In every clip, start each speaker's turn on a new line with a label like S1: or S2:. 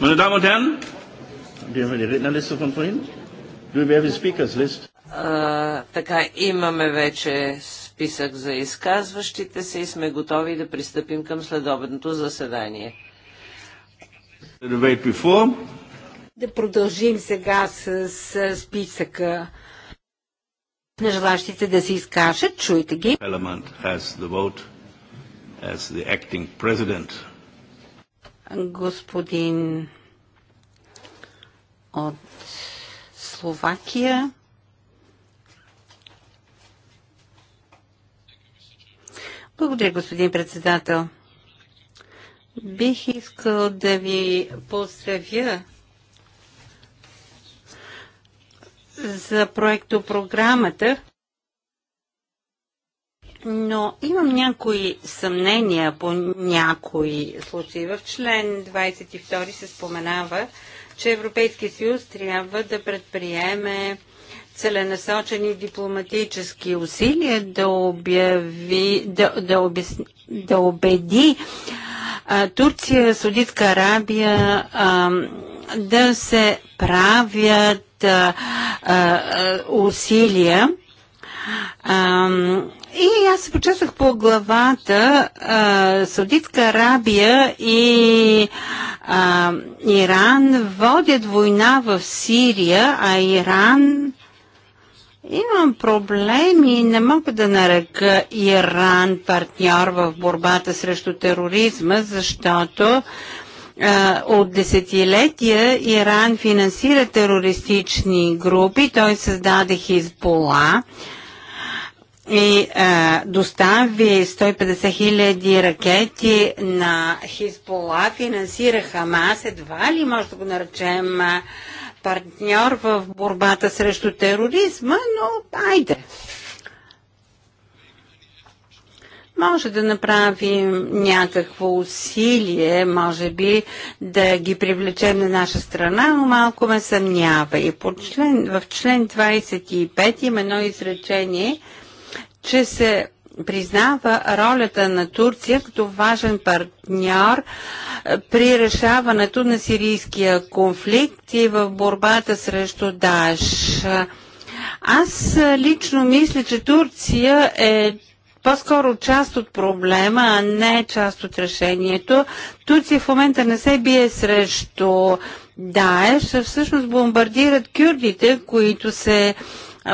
S1: Meine Damen und Herren, haben wir die Rednerliste von vorhin? Do we have a speakers list?
S2: А, така, имаме вече списък за изказващите се и сме готови да пристъпим към следобедното заседание.
S1: Да продължим сега с, с списъка на желащите да се изкажат. Чуйте ги. Parliament has the vote as the acting president господин от Словакия. Благодаря, господин председател. Бих искал да ви поздравя за проекто програмата но имам някои съмнения по някои случаи. В член 22 се споменава, че Европейския съюз трябва да предприеме целенасочени дипломатически усилия да, обяви, да, да, обяс, да убеди а, Турция, Судитска Арабия а, да се правят а, а, усилия и аз се почесах по главата а, Саудитска Арабия и а, Иран водят война в Сирия, а Иран Имам проблеми, не мога да нарека Иран партньор в борбата срещу тероризма, защото от десетилетия Иран финансира терористични групи. Той създаде Хизбола и а, е, достави 150 хиляди ракети на Хизбола, финансира Хамас, едва ли може да го наречем е, партньор в борбата срещу тероризма, но айде. Може да направим някакво усилие, може би да ги привлечем на наша страна, но малко ме съмнява. И по член, в член 25 има едно изречение – че се признава ролята на Турция като важен партньор е, при решаването на сирийския конфликт и в борбата срещу Даш. Аз е, лично мисля, че Турция е по-скоро част от проблема, а не част от решението. Турция в момента не се бие срещу Даеш, всъщност бомбардират кюрдите, които се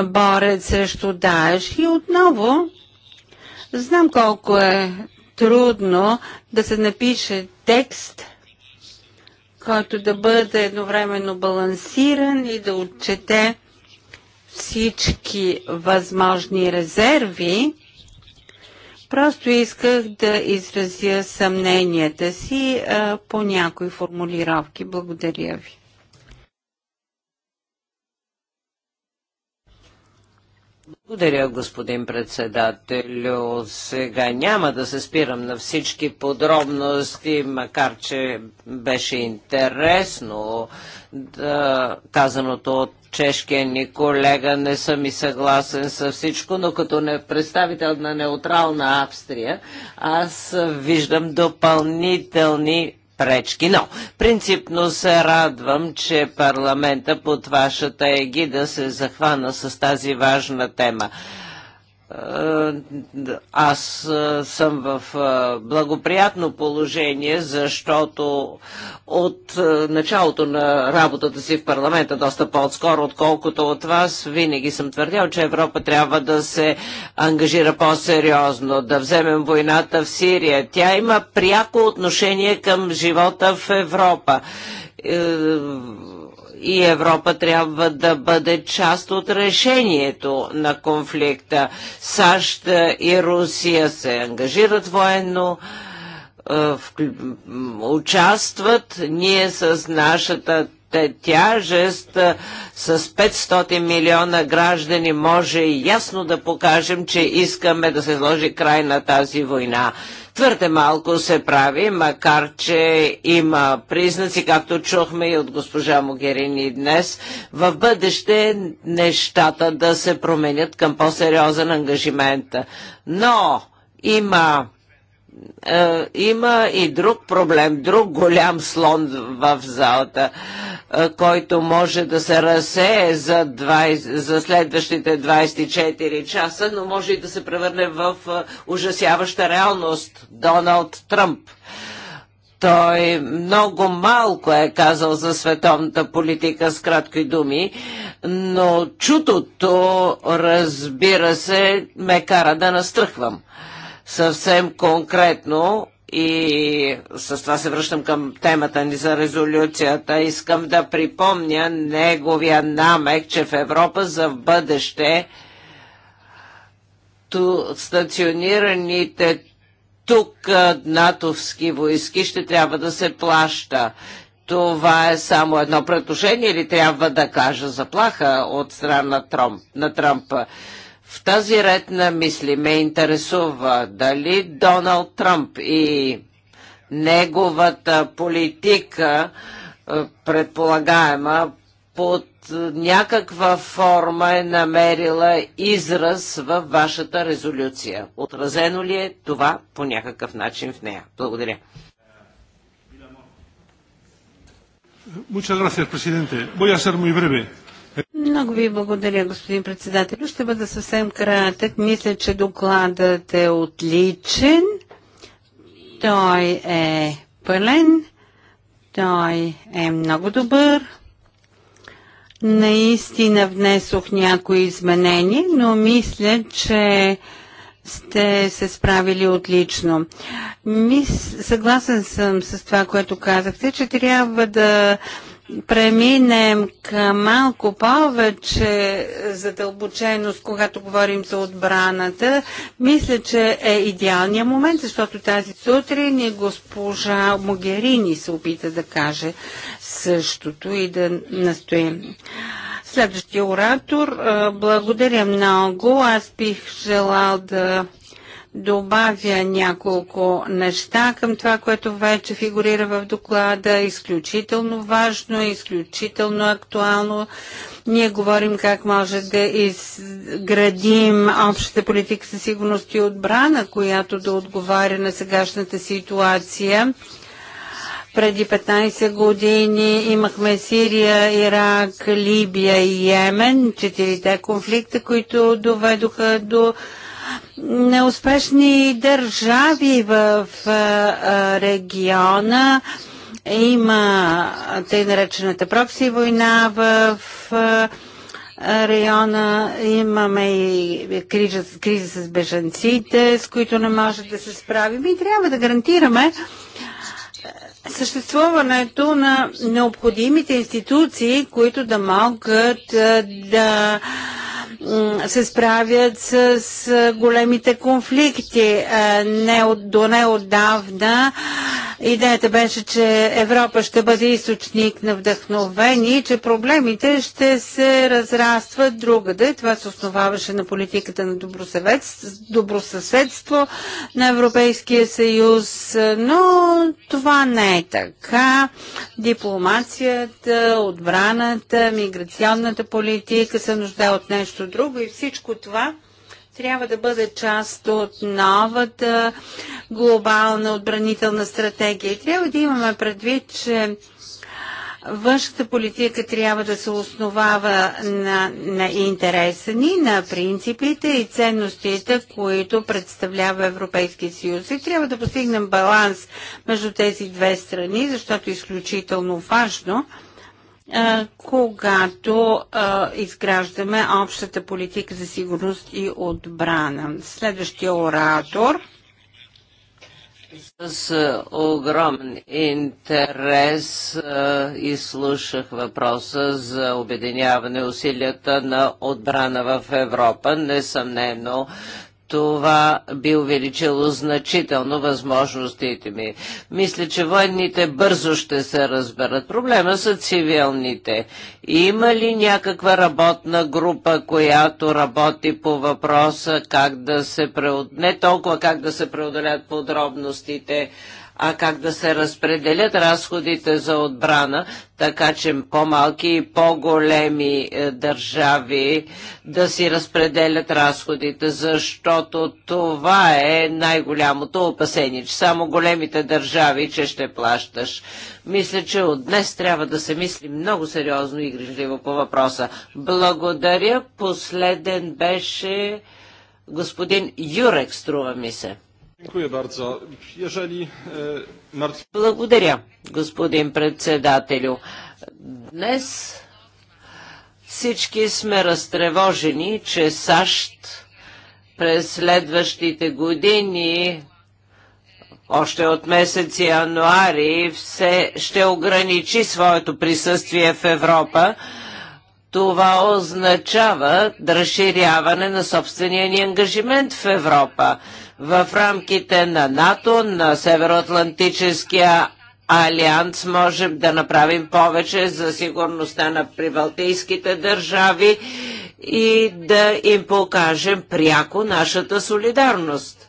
S1: борят срещу Даеш. И отново, знам колко е трудно да се напише текст, който да бъде едновременно балансиран и да отчете всички възможни резерви. Просто исках да изразя съмненията си а, по някои формулировки. Благодаря ви.
S2: Благодаря, господин председател. Сега няма да се спирам на всички подробности, макар че беше интересно да, казаното от чешкия ни колега. Не съм и съгласен с всичко, но като не представител на неутрална Австрия, аз виждам допълнителни пречки. Но принципно се радвам, че парламента под вашата егида се захвана с тази важна тема. Е, аз е, съм в е, благоприятно положение, защото от началото на работата си в парламента, доста по-отскоро, отколкото от вас, винаги съм твърдял, че Европа трябва да се ангажира по-сериозно, да вземем войната в Сирия. Тя има пряко отношение към живота в Европа и Европа трябва да бъде част от решението на конфликта. САЩ и Русия се ангажират военно, участват. Ние с нашата тяжест с 500 милиона граждани може ясно да покажем, че искаме да се сложи край на тази война. Твърде малко се прави, макар че има признаци, както чухме и от госпожа Могерини днес, в бъдеще нещата да се променят към по-сериозен ангажимент. Но има е, има и друг проблем, друг голям слон в залата, е, който може да се разсее за, 20, за следващите 24 часа, но може и да се превърне в е, ужасяваща реалност. Доналд Тръмп. Той много малко е казал за световната политика с кратки думи, но чутото, разбира се, ме кара да настръхвам. Съвсем конкретно и с това се връщам към темата ни за резолюцията. Искам да припомня неговия намек, че в Европа за в бъдеще ту, стационираните тук натовски войски ще трябва да се плаща. Това е само едно предложение или трябва да кажа заплаха от страна на Трамп? На Трампа. В тази ред на мисли ме интересува дали Доналд Тръмп и неговата политика, е, предполагаема под някаква форма е намерила израз във вашата резолюция. Отразено ли е това по някакъв начин в нея? Благодаря. Muchas gracias, presidente. Voy a ser muy breve.
S1: Много ви благодаря, господин председател. Ще бъда съвсем кратък. Мисля, че докладът е отличен. Той е пълен. Той е много добър. Наистина внесох някои изменения, но мисля, че сте се справили отлично. Мис... Съгласен съм с това, което казахте, че трябва да преминем към малко повече задълбоченост, когато говорим за отбраната, мисля, че е идеалният момент, защото тази сутрин и госпожа Могерини се опита да каже същото и да настоим. Следващия оратор, благодаря много. Аз бих желал да добавя няколко неща към това, което вече фигурира в доклада. Изключително важно, изключително актуално. Ние говорим как може да изградим общата политика за сигурност и отбрана, която да отговаря на сегашната ситуация. Преди 15 години имахме Сирия, Ирак, Либия и Йемен, четирите конфликта, които доведоха до неуспешни държави в региона. Има тъй наречената прокси война в района. Имаме и криза, с бежанците, с които не може да се справим и трябва да гарантираме съществуването на необходимите институции, които да могат да се справят с големите конфликти. Е, не от, до неодавна идеята беше, че Европа ще бъде източник на вдъхновение, че проблемите ще се разрастват другаде. Това се основаваше на политиката на добросъседство на Европейския съюз, но това не е така. Дипломацията, отбраната, миграционната политика се нуждае от нещо друго и всичко това трябва да бъде част от новата глобална отбранителна стратегия. И трябва да имаме предвид, че външната политика трябва да се основава на, на интереса ни, на принципите и ценностите, които представлява Европейския съюз. И трябва да постигнем баланс между тези две страни, защото е изключително важно – когато а, изграждаме общата политика за сигурност и отбрана. Следващия оратор.
S2: С огромен интерес изслушах въпроса за обединяване усилията на отбрана в Европа. Несъмнено това би увеличило значително възможностите ми. Мисля, че военните бързо ще се разберат. Проблема са цивилните. Има ли някаква работна група, която работи по въпроса как да се не толкова как да се преодолят подробностите, а как да се разпределят разходите за отбрана, така че по-малки и по-големи е, държави да си разпределят разходите, защото това е най-голямото опасение, че само големите държави, че ще плащаш. Мисля, че от днес трябва да се мисли много сериозно и грижливо по въпроса. Благодаря. Последен беше господин Юрек, струва ми се. E, Благодаря, господин председателю. Днес всички сме разтревожени, че САЩ през следващите години, още от месец януари, все ще ограничи своето присъствие в Европа. Това означава разширяване на собствения ни ангажимент в Европа в рамките на НАТО, на Североатлантическия Алианс можем да направим повече за сигурността на прибалтийските държави и да им покажем пряко нашата солидарност.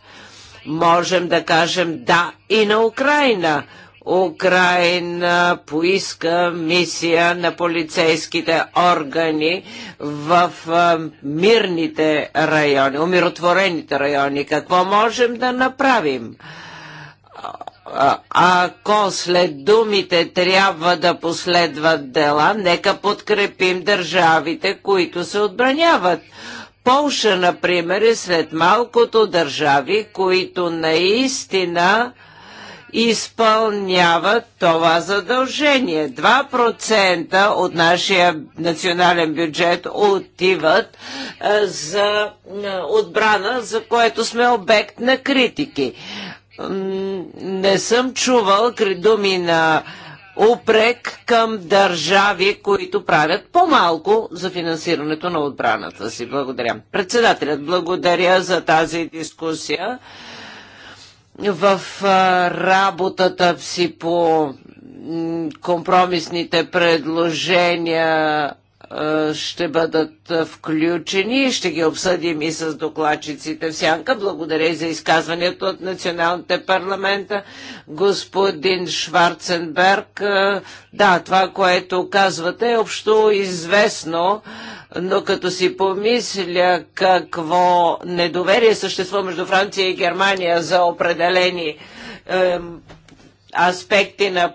S2: Можем да кажем да и на Украина, Украина поиска мисия на полицейските органи в мирните райони, умиротворените райони. Какво можем да направим? ако след думите трябва да последват дела, нека подкрепим държавите, които се отбраняват. Полша, например, е след малкото държави, които наистина изпълняват това задължение. 2% от нашия национален бюджет отиват за отбрана, за което сме обект на критики. не съм чувал думи на упрек към държави, които правят по-малко за финансирането на отбраната си. Благодаря. Председателят, благодаря за тази дискусия в работата си по компромисните предложения ще бъдат включени и ще ги обсъдим и с докладчиците в сянка. Благодаря и за изказването от националните парламента. Господин Шварценберг, да, това, което казвате е общо известно но като си помисля какво недоверие съществува между Франция и Германия за определени е, аспекти на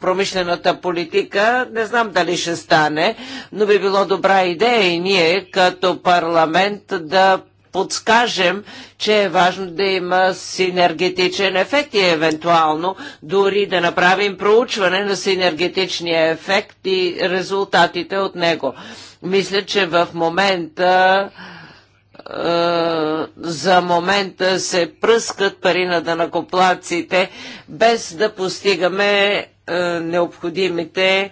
S2: промишлената политика, не знам дали ще стане, но би било добра идея и ние като парламент да подскажем, че е важно да има синергетичен ефект и евентуално дори да направим проучване на синергетичния ефект и резултатите от него. Мисля, че в момента е, за момента се пръскат пари на данакоплаците, без да постигаме е, необходимите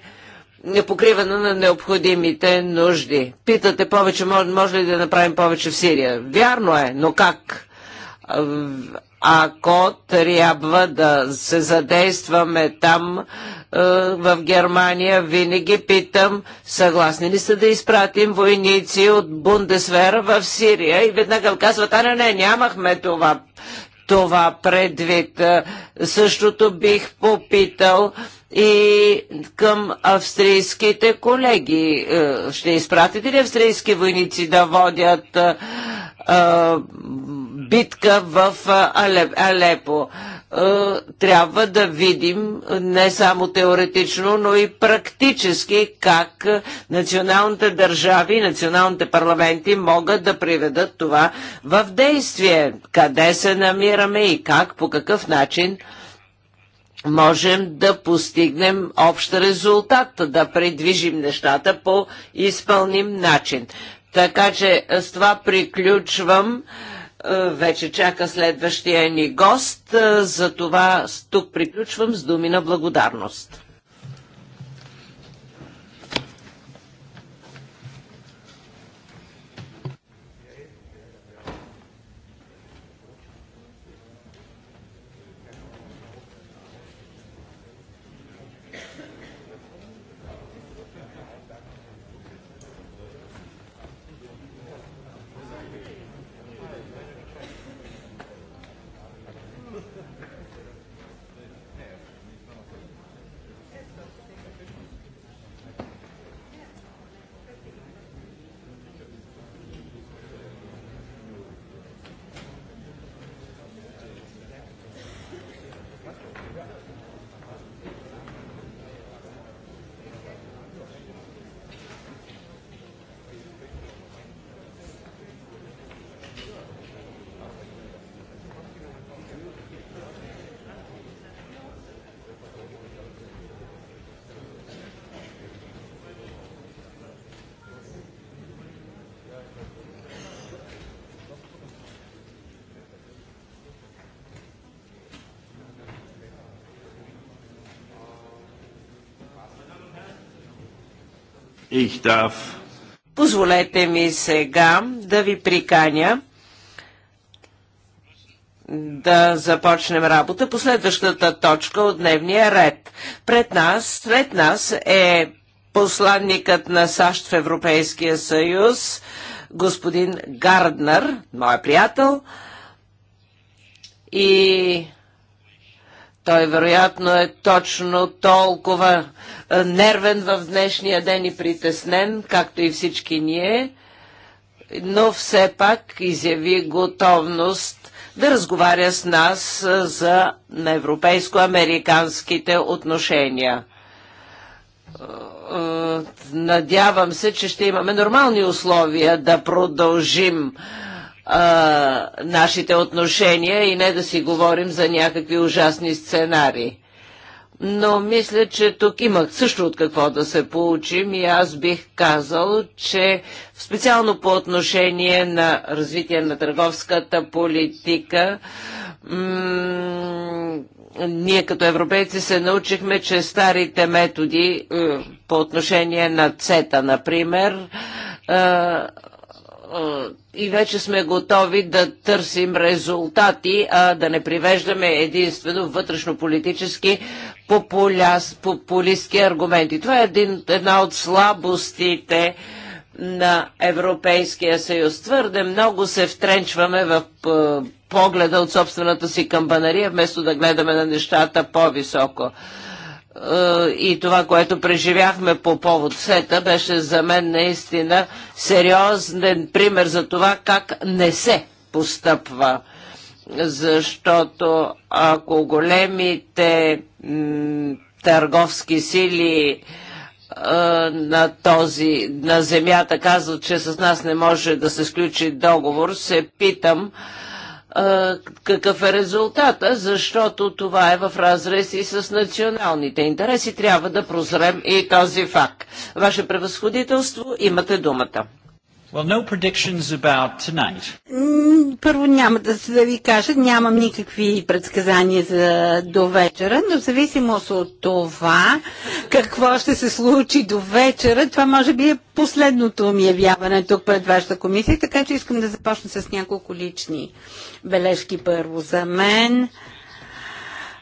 S2: непокриване на необходимите нужди. Питате повече, може ли да направим повече в Сирия? Вярно е, но как? Ако трябва да се задействаме там, е, в Германия, винаги питам, съгласни ли сте да изпратим войници от Бундесвера в Сирия? И веднага казват, а не, не, нямахме това, това предвид. Е, същото бих попитал и към австрийските колеги. Е, ще изпратите ли австрийски войници да водят а, е, е, битка в Алеп, Алепо? А, трябва да видим не само теоретично, но и практически как националните държави и националните парламенти могат да приведат това в действие. Къде се намираме и как, по какъв начин можем да постигнем общ резултат, да предвижим нещата по изпълним начин. Така че с това приключвам. Е, вече чака следващия ни гост. Е, за това тук приключвам с думи на благодарност. Позволете ми сега да ви приканя да започнем работа по следващата точка от дневния ред. Пред нас, след нас е посланникът на САЩ в Европейския съюз, господин Гарднер, моя приятел, и той вероятно е точно толкова е, нервен в днешния ден и притеснен, както и всички ние, но все пак изяви готовност да разговаря с нас е, за европейско-американските отношения. Е, надявам се, че ще имаме нормални условия да продължим а, нашите отношения и не да си говорим за някакви ужасни сценари. Но мисля, че тук имах също от какво да се получим и аз бих казал, че специално по отношение на развитие на търговската политика, ние като европейци се научихме, че старите методи по отношение на ЦЕТА, например, и вече сме готови да търсим резултати, а да не привеждаме единствено вътрешно-политически популистски аргументи. Това е един, една от слабостите на Европейския съюз. Твърде много се втренчваме в погледа от собствената си камбанария, вместо да гледаме на нещата по-високо. Е, и това, което преживяхме по повод сета, беше за мен наистина сериозен пример за това как не се постъпва. Защото ако големите търговски сили е, на, този, на земята казват, че с нас не може да се сключи договор, се питам, какъв е резултата, защото това е в разрез и с националните интереси. Трябва да прозрем и този факт. Ваше превъзходителство, имате думата. Well, no predictions about tonight.
S1: Първо няма да, се да ви кажа, нямам никакви предсказания за до вечера, но в зависимост от това какво ще се случи до вечера, това може би е последното ми явяване тук пред вашата комисия, така че искам да започна с няколко лични бележки първо за мен.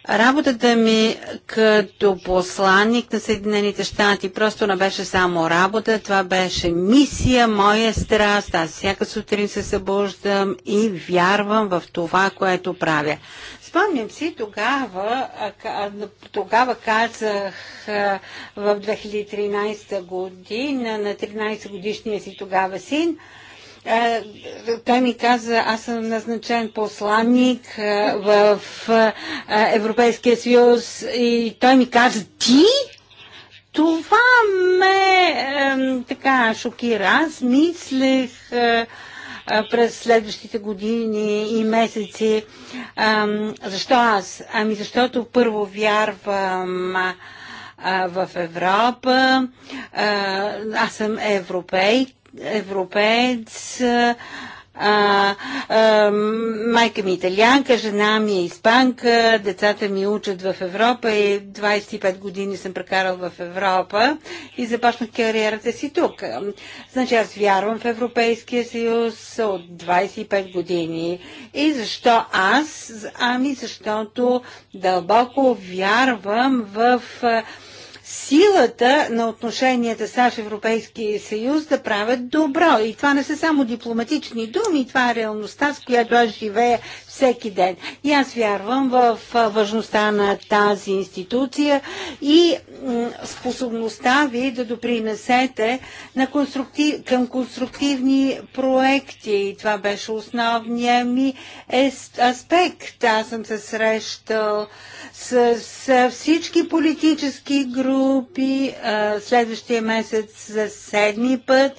S1: Работата ми като посланник на Съединените щати просто не беше само работа, това беше мисия, моя страст. Аз всяка сутрин се събуждам и вярвам в това, което правя. Спомням си, тогава, тогава казах в 2013 година на 13 годишния си тогава син, е, той ми каза, аз съм назначен посланник е, в е, Европейския съюз и той ми каза, ти? Това ме така шокира. Аз мислех през следващите години и месеци. Защо аз? Ами защото първо вярвам в Европа. Аз съм европейка европеец, а, а, майка ми е италианка, жена ми е испанка, децата ми учат в Европа и 25 години съм прекарал в Европа и започнах кариерата си тук. Значи аз вярвам в Европейския съюз от 25 години. И защо аз? Ами защото дълбоко вярвам в а, силата на отношенията САЩ Европейския съюз да правят добро. И това не са само дипломатични думи, това е реалността, с която аз живея всеки ден. И аз вярвам в важността на тази институция и способността ви да допринесете на конструктив, към конструктивни проекти. И това беше основният ми аспект. Аз съм се срещал с, с всички политически групи. Следващия месец за седми път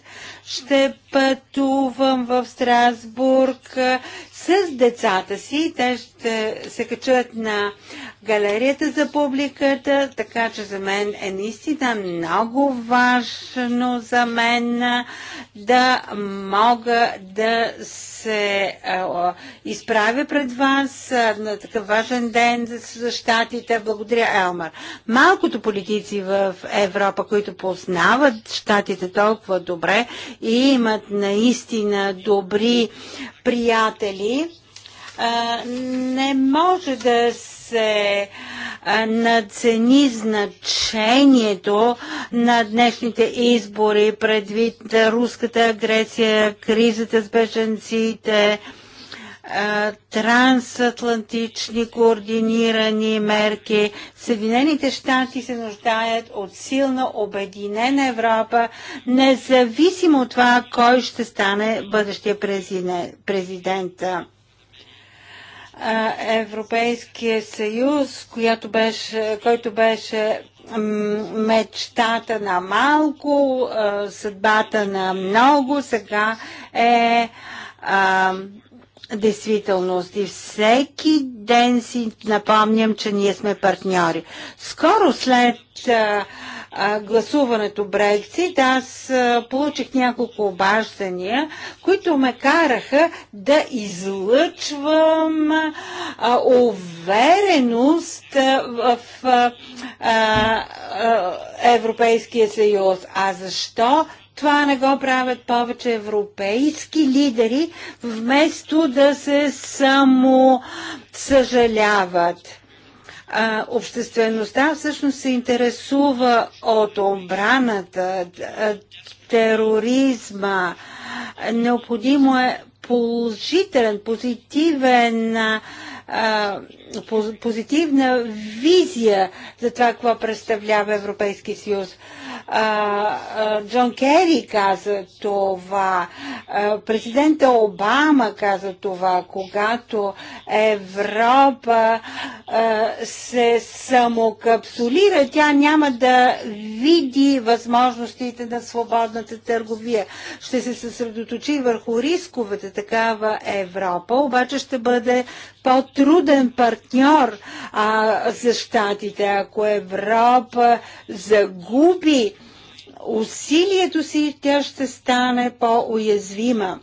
S1: ще пътувам в Страсбург с децата си. Те ще ще се качат на галерията за публиката, така че за мен е наистина много важно за мен да мога да се изправя пред вас на такъв важен ден за щатите. Благодаря, Елмар. Малкото политици в Европа, които познават щатите толкова добре и имат наистина добри приятели, не може да се нацени значението на днешните избори предвид руската агресия, кризата с беженците, трансатлантични координирани мерки. Съединените щати се нуждаят от силна, обединена Европа, независимо от това кой ще стане бъдещия президент. Европейския съюз, която беше, който беше мечтата на малко, съдбата на много, сега е а, действителност. И всеки ден си напомням, че ние сме партньори. Скоро след а, гласуването Брексит, аз получих няколко обаждания, които ме караха да излъчвам увереност в Европейския съюз. А защо това не го правят повече европейски лидери, вместо да се само съжаляват а, обществеността всъщност се интересува от обраната, тероризма. Необходимо е положителен, позитивен а, позитивна визия за това, какво представлява Европейски съюз. Джон Кери каза това, президента Обама каза това, когато Европа се самокапсулира, тя няма да види възможностите на свободната търговия. Ще се съсредоточи върху рисковете такава Европа, обаче ще бъде по-труден партньор а, за щатите. Ако Европа загуби усилието си тя ще стане по-уязвима.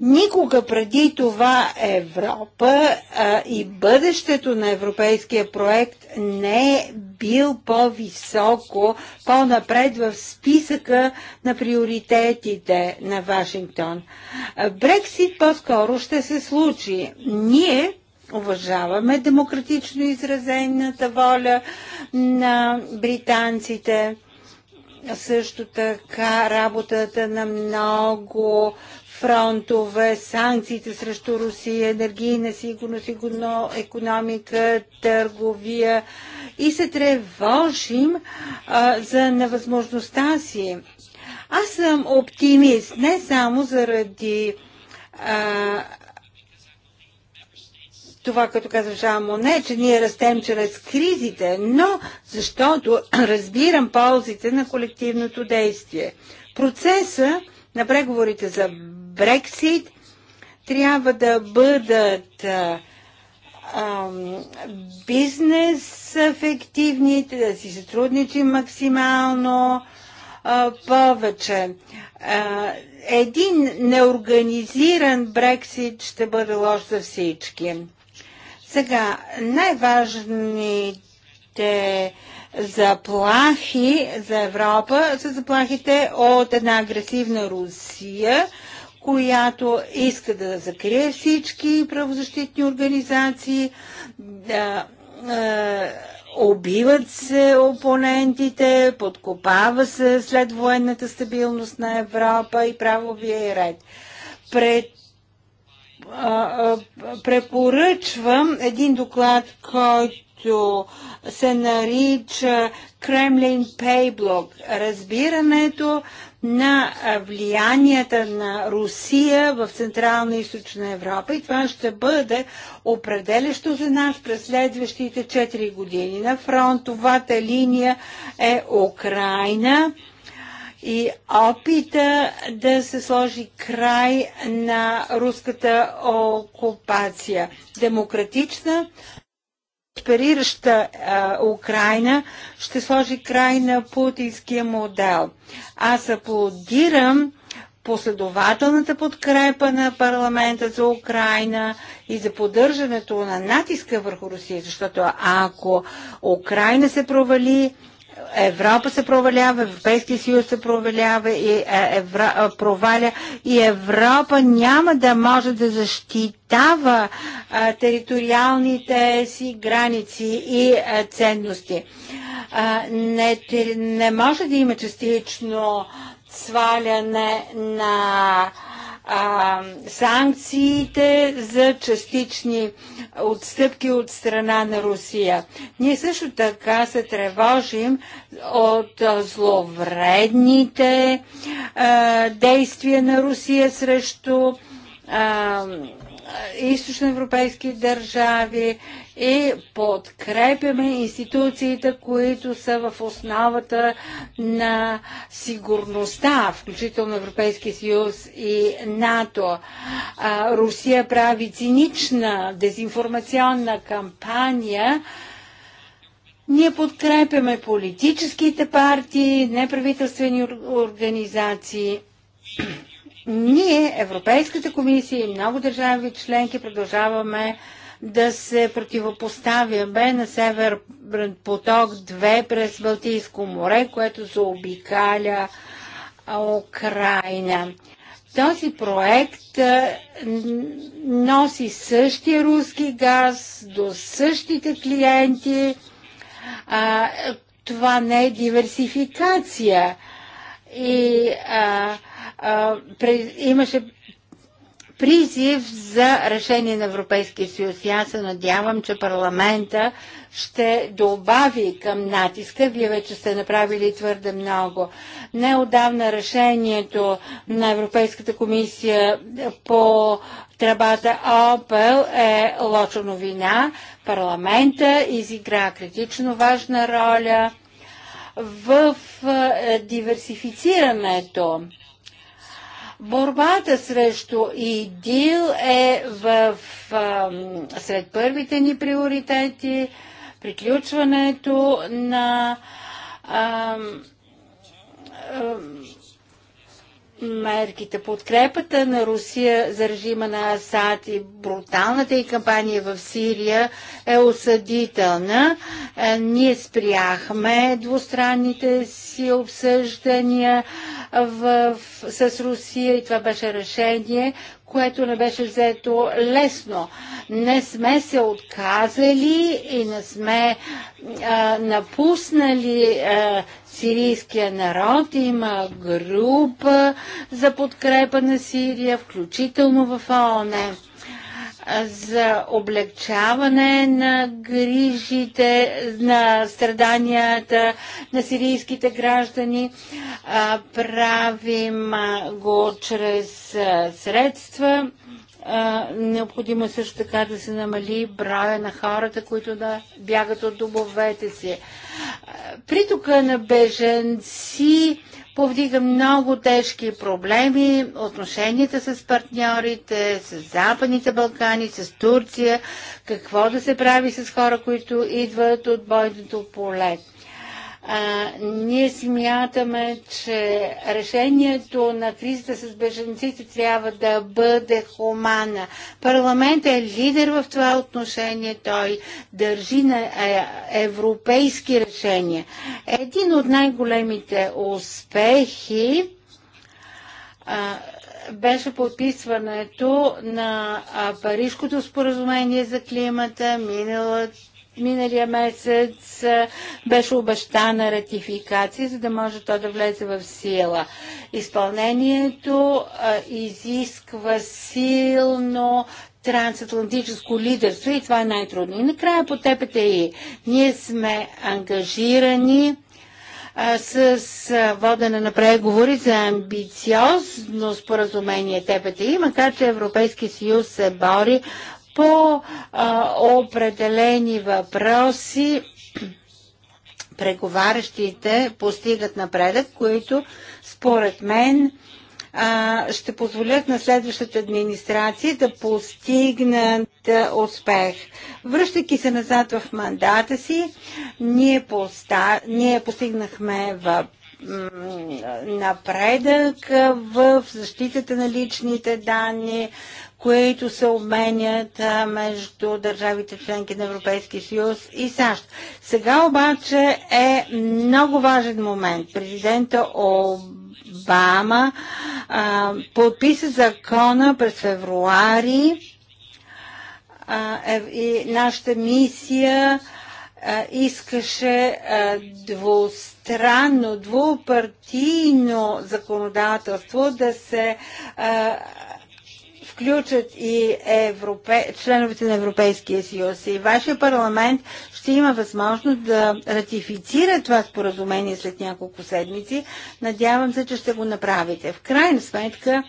S1: Никога преди това Европа а, и бъдещето на европейския проект не е бил по-високо, по-напред в списъка на приоритетите на Вашингтон. Брексит по-скоро ще се случи. Ние уважаваме демократично изразената воля на британците също така работата на много фронтове, санкциите срещу Русия, енергийна сигурност, економика, търговия и се тревожим а, за невъзможността си. Аз съм оптимист не само заради а, това, като казва Жан Моне, че ние растем чрез кризите, но защото разбирам ползите на колективното действие. Процеса на преговорите за Брексит трябва да бъдат а, а, бизнес ефективни, да си сътрудничим максимално а, повече. А, един неорганизиран Брексит ще бъде лош за всички. Сега, най-важните заплахи за Европа са заплахите от една агресивна Русия, която иска да закрие всички правозащитни организации, да е, убиват се опонентите, подкопава се след военната стабилност на Европа и правовия ред. Пред препоръчвам един доклад, който се нарича Кремлин Пейблок. Разбирането на влиянията на Русия в Централна и Източна Европа и това ще бъде определящо за нас през следващите 4 години. На фронтовата линия е Украина и опита да се сложи край на руската окупация. Демократична, просперираща Украина ще сложи край на путинския модел. Аз аплодирам последователната подкрепа на парламента за Украина и за поддържането на натиска върху Русия, защото ако Украина се провали, Европа се провалява, Европейския съюз се провалява и, е, Евро, е, проваля и Европа няма да може да защитава а, е, териториалните си граници и а, ценности. А, не, не може да има частично сваляне на а, а, санкциите за частични отстъпки от страна на Русия. Ние също така се тревожим от зловредните а, действия на Русия срещу а, източноевропейски държави и подкрепяме институциите, които са в основата на сигурността, включително Европейския съюз и НАТО. Русия прави цинична дезинформационна кампания, ние подкрепяме политическите партии, неправителствени организации ние, Европейската комисия и много държави членки продължаваме да се противопоставяме на север поток 2 през Балтийско море, което заобикаля Украина. Този проект е, носи същия руски газ до същите клиенти. А, това не е диверсификация. И а, имаше призив за решение на Европейския съюз. И аз се надявам, че парламента ще добави към натиска. Вие вече сте направили твърде много. Неодавна решението на Европейската комисия по тръбата Опел е лоша новина. Парламента изигра критично важна роля в е, диверсифицирането Борбата срещу ИДИЛ е в, а, сред първите ни приоритети. Приключването на а, а, мерките, подкрепата на Русия за режима на Асад и бруталната и кампания в Сирия е осъдителна. Е, ние спряхме двустранните си обсъждания в, с Русия и това беше решение, което не беше взето лесно. Не сме се отказали и не сме а, напуснали а, сирийския народ. Има група за подкрепа на Сирия, включително в ООН за облегчаване на грижите, на страданията на сирийските граждани. Правим го чрез средства Необходимо е също така да се намали броя на хората, които да бягат от дубовете си. Притока на беженци повдига много тежки проблеми, отношенията с партньорите, с Западните Балкани, с Турция, какво да се прави с хора, които идват от бойното поле. А, ние смятаме, че решението на кризата с беженците трябва да бъде хумана. Парламент е лидер в това отношение. Той държи на е, европейски решения. Един от най-големите успехи а, беше подписването на Парижкото споразумение за климата миналата миналия месец беше обещана ратификация, за да може то да влезе в сила. Изпълнението а, изисква силно трансатлантическо лидерство и това е най-трудно. И накрая по ТПТИ. Ние сме ангажирани с водене на преговори за амбициозно споразумение ТПТИ, макар че Европейския съюз се бори по а, определени въпроси преговарящите постигат напредък, които според мен а, ще позволят на следващата администрация да постигнат успех. Връщайки се назад в мандата си, ние, поста... ние постигнахме в напредък в защитата на личните данни, които се обменят между държавите членки на Европейския съюз и САЩ. Сега обаче е много важен момент. Президента Обама а, подписа закона през февруари а, е, и нашата мисия а, искаше а, двустранно, двупартийно законодателство да се а, включат и европе... членовете на Европейския съюз. И вашия парламент ще има възможност да ратифицира това споразумение след няколко седмици. Надявам се, че ще го направите. В крайна сметка,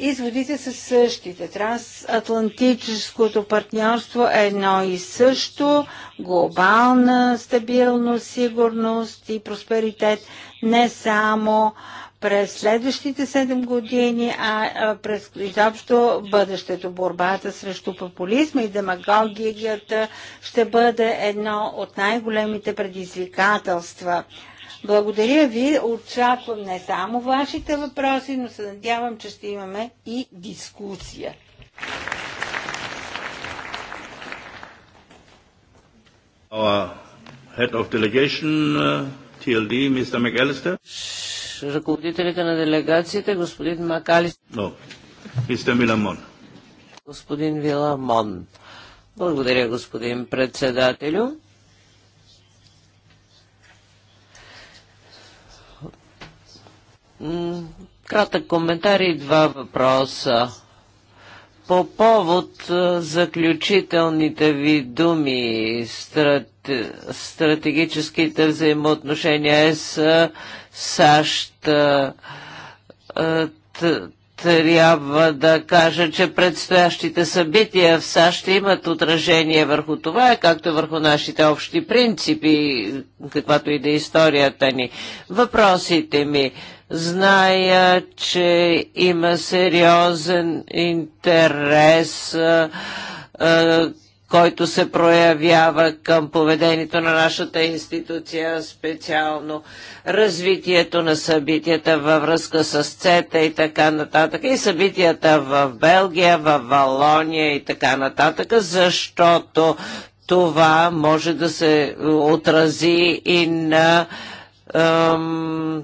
S1: Изводите са същите. Трансатлантическото партньорство е едно и също. Глобална стабилност, сигурност и просперитет не само през следващите 7 години, а през изобщо бъдещето. Борбата срещу популизма и демагогията ще бъде едно от най-големите предизвикателства. Благодаря ви, очаквам не само вашите въпроси, но се надявам, че ще имаме и дискусия. Our head of delegation, uh, TLD, Mr. McAllister
S2: ръководителите на делегациите, господин Макалис. Мистер Господин Виламон. Благодаря, господин председателю. Кратък коментар и два въпроса. По повод заключителните ви думи, страт... стратегическите взаимоотношения с САЩ, трябва да кажа, че предстоящите събития в САЩ имат отражение върху това, както върху нашите общи принципи, каквато и да е историята ни. Въпросите ми Зная, че има сериозен интерес, който се проявява към поведението на нашата институция, специално развитието на събитията във връзка с ЦЕТА и така нататък, и събитията в Белгия, в Валония и така нататък, защото това може да се отрази и на Ам,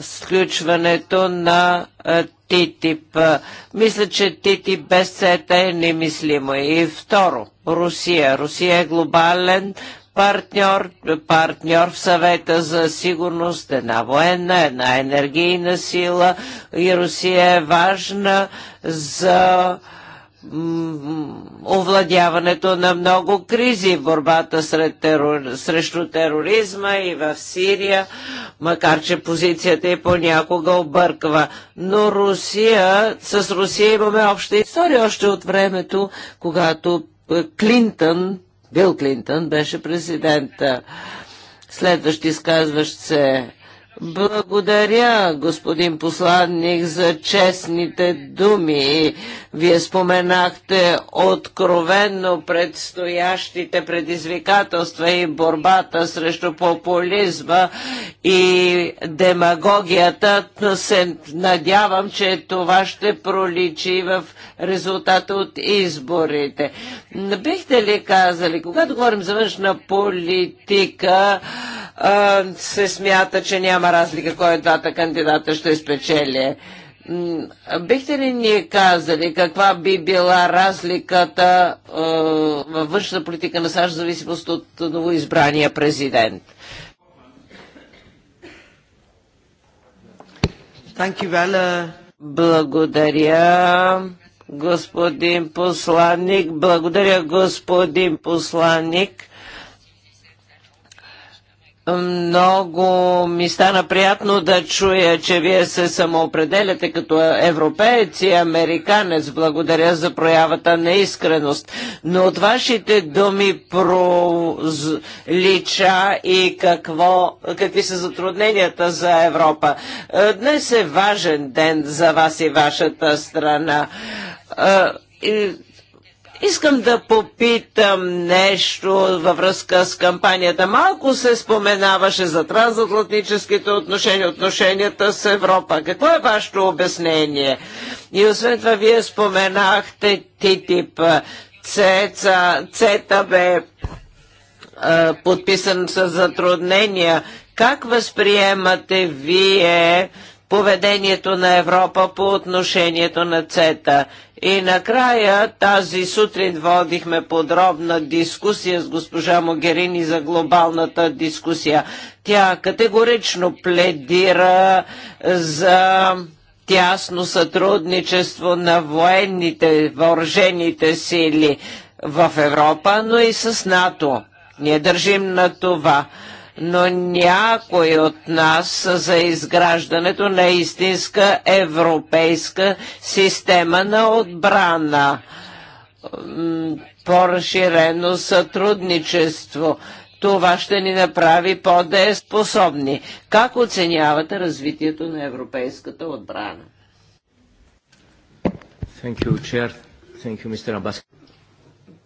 S2: сключването на ТТИП. Мисля, че ТТИП без СЕТА е немислимо. И второ, Русия. Русия е глобален партньор, партньор в съвета за сигурност, една военна, една енергийна сила и Русия е важна за овладяването на много кризи, борбата сред терор, срещу тероризма и в Сирия, макар че позицията и понякога обърква. Но Русия, с Русия имаме обща история още от времето, когато е, Клинтън, Бил Клинтън беше президента. Следващ изказващ се благодаря, господин посланник, за честните думи. Вие споменахте откровенно предстоящите предизвикателства и борбата срещу популизма и демагогията. Се надявам, че това ще проличи в резултата от изборите. Бихте ли казали, когато говорим за външна политика, се смята, че няма голяма разлика кой от двата кандидата ще спечели. Бихте ли ни казали каква би била разликата е, във външната политика на САЩ в зависимост от новоизбрания президент? Благодаря, господин посланник. Благодаря, господин посланник. Много ми стана приятно да чуя, че вие се самоопределяте като европеец и американец. Благодаря за проявата на искреност. Но от вашите думи пролича и какво, какви са затрудненията за Европа. Е, днес е важен ден за вас и вашата страна е, Искам да попитам нещо във връзка с кампанията. Малко се споменаваше за трансатлантическите отношения, отношенията с Европа. Какво е вашето обяснение? И освен това, вие споменахте ТТИП, ЦЕЦА, бе е, подписан с затруднения. Как възприемате вие поведението на Европа по отношението на ЦЕТА? И накрая тази сутрин водихме подробна дискусия с госпожа Могерини за глобалната дискусия. Тя категорично пледира за тясно сътрудничество на военните, въоръжените сили в Европа, но и с НАТО. Ние държим на това но някои от нас са за изграждането на истинска европейска система на отбрана, по-разширено сътрудничество. Това ще ни направи по-дееспособни. Как оценявате развитието на европейската отбрана? Thank you, Chair.
S3: Thank you, Mr.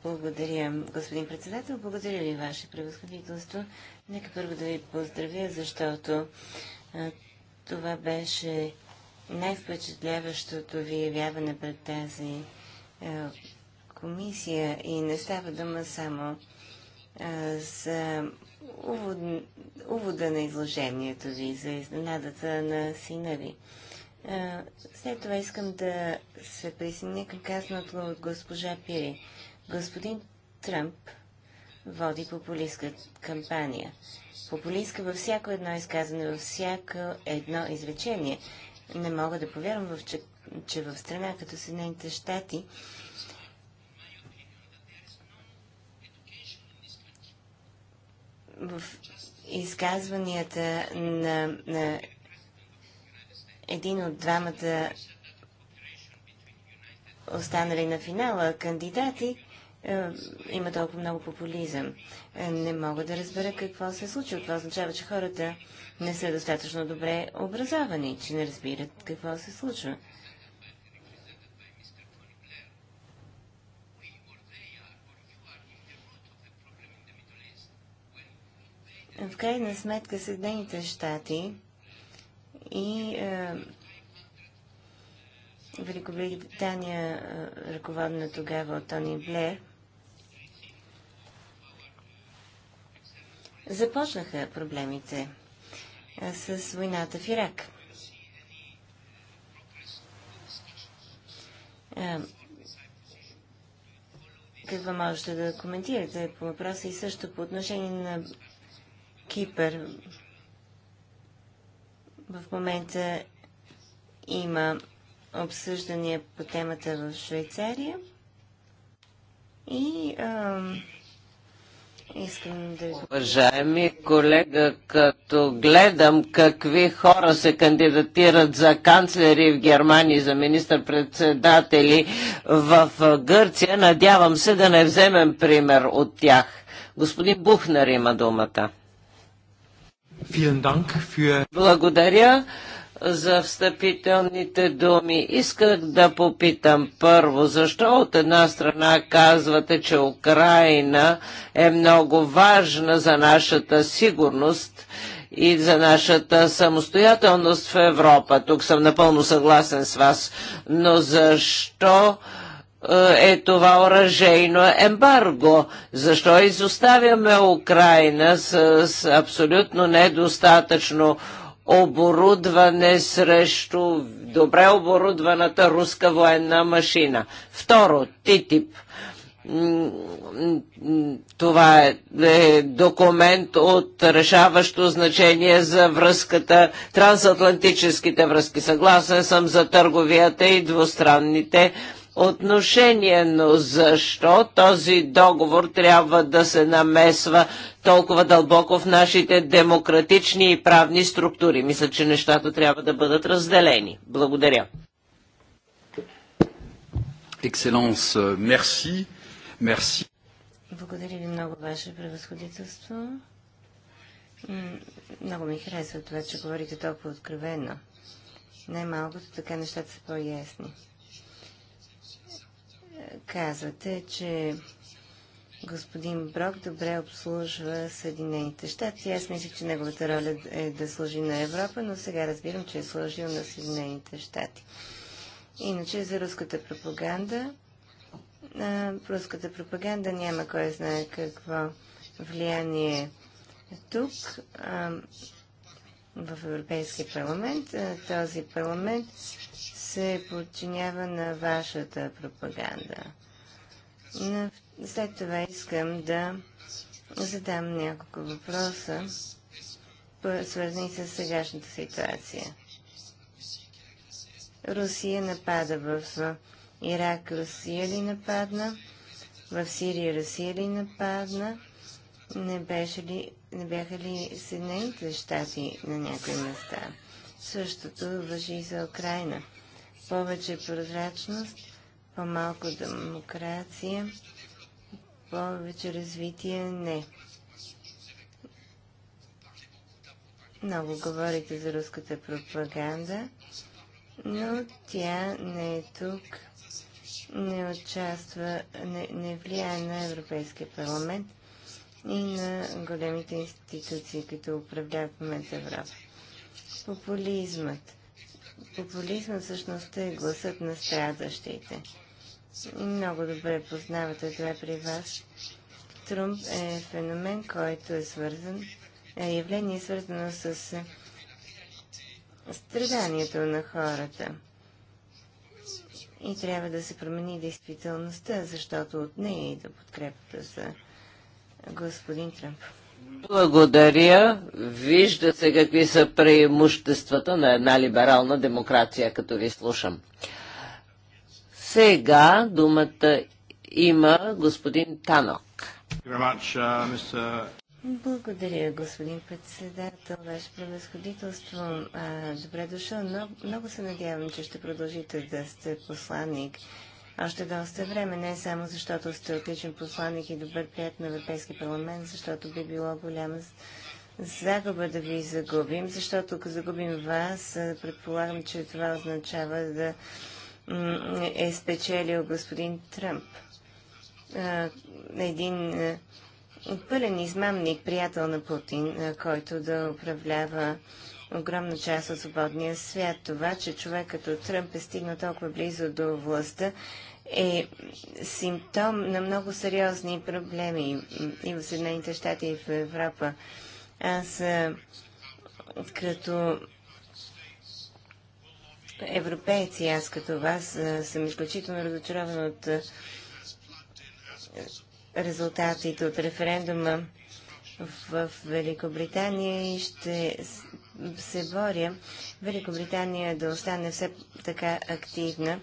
S3: Благодаря, господин председател. Благодаря ви, Ваше превъзходителство. Нека първо да ви поздравя, защото а, това беше най-впечатляващото ви явяване пред тази а, комисия и не става дума само а, за увод, увода на изложението ви, за изненадата на сина ви. А, след това искам да се присъединя към казаното от госпожа Пири. Господин Тръмп води популистка кампания. Популистка във всяко едно изказване, във всяко едно изречение. Не мога да повярвам, в, че, че в страна като Съединените щати в изказванията на, на един от двамата останали на финала кандидати, е, има толкова много популизъм. Е, не мога да разбера какво се е случва. Това означава, че хората не са достатъчно добре образовани, че не разбират какво се случва. В крайна сметка Съединените щати и е, Великобритания, ръководна тогава от Тони Блер, започнаха проблемите с войната в Ирак. Какво можете да коментирате по въпроса и също по отношение на Кипър? В момента има обсъждания по темата в Швейцария и Искам да...
S2: Уважаеми колега, като гледам какви хора се кандидатират за канцлери в Германия, за министър-председатели в Гърция, надявам се да не вземем пример от тях. Господин Бухнер има думата. Благодаря за встъпителните думи. Исках да попитам първо, защо от една страна казвате, че Украина е много важна за нашата сигурност и за нашата самостоятелност в Европа. Тук съм напълно съгласен с вас. Но защо е, е това оръжейно ембарго. Защо изоставяме Украина с, с абсолютно недостатъчно оборудване срещу добре оборудваната руска военна машина. Второ, ТИТИП това е, е, документ от решаващо значение за връзката, трансатлантическите връзки. Съгласен съм за търговията и двустранните отношение, но защо този договор трябва да се намесва толкова дълбоко в нашите демократични и правни структури? Мисля, че нещата трябва да бъдат разделени. Благодаря.
S1: Екселенс, е, мерси. Мерси.
S3: Благодаря ви много, Ваше превъзходителство. Много ми харесва това, че говорите толкова откровено. Най-малкото така нещата са по-ясни казвате, че господин Брок добре обслужва Съединените щати. Аз мисля, че неговата роля е да служи на Европа, но сега разбирам, че е служил на Съединените щати. Иначе за руската пропаганда, руската пропаганда няма кой знае какво влияние е тук в Европейския парламент. този парламент се подчинява на вашата пропаганда. Но след това искам да задам няколко въпроса, свързани с сегашната ситуация. Русия напада в Ирак, Русия ли нападна? В Сирия Русия ли нападна? Не, беше ли, не бяха ли Съединените щати на някои места? Същото въжи и за Украина повече прозрачност, по-малко демокрация, повече развитие не. Много говорите за руската пропаганда, но тя не е тук, не участва, не, не влияе на Европейския парламент и на големите институции, като управляват в момента Европа. Популизмът – Популизъм всъщност е гласът на страдащите. Много добре познавате това при вас. Трумп е феномен, който е свързан, е явление свързано с страданието на хората. И трябва да се промени действителността, защото от нея и да подкрепата за господин Тръмп.
S2: Благодаря. Вижда се какви са преимуществата на една либерална демокрация, като ви слушам. Сега думата има господин Танок. Uh,
S3: Благодаря, господин председател, ваше превъзходителство. Добре дошъл. Много, много се надявам, че ще продължите да сте посланник още доста време, не само защото сте отличен посланник и добър приятел на Европейски парламент, защото би било голяма загуба да ви загубим, защото ако загубим вас, предполагам, че това означава да е спечелил господин Тръмп. Един пълен измамник, приятел на Путин, който да управлява огромна част от свободния свят. Това, че човек като Тръмп е стигнал толкова близо до властта, е симптом на много сериозни проблеми и в Съединените щати, и в Европа. Аз като европейци, аз като вас съм изключително разочарован от резултатите от референдума в Великобритания и ще се боря Великобритания да остане все така активна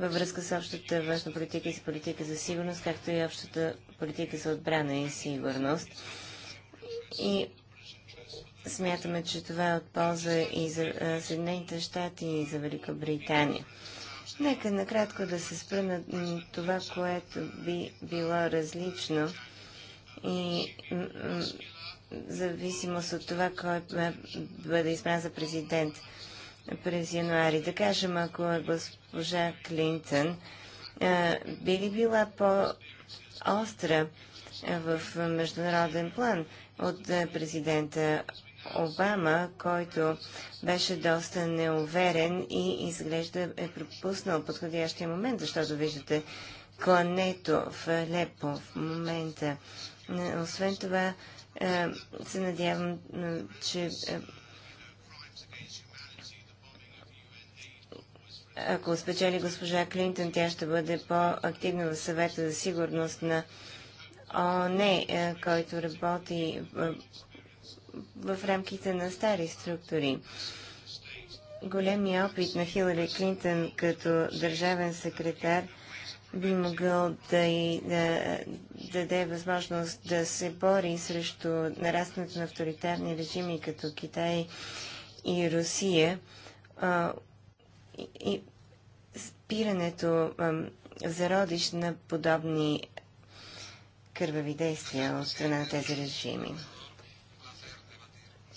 S3: във връзка с общата външна политика и с политика за сигурност, както и общата политика за отбрана и сигурност. И смятаме, че това е от полза и за Съединените щати, и за Великобритания. Нека накратко да се спра на това, което би било различно и зависимост от това, кой бъде избран за президент през януари. Да кажем, ако е госпожа Клинтън е, би ли била по-остра в международен план от президента Обама, който беше доста неуверен и изглежда е пропуснал подходящия момент, защото виждате клането в Лепо в момента. Освен това, се надявам, че ако спечели госпожа Клинтон, тя ще бъде по-активна в съвета за сигурност на ОНЕ, който работи е, в рамките на стари структури. Големия опит на Хилари Клинтон като държавен секретар би могъл да и да, даде възможност да се бори срещу нарастването на авторитарни режими като Китай и Русия, и спирането зародиш на подобни кървави действия от страна на тези режими.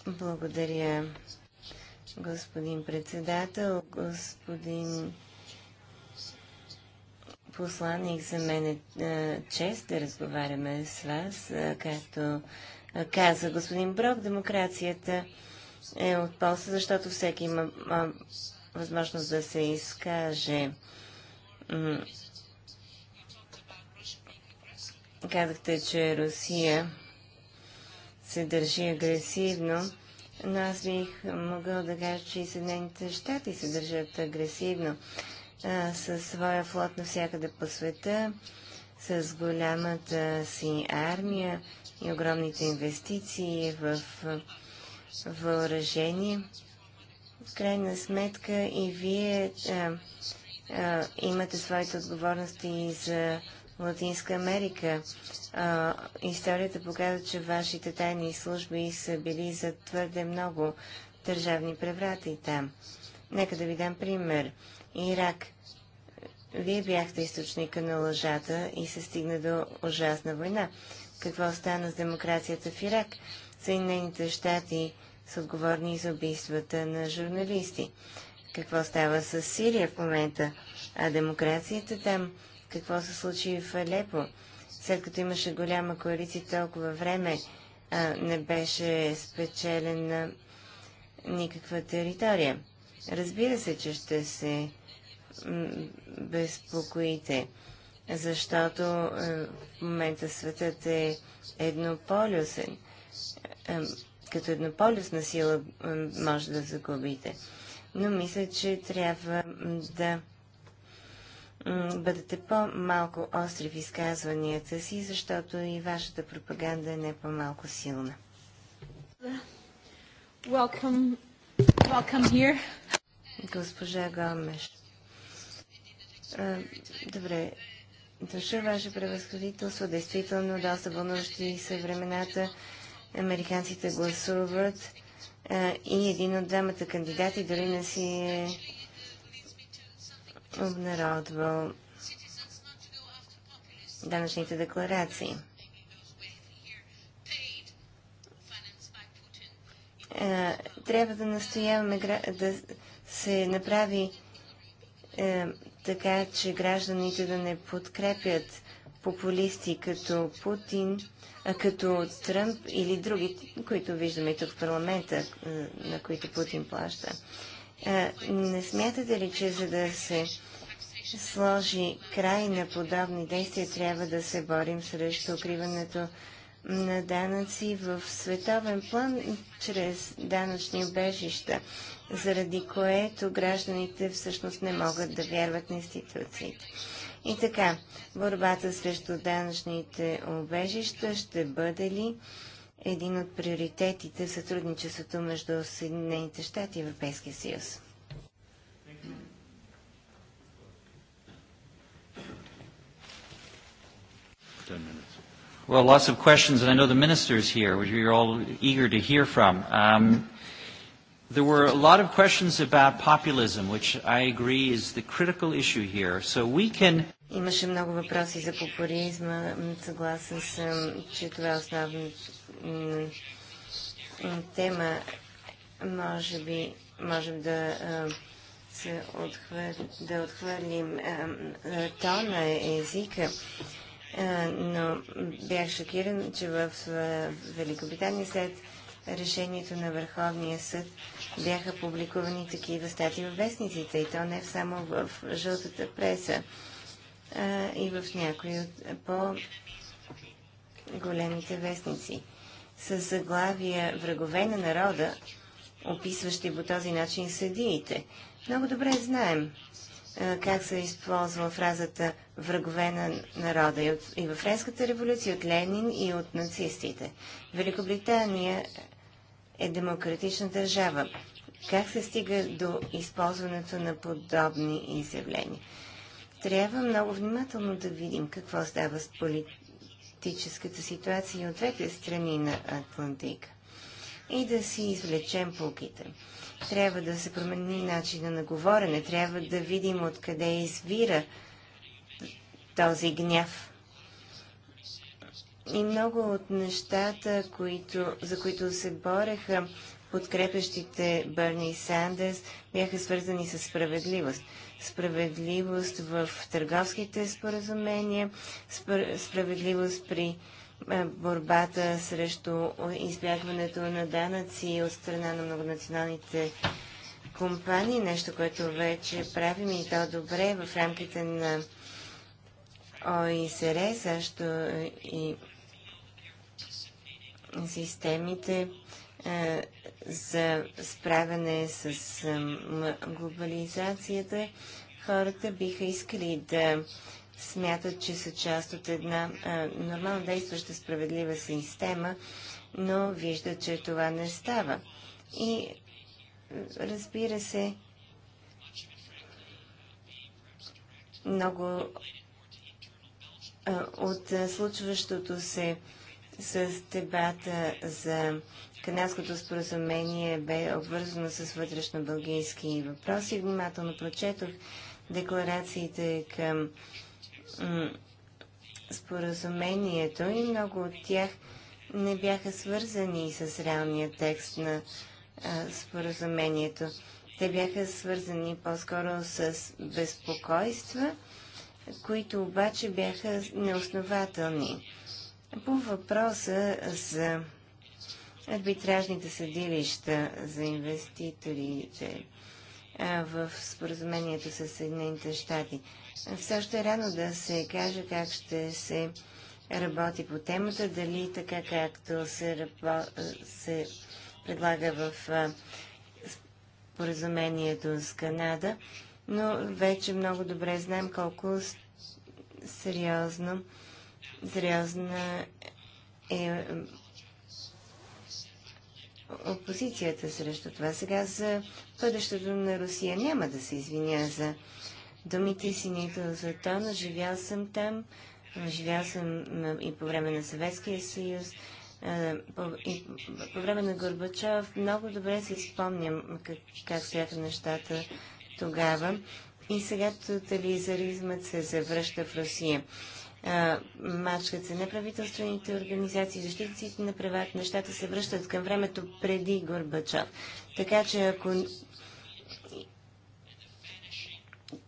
S3: Благодаря, господин председател, господин посланник. За мен е, е чест да разговаряме с вас. Е, както е, каза господин Брок, демокрацията е от полза, защото всеки има възможност да се изкаже. Казахте, че Русия се държи агресивно, но аз бих могъл да кажа, че и Съединените щати се държат агресивно със своя флот навсякъде по света, с голямата си армия и огромните инвестиции в въоръжение крайна сметка и вие а, а, имате своите отговорности и за Латинска Америка. А, историята показва, че вашите тайни служби са били за твърде много държавни преврати там. Нека да ви дам пример. Ирак. Вие бяхте източника на лъжата и се стигна до ужасна война. Какво стана с демокрацията в Ирак? Съединените щати са отговорни за убийствата на журналисти. Какво става с Сирия в момента? А демокрацията там? Какво се случи в Алепо? След като имаше голяма коалиция толкова време, а, не беше спечелена никаква територия. Разбира се, че ще се безпокоите, защото в момента светът е еднополюсен като една полюсна сила може да загубите. Но мисля, че трябва да бъдете по-малко остри в изказванията си, защото и вашата пропаганда е не по-малко силна. Welcome. Welcome here. Госпожа Гомеш. Добре. Дошъл ваше превъзходителство. Действително, доста вълнуващи са времената американците гласуват а, и един от двамата кандидати дори не си е обнародвал данъчните декларации. трябва да настояваме да се направи така, че гражданите да не подкрепят популисти като Путин, а, като Тръмп или други, които виждаме тук в парламента, на които Путин плаща. не смятате ли, че за да се сложи край на подобни действия, трябва да се борим срещу укриването на данъци в световен план чрез данъчни убежища, заради което гражданите всъщност не могат да вярват на институциите. И така, борбата срещу данъчните обежища ще бъде ли един от приоритетите в сътрудничеството между Съединените щати и Европейския съюз?
S1: Well, lots of questions, and I know the minister is here, which you're all eager to hear from. Um, there were a lot of questions about populism, which I agree is the critical issue here. So we can
S3: Имаше много въпроси за популизма. Съгласен съм, че това е основна тема. Може би можем да се отхвър... да отхвърлим тона, езика. Но бях шокиран, че в Великобритания след решението на Върховния съд бяха публикувани такива стати в вестниците и то не само в жълтата преса и в някои от по-големите вестници. С заглавия врагове на народа, описващи по този начин съдиите. Много добре знаем как се използва фразата врагове на народа и, от, и във Френската революция, от Ленин и от нацистите. Великобритания е демократична държава. Как се стига до използването на подобни изявления? трябва много внимателно да видим какво става с политическата ситуация от двете страни на Атлантика и да си извлечем пулките. Трябва да се промени начина на говорене, трябва да видим откъде извира този гняв. И много от нещата, които, за които се бореха подкрепящите Бърни Сандерс, бяха свързани с справедливост справедливост в търговските споразумения, справедливост при е, борбата срещу избягването на данъци от страна на многонационалните компании, нещо, което вече правим и то добре в рамките на ОИСР, също е, и системите е, за справяне с е, глобализацията, хората биха искали да смятат, че са част от една е, нормално действаща справедлива система, но виждат, че това не става. И разбира се, много от случващото се с дебата за Канадското споразумение бе обвързано с вътрешно-бългийски въпроси. Внимателно прочетох декларациите към споразумението и много от тях не бяха свързани с реалния текст на а, споразумението. Те бяха свързани по-скоро с безпокойства, които обаче бяха неоснователни. По въпроса за арбитражните съдилища за инвеститорите в споразумението с Съединените щати. Все още е рано да се каже как ще се работи по темата, дали така както се, се предлага в споразумението с Канада, но вече много добре знаем колко сериозно, сериозна е опозицията срещу това. Сега за бъдещето на Русия няма да се извиня за думите си, нито за тона. Живял съм там, живял съм и по време на Съветския съюз, по, и по време на Горбачов. Много добре си спомням как, как стояха нещата тогава. И сега тоталитаризмът се завръща в Русия мачкат се неправителствените организации, защитниците на правата, нещата се връщат към времето преди Горбачов. Така че ако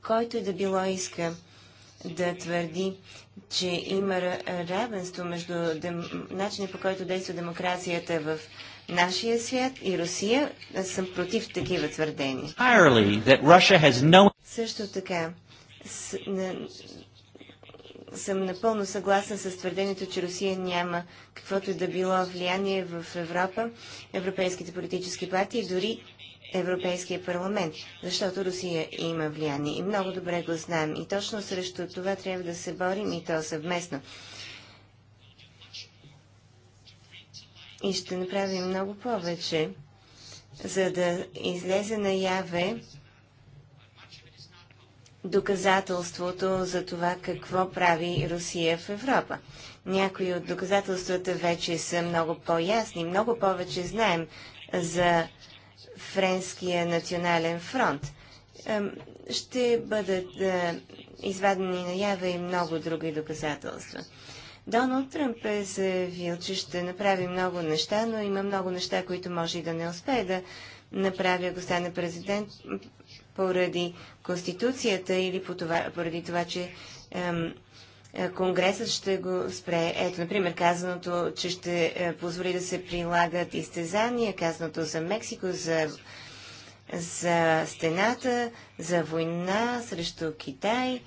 S3: който и е да било иска да твърди, че има равенство между дем... начина по който действа демокрацията в нашия свят и Русия, аз съм против такива твърдения.
S1: No...
S3: Също така, с съм напълно съгласна с твърдението, че Русия няма каквото и да било влияние в Европа, европейските политически партии, дори Европейския парламент, защото Русия има влияние и много добре го знаем. И точно срещу това трябва да се борим и то съвместно. И ще направим много повече, за да излезе наяве доказателството за това какво прави Русия в Европа. Някои от доказателствата вече са много по-ясни, много повече знаем за Френския национален фронт. Ще бъдат е, извадени наява и много други доказателства. Доналд Тръмп е заявил, че ще направи много неща, но има много неща, които може и да не успее да направи, ако стане президент поради Конституцията или по това, поради това, че ем, е, Конгресът ще го спре. Ето, например, казаното, че ще е, позволи да се прилагат изтезания, казаното за Мексико, за, за стената, за война срещу Китай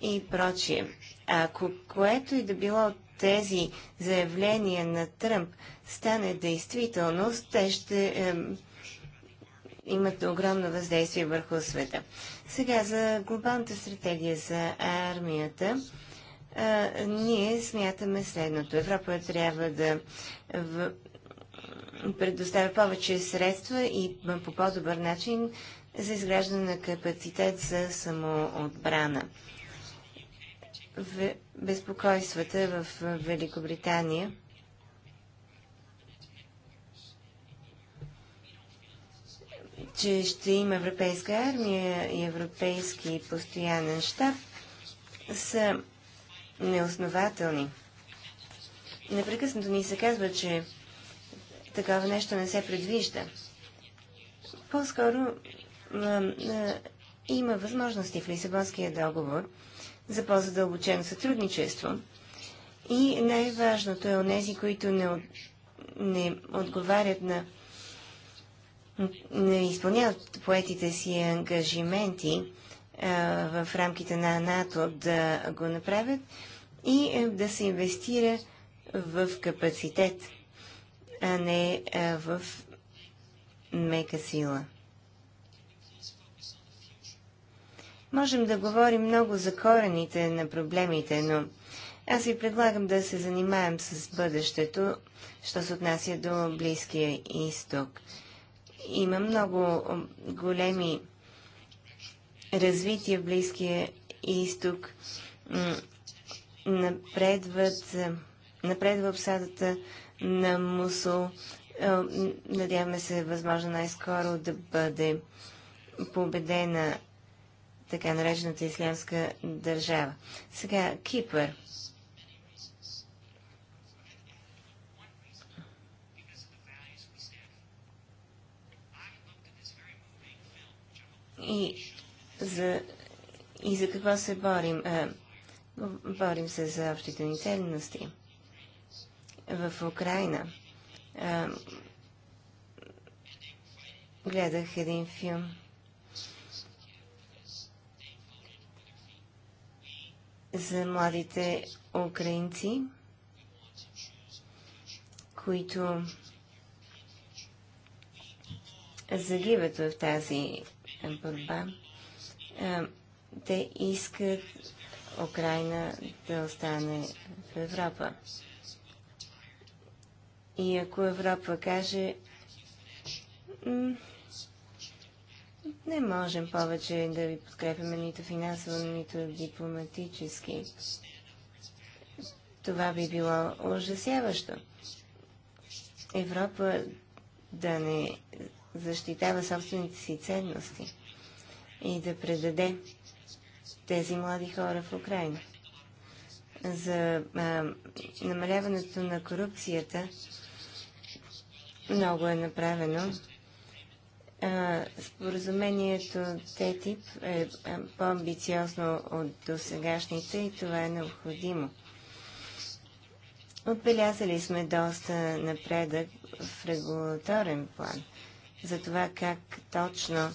S3: и прочие. Ако което и да било от тези заявления на Тръмп стане действителност, те ще е, имат огромно въздействие върху света. Сега за глобалната стратегия за армията. А, ние смятаме следното. Европа трябва да в... предоставя повече средства и по по-добър начин за изграждане на капацитет за самоотбрана. В... Безпокойствата в Великобритания че ще има Европейска армия и Европейски постоянен щаб, са неоснователни. Непрекъснато ни се казва, че такава нещо не се предвижда. По-скоро има възможности в Лисабонския договор за по-задълбочено сътрудничество. И най-важното е нези, които не, от, не отговарят на не изпълняват поетите си ангажименти в рамките на НАТО да го направят и е, да се инвестира в капацитет, а не в мека сила. Можем да говорим много за корените на проблемите, но аз ви предлагам да се занимаем с бъдещето, що се отнася до Близкия изток. Има много големи развития в Близкия изток. Напредват, напредва обсадата на Мусул. Е, надяваме се, възможно най-скоро да бъде победена така наречената ислямска държава. Сега Кипър. и за, и за какво се борим? А, борим се за общите ни ценности. В Украина а, гледах един филм за младите украинци, които загиват в тази борба. Е, те искат Украина да остане в Европа. И ако Европа каже, не можем повече да ви подкрепяме нито финансово, нито дипломатически. Това би било ужасяващо. Европа да не защитава собствените си ценности и да предаде тези млади хора в Украина. За а, намаляването на корупцията много е направено. А, споразумението ТЕТИП е, е по-амбициозно от досегашните и това е необходимо. Отбелязали сме доста напредък в регулаторен план – за това как точно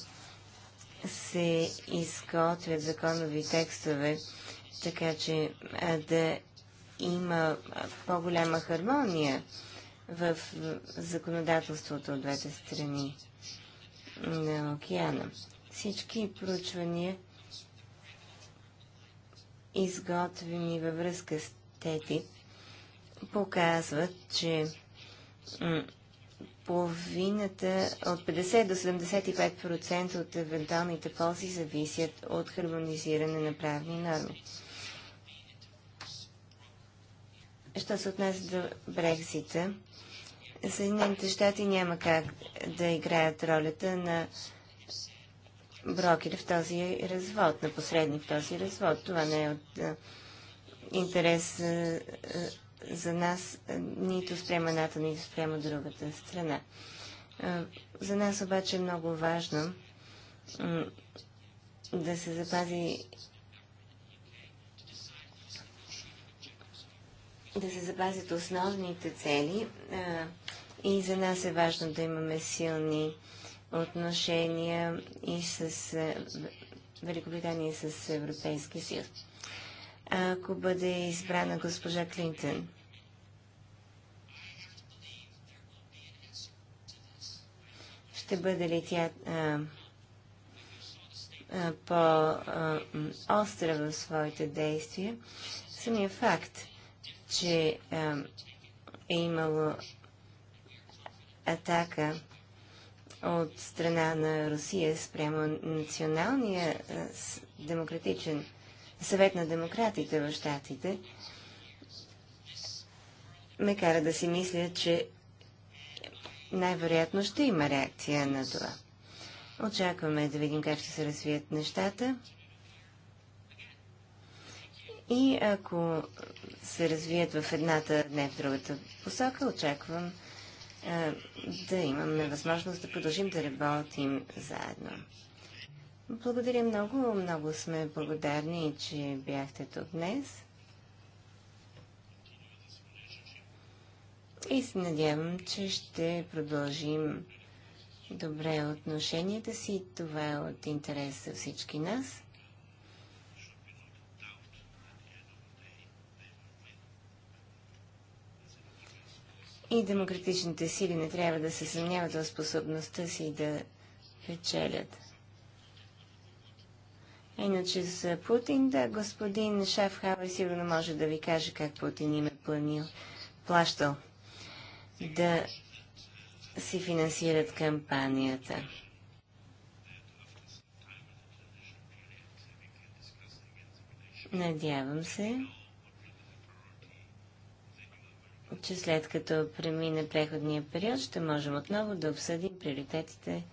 S3: се изготвят законови текстове, така че да има по-голяма хармония в законодателството от двете страни на океана. Всички проучвания, изготвени във връзка с тети, показват, че половината, от 50 до 75% от евентуалните ползи зависят от хармонизиране на правни норми. Що се отнася до Брексита, Съединените щати няма как да играят ролята на брокер в този развод, на посредник в този развод. Това не е от интерес за нас е, нито спрямо едната, нито спрямо другата страна. Е, за нас обаче е много важно да се запази да се запазят основните цели е, и за нас е важно да имаме силни отношения и с Великобритания и с Европейския съюз ако бъде избрана госпожа Клинтън. Ще бъде ли тя по-остра в своите действия? Самия факт, че а, е имало атака от страна на Русия спрямо националния демократичен съвет на демократите в щатите ме кара да си мисля, че най-вероятно ще има реакция на това. Очакваме да видим как ще се развият нещата. И ако се развият в едната, не в другата посока, очаквам да имаме възможност да продължим да работим заедно. Благодаря много. Много сме благодарни, че бяхте тук днес. И се надявам, че ще продължим добре отношенията си. Това е от интерес за всички нас. И демократичните сили не трябва да се съмняват в способността си да печелят. Иначе за Путин, да, господин Шафхауер сигурно може да ви каже как Путин им е планил, плащал да си финансират кампанията. Надявам се, че след като премине преходния период, ще можем отново да обсъдим приоритетите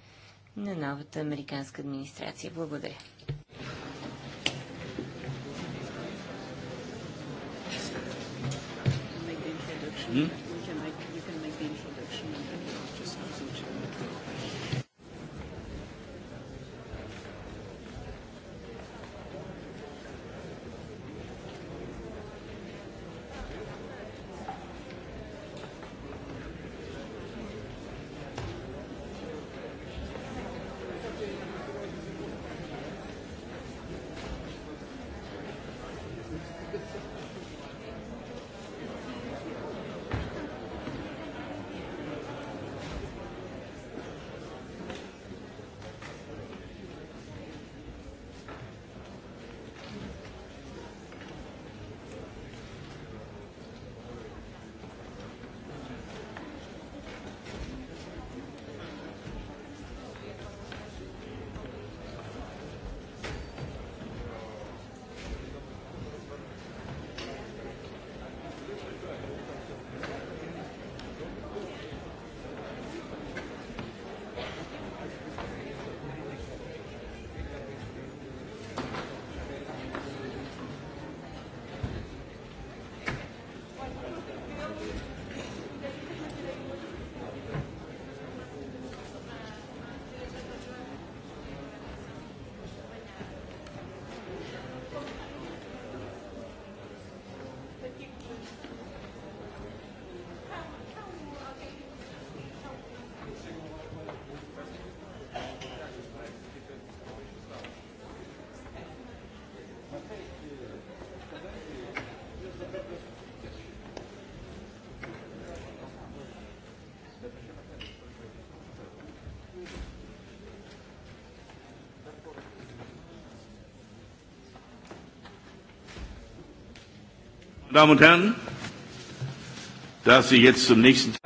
S3: на новата американска администрация. Благодаря.
S1: Mm-hmm.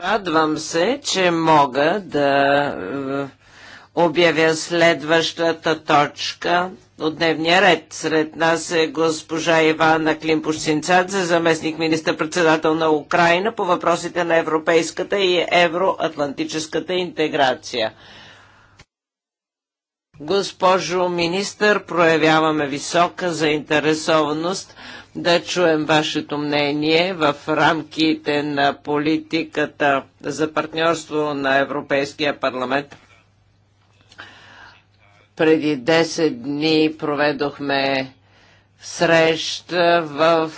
S2: Радвам се, че мога да е, обявя следващата точка от дневния ред. Сред нас е госпожа Ивана климпуш заместник министър-председател на Украина по въпросите на европейската и евроатлантическата интеграция. Госпожо министър, проявяваме висока заинтересованост да чуем вашето мнение в рамките на политиката за партньорство на Европейския парламент. Преди 10 дни проведохме среща в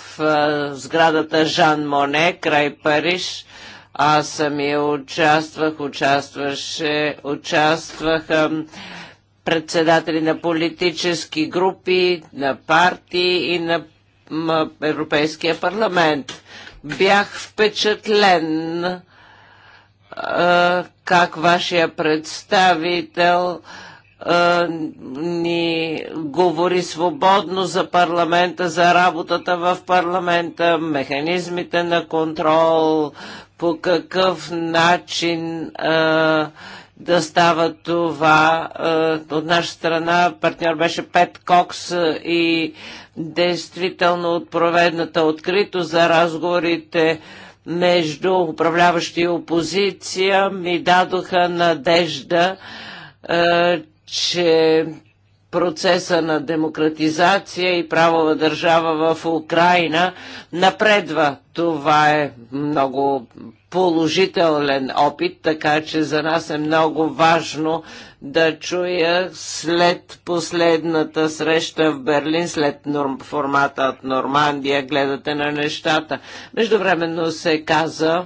S2: сградата Жан Моне край Париж. Аз самия участвах, участваше, участваха председатели на политически групи, на партии и на Европейския парламент. Бях впечатлен как вашия представител ни говори свободно за парламента, за работата в парламента, механизмите на контрол, по какъв начин е, да става това. Е, от наша страна партньор беше Пет Кокс е, и действително от проведната открито за разговорите между управляващи и опозиция ми дадоха надежда, е, че процеса на демократизация и правова държава в Украина напредва. Това е много положителен опит, така че за нас е много важно да чуя след последната среща в Берлин, след норм, формата от Нормандия, гледате на нещата. Междувременно се каза,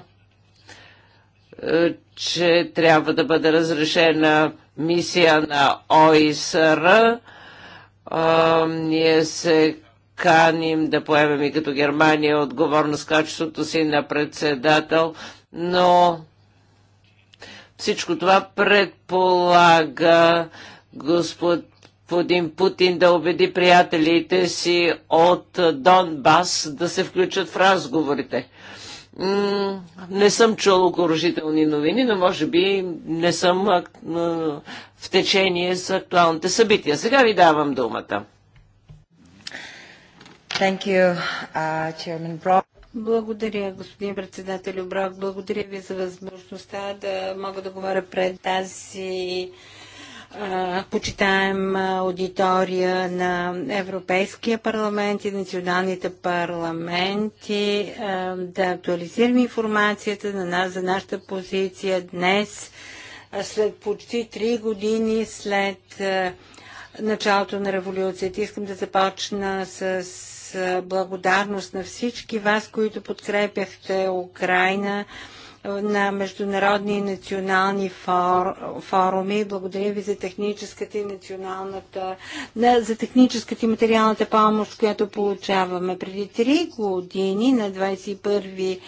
S2: е, че трябва да бъде разрешена мисия на ОИСР. А, ние се каним да поемем и като Германия отговорност качеството си на председател, но всичко това предполага господ господин Путин да убеди приятелите си от Донбас да се включат в разговорите не съм чул окоръжителни новини, но може би не съм в течение с актуалните събития. Сега ви давам думата.
S3: Thank you, uh,
S1: Благодаря, господин председател Брак. Благодаря ви за възможността да мога да говоря пред тази почитаем аудитория на Европейския парламент и националните парламенти, да актуализираме информацията на нас, за нашата позиция днес, след почти три години след началото на революцията. Искам да започна с благодарност на всички вас, които подкрепяхте Украина на международни и национални фор, форуми. Благодаря ви за техническата и националната, на, за техническата и материалната помощ, която получаваме. Преди три години, на 21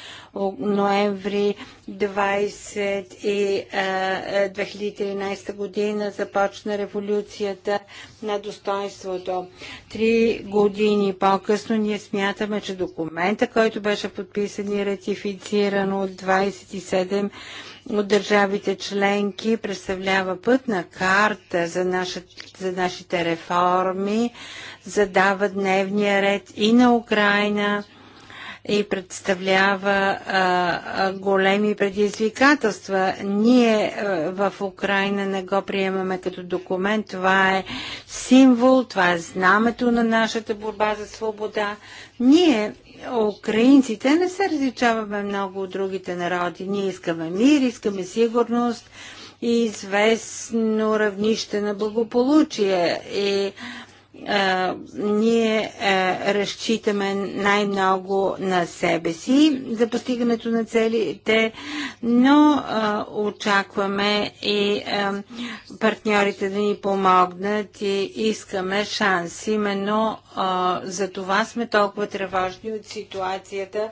S1: ноември 20 и, а, 2013 година започна революцията на достоинството. Три години по-късно ние смятаме, че документа, който беше подписан и ратифициран от 27 от държавите членки представлява пътна карта за, наша, за нашите реформи, задава дневния ред и на Украина, и представлява а, големи предизвикателства. Ние а, в Украина не го приемаме като документ. Това е символ, това е знамето на нашата борба за свобода. Ние, украинците, не се различаваме много от другите народи. Ние искаме мир, искаме сигурност и известно равнище на благополучие. И а, ние а, разчитаме най-много на себе си за постигането на целите, но а, очакваме и а, партньорите да ни помогнат и искаме шанс. Именно а, за това сме толкова тревожни от ситуацията,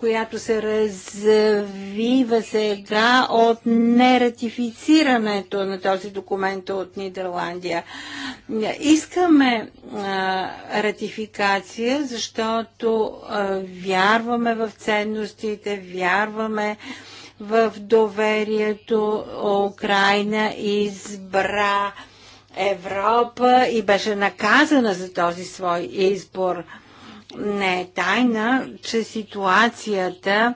S1: която се развива сега от нератифицирането на този документ от Нидерландия. Искаме а, ратификация, защото а, вярваме в ценностите, вярваме в доверието. Украина избра Европа и беше наказана за този свой избор не е тайна, че ситуацията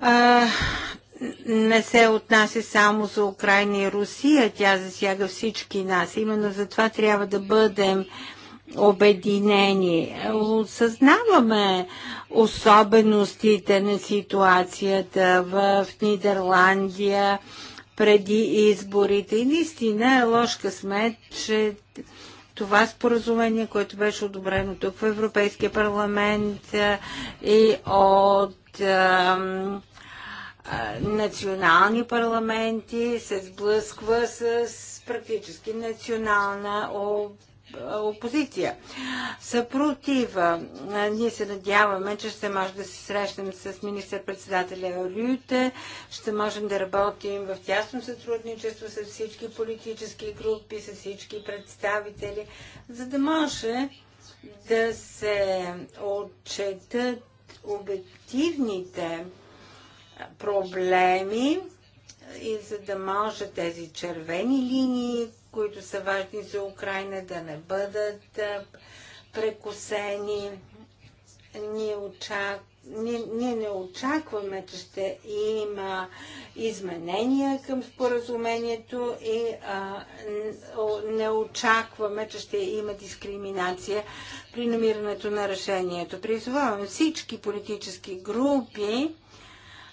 S1: а, не се отнася само за Украина и Русия, тя засяга всички нас. Именно за това трябва да бъдем обединени. Осъзнаваме особеностите на ситуацията в Нидерландия преди изборите. И наистина е лошка смет, че това споразумение, което беше одобрено тук в Европейския парламент и от национални парламенти се сблъсква с практически национална опозиция съпротива. Ние се надяваме, че ще може да се срещнем с министър-председателя Рюте, ще можем да работим в тясно сътрудничество с всички политически групи, с всички представители, за да може да се отчетат обективните проблеми и за да може тези червени линии, които са важни за Украина, да не бъдат прекусени. Ние, очак... ние, ние не очакваме, че ще има изменения към споразумението и а, не очакваме, че ще има дискриминация при намирането на решението. Призовавам всички политически групи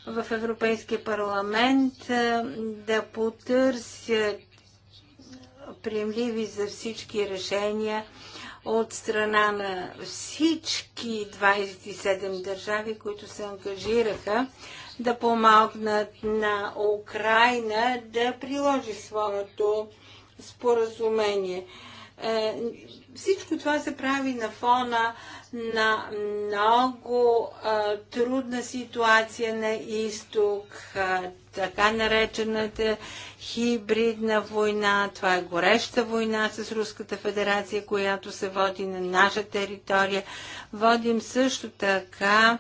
S1: в Европейския парламент да потърсят приемливи за всички решения от страна на всички 27 държави, които се ангажираха да помогнат на Украина да приложи своето споразумение. Е, всичко това се прави на фона на много а, трудна ситуация на изток, а, така наречената хибридна война. Това е гореща война с Руската федерация, която се води на наша територия. Водим също така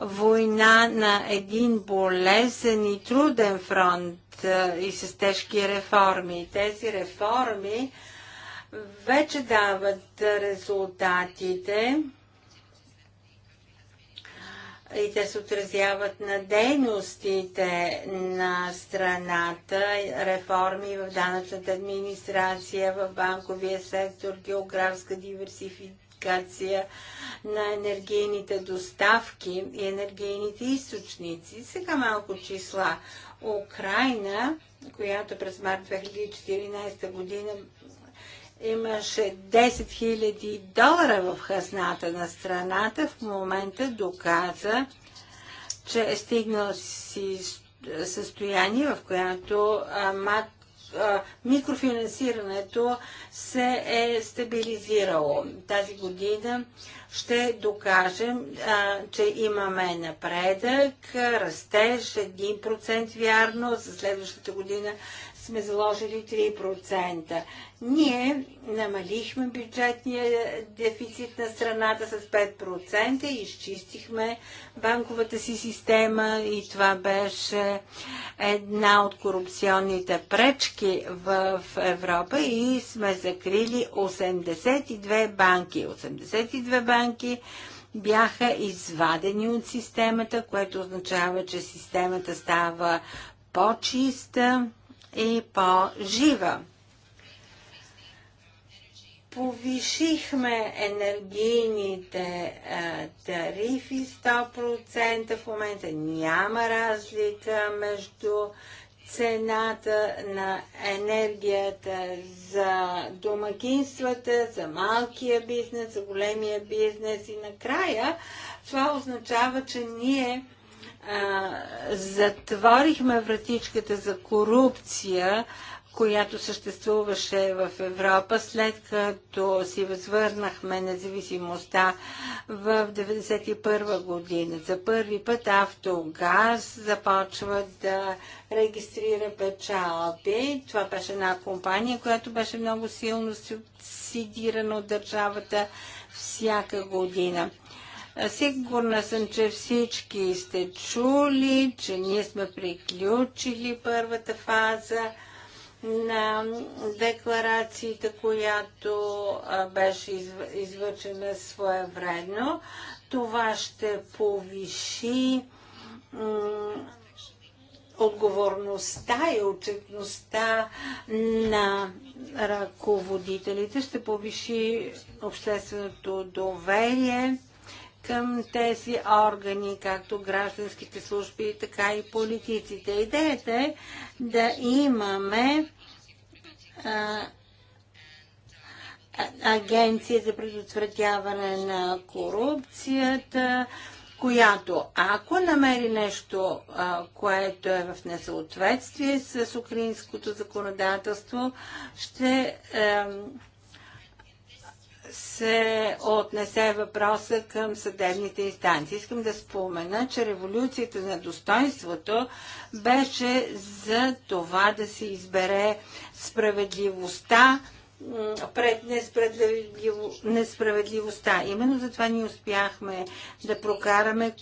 S1: война на един болезен и труден фронт а, и с тежки реформи. Тези реформи вече дават резултатите и те се отразяват на дейностите на страната, реформи в данъчната администрация, в банковия сектор, географска диверсификация на енергийните доставки и енергийните източници. Сега малко числа. Украина, която през март 2014 година имаше 10 000 долара в хазната на страната, в момента доказа, че е стигнал си състояние, в която микрофинансирането се е стабилизирало. Тази година ще докажем, че имаме напредък, растеж 1% вярно, за следващата година сме заложили 3%. Ние намалихме бюджетния дефицит на страната с 5% и изчистихме банковата си система и това беше една от корупционните пречки в Европа и сме закрили 82 банки. 82 банки бяха извадени от системата, което означава, че системата става по-чиста и по-жива. Повишихме енергийните е, тарифи 100%. В момента няма разлика между цената на енергията за домакинствата, за малкия бизнес, за големия бизнес и накрая това означава, че ние затворихме вратичката за корупция, която съществуваше в Европа, след като си възвърнахме независимостта в 1991 година. За първи път Автогаз започва да регистрира печалби. Това беше една компания, която беше много силно субсидирана от държавата всяка година. Сигурна съм, че всички сте чули, че ние сме приключили първата фаза на декларацията, която беше извършена своевредно. Това ще повиши отговорността и отчетността на ръководителите, ще повиши общественото доверие към тези органи, както гражданските служби, така и политиците. Идеята е да имаме а, агенция за предотвратяване на корупцията, която ако намери нещо, а, което е в несъответствие с украинското законодателство, ще а, се отнесе въпроса към съдебните инстанции. Искам да спомена, че революцията на достоинството беше за това да се избере справедливостта пред несправедливо, несправедливостта. Именно затова ние успяхме да прокараме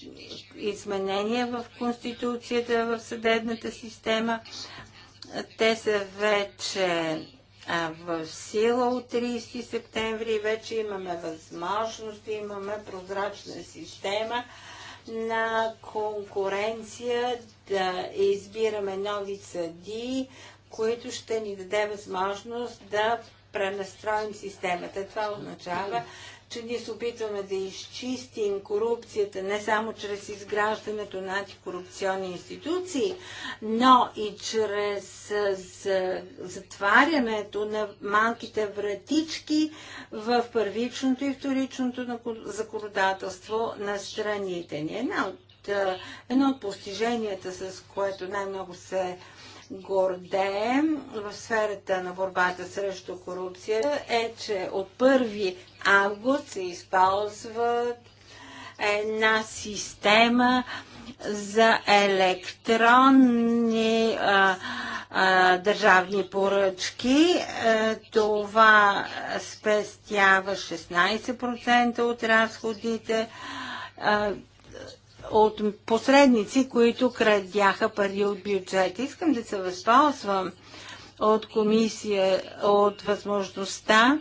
S1: изменения в Конституцията, в съдебната система. Те са вече а в сила от 30 септември вече имаме възможност, имаме прозрачна система на конкуренция да избираме нови съди, които ще ни даде възможност да пренастроим системата. Това означава, че ние се опитваме да изчистим корупцията не само чрез изграждането на антикорупционни институции, но и чрез затварянето на малките вратички в първичното и вторичното законодателство на страните ни. от, едно от постиженията, с което най-много се гордеем в сферата на борбата срещу корупция е, че от 1 август се използва една система за електронни а, а, държавни поръчки. Е, това спестява 16% от разходите. А, е, от посредници, които крадяха пари от бюджета. Искам да се възползвам от комисия, от възможността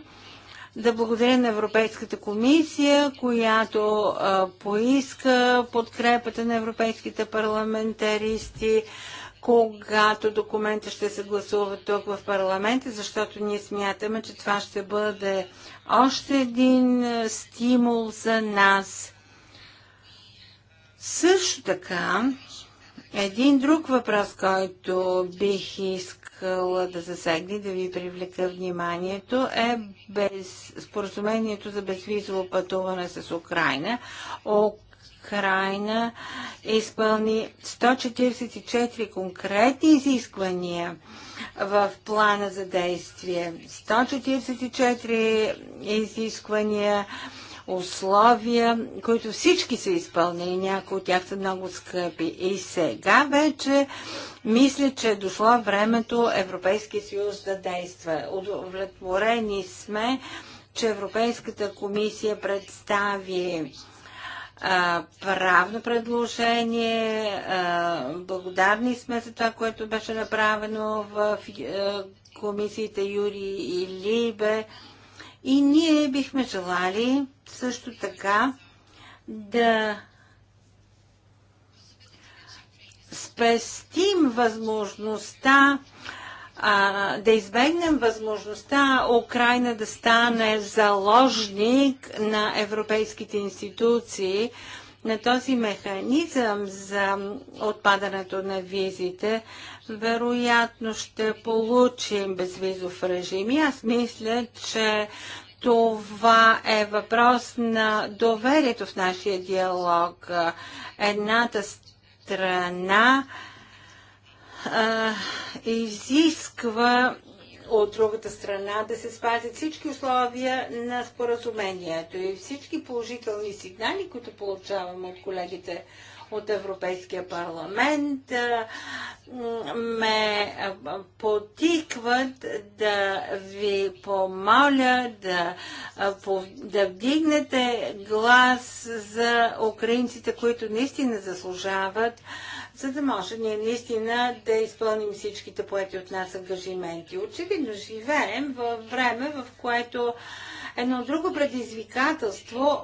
S1: да благодаря на Европейската комисия, която а, поиска подкрепата на европейските парламентаристи, когато документа ще се гласува тук в парламента, защото ние смятаме, че това ще бъде още един стимул за нас също така, един друг въпрос, който бих искала да засегне, да ви привлека вниманието, е без, споразумението за безвизово пътуване с Украина. Украина изпълни 144 конкретни изисквания в плана за действие. 144 изисквания условия, които всички са изпълнени, някои от тях са много скъпи. И сега вече мисля, че е дошло времето Европейския съюз да действа. Удовлетворени сме, че Европейската комисия представи правно предложение. Благодарни сме за това, което беше направено в комисиите Юри и Либе. И ние бихме желали също така да спестим възможността да избегнем възможността Украина да стане заложник на европейските институции, на този механизъм за отпадането на визите вероятно ще получим безвизов режим. И аз мисля, че това е въпрос на доверието в нашия диалог. Едната страна а, изисква от другата страна да се спазят всички условия на споразумението и всички положителни сигнали, които получаваме от колегите от Европейския парламент ме потикват да ви помоля да, да вдигнете глас за украинците, които наистина заслужават, за да може ние наистина да изпълним всичките поети от нас ангажименти. Очевидно живеем във време, в което едно друго предизвикателство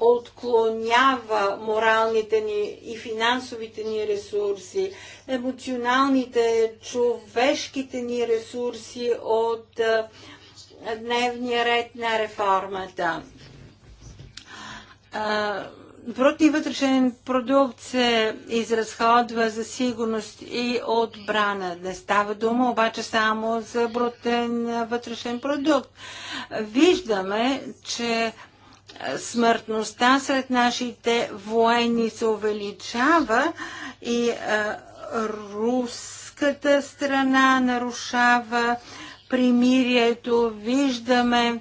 S1: отклонява моралните ни и финансовите ни ресурси, емоционалните, човешките ни ресурси от дневния ред на реформата. А, вътрешен продукт се изразходва за сигурност и отбрана. Не става дума обаче само за брутен вътрешен продукт. Виждаме, че смъртността сред нашите военни се увеличава и а, е, руската страна нарушава примирието. Виждаме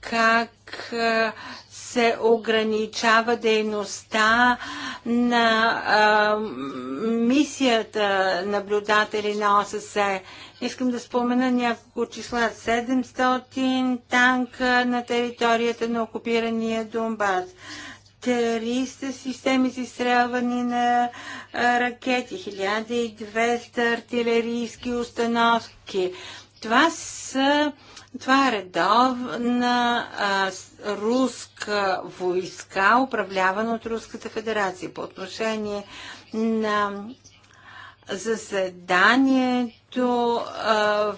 S1: как а, е, се ограничава дейността на а, мисията наблюдатели на ОССЕ. Искам да спомена няколко числа. 700 танка на територията на окупирания Донбас. 300 системи за изстрелване на ракети, 1200 артилерийски установки. Това са това е редовна а, руска войска, управлявана от Руската федерация. По отношение на заседанието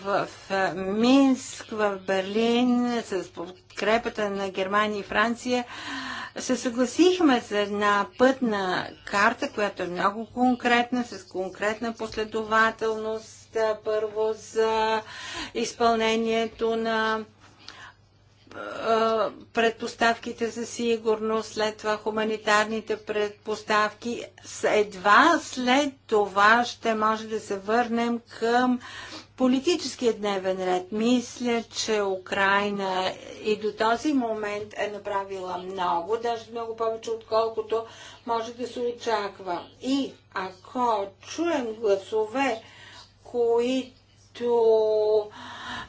S1: в Минск, в Берлин, с подкрепата на Германия и Франция, се съгласихме за една пътна карта, която е много конкретна, с конкретна последователност първо за изпълнението на предпоставките за сигурност, след това хуманитарните предпоставки. Едва след това ще може да се върнем към политическия дневен ред. Мисля, че Украина и до този момент е направила много, даже много повече, отколкото може да се очаква. И ако чуем гласове, които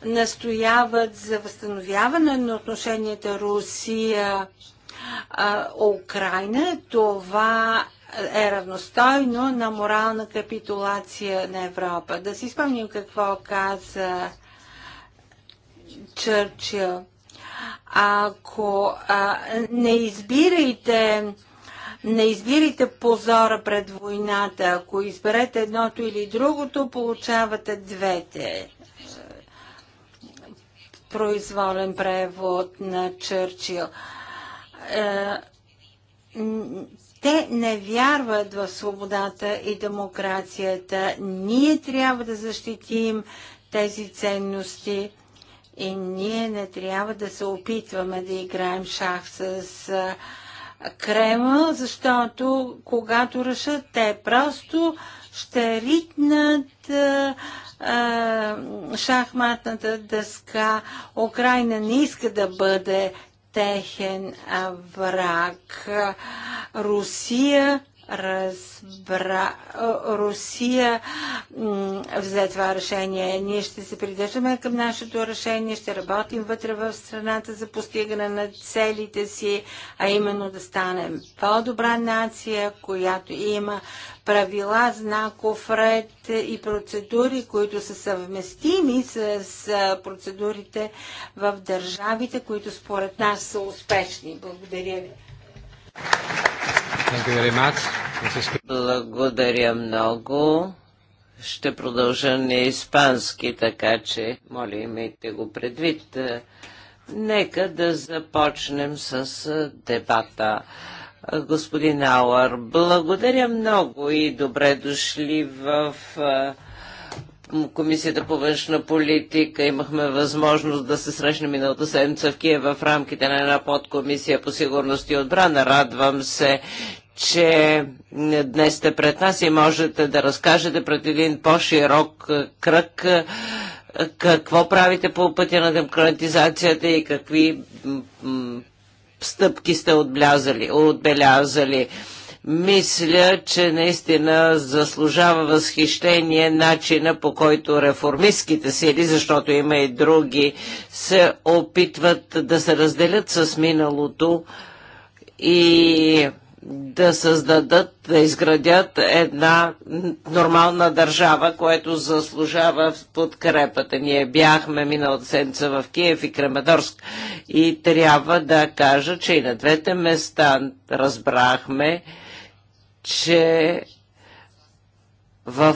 S1: настояват за възстановяване на отношенията Русия Украина. Това е равностойно на морална капитулация на Европа. Да си спомним какво каза Чърчил. Ако а, не избирайте не избирайте позора пред войната. Ако изберете едното или другото, получавате двете. Произволен превод на Чърчил. Е, те не вярват в свободата и демокрацията. Ние трябва да защитим тези ценности и ние не трябва да се опитваме да играем шах с е, крема, защото когато решат, те просто ще ритнат а, а, шахматната дъска. Украина не иска да бъде техен враг. Русия разбра... Русия взе това решение. Ние ще се придържаме към нашето решение, ще работим вътре в страната за постигане на целите си, а именно да станем по-добра нация, която има правила, знаков ред и процедури, които са съвместими с, процедурите в държавите, които според нас са успешни. Благодаря ви.
S2: Благодаря много. Ще продължа на испански, така че, моля, имайте го предвид. Нека да започнем с дебата. Господин Ауър, благодаря много и добре дошли в Комисията по външна политика имахме възможност да се срещнем миналата седмица в Киев в рамките на една подкомисия по сигурност и отбрана. Радвам се, че днес сте пред нас и можете да разкажете пред един по-широк кръг какво правите по пътя на демократизацията и какви стъпки сте отбелязали. Мисля, че наистина заслужава възхищение начина по който реформистските сили, защото има и други, се опитват да се разделят с миналото и да създадат, да изградят една нормална държава, което заслужава подкрепата. Ние бяхме миналата седмица в Киев и Крематорск и трябва да кажа, че и на двете места разбрахме, че в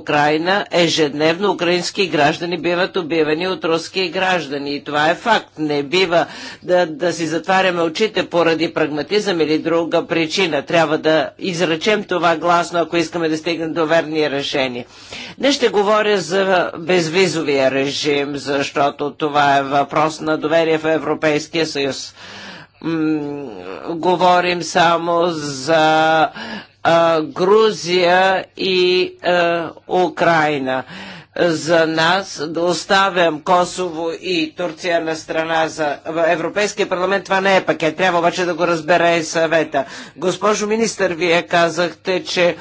S2: Украина ежедневно украински граждани биват убивани от руски граждани. И това е факт. Не бива да, да си затваряме очите поради прагматизъм или друга причина. Трябва да изречем това гласно, ако искаме да стигнем до верни решения. Не ще говоря за безвизовия режим, защото това е въпрос на доверие в Европейския съюз говорим само за а, Грузия и а, Украина. За нас да оставям Косово и Турция на страна за Европейския парламент, това не е пакет. Трябва обаче да го разбере и съвета. Госпожо министър, вие казахте, че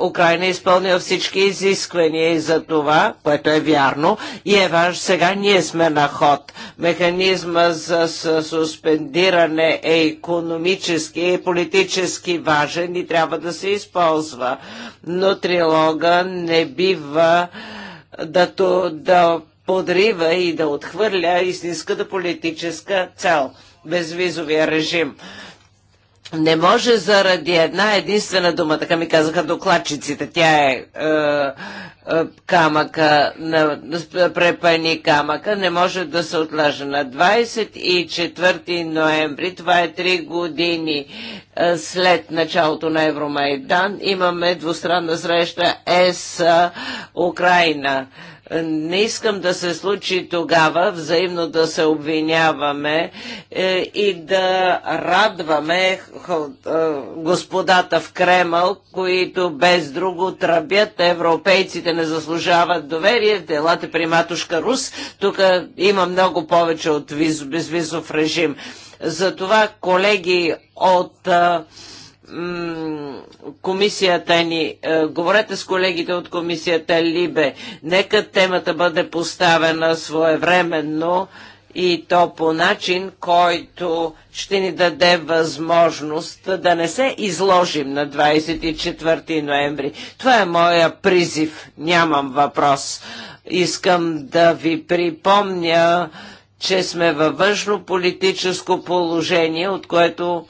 S2: Украина е изпълнила всички изисквания и за това, което е вярно, и е важно сега ние сме на ход. Механизма за суспендиране е економически и политически важен и трябва да се използва. Но трилога не бива да, да подрива и да отхвърля истинската политическа цел безвизовия режим. Не може заради една единствена дума, така ми казаха докладчиците, тя е, е, е камъка, на, препани камъка, не може да се отлажа. На 24 ноември, това е 3 години е, след началото на Евромайдан, имаме двустранна среща ЕС-Украина. Е, не искам да се случи тогава взаимно да се обвиняваме е, и да радваме е, господата в Кремъл, които без друго тръбят. Европейците не заслужават доверие. Делате при матушка Рус. Тук има много повече от безвизов режим. Затова, колеги от е, комисията ни, е, говорете с колегите от комисията Либе, нека темата бъде поставена своевременно и то по начин, който ще ни даде възможност да не се изложим на 24 ноември. Това е моя призив, нямам въпрос. Искам да ви припомня, че сме във външно политическо положение, от което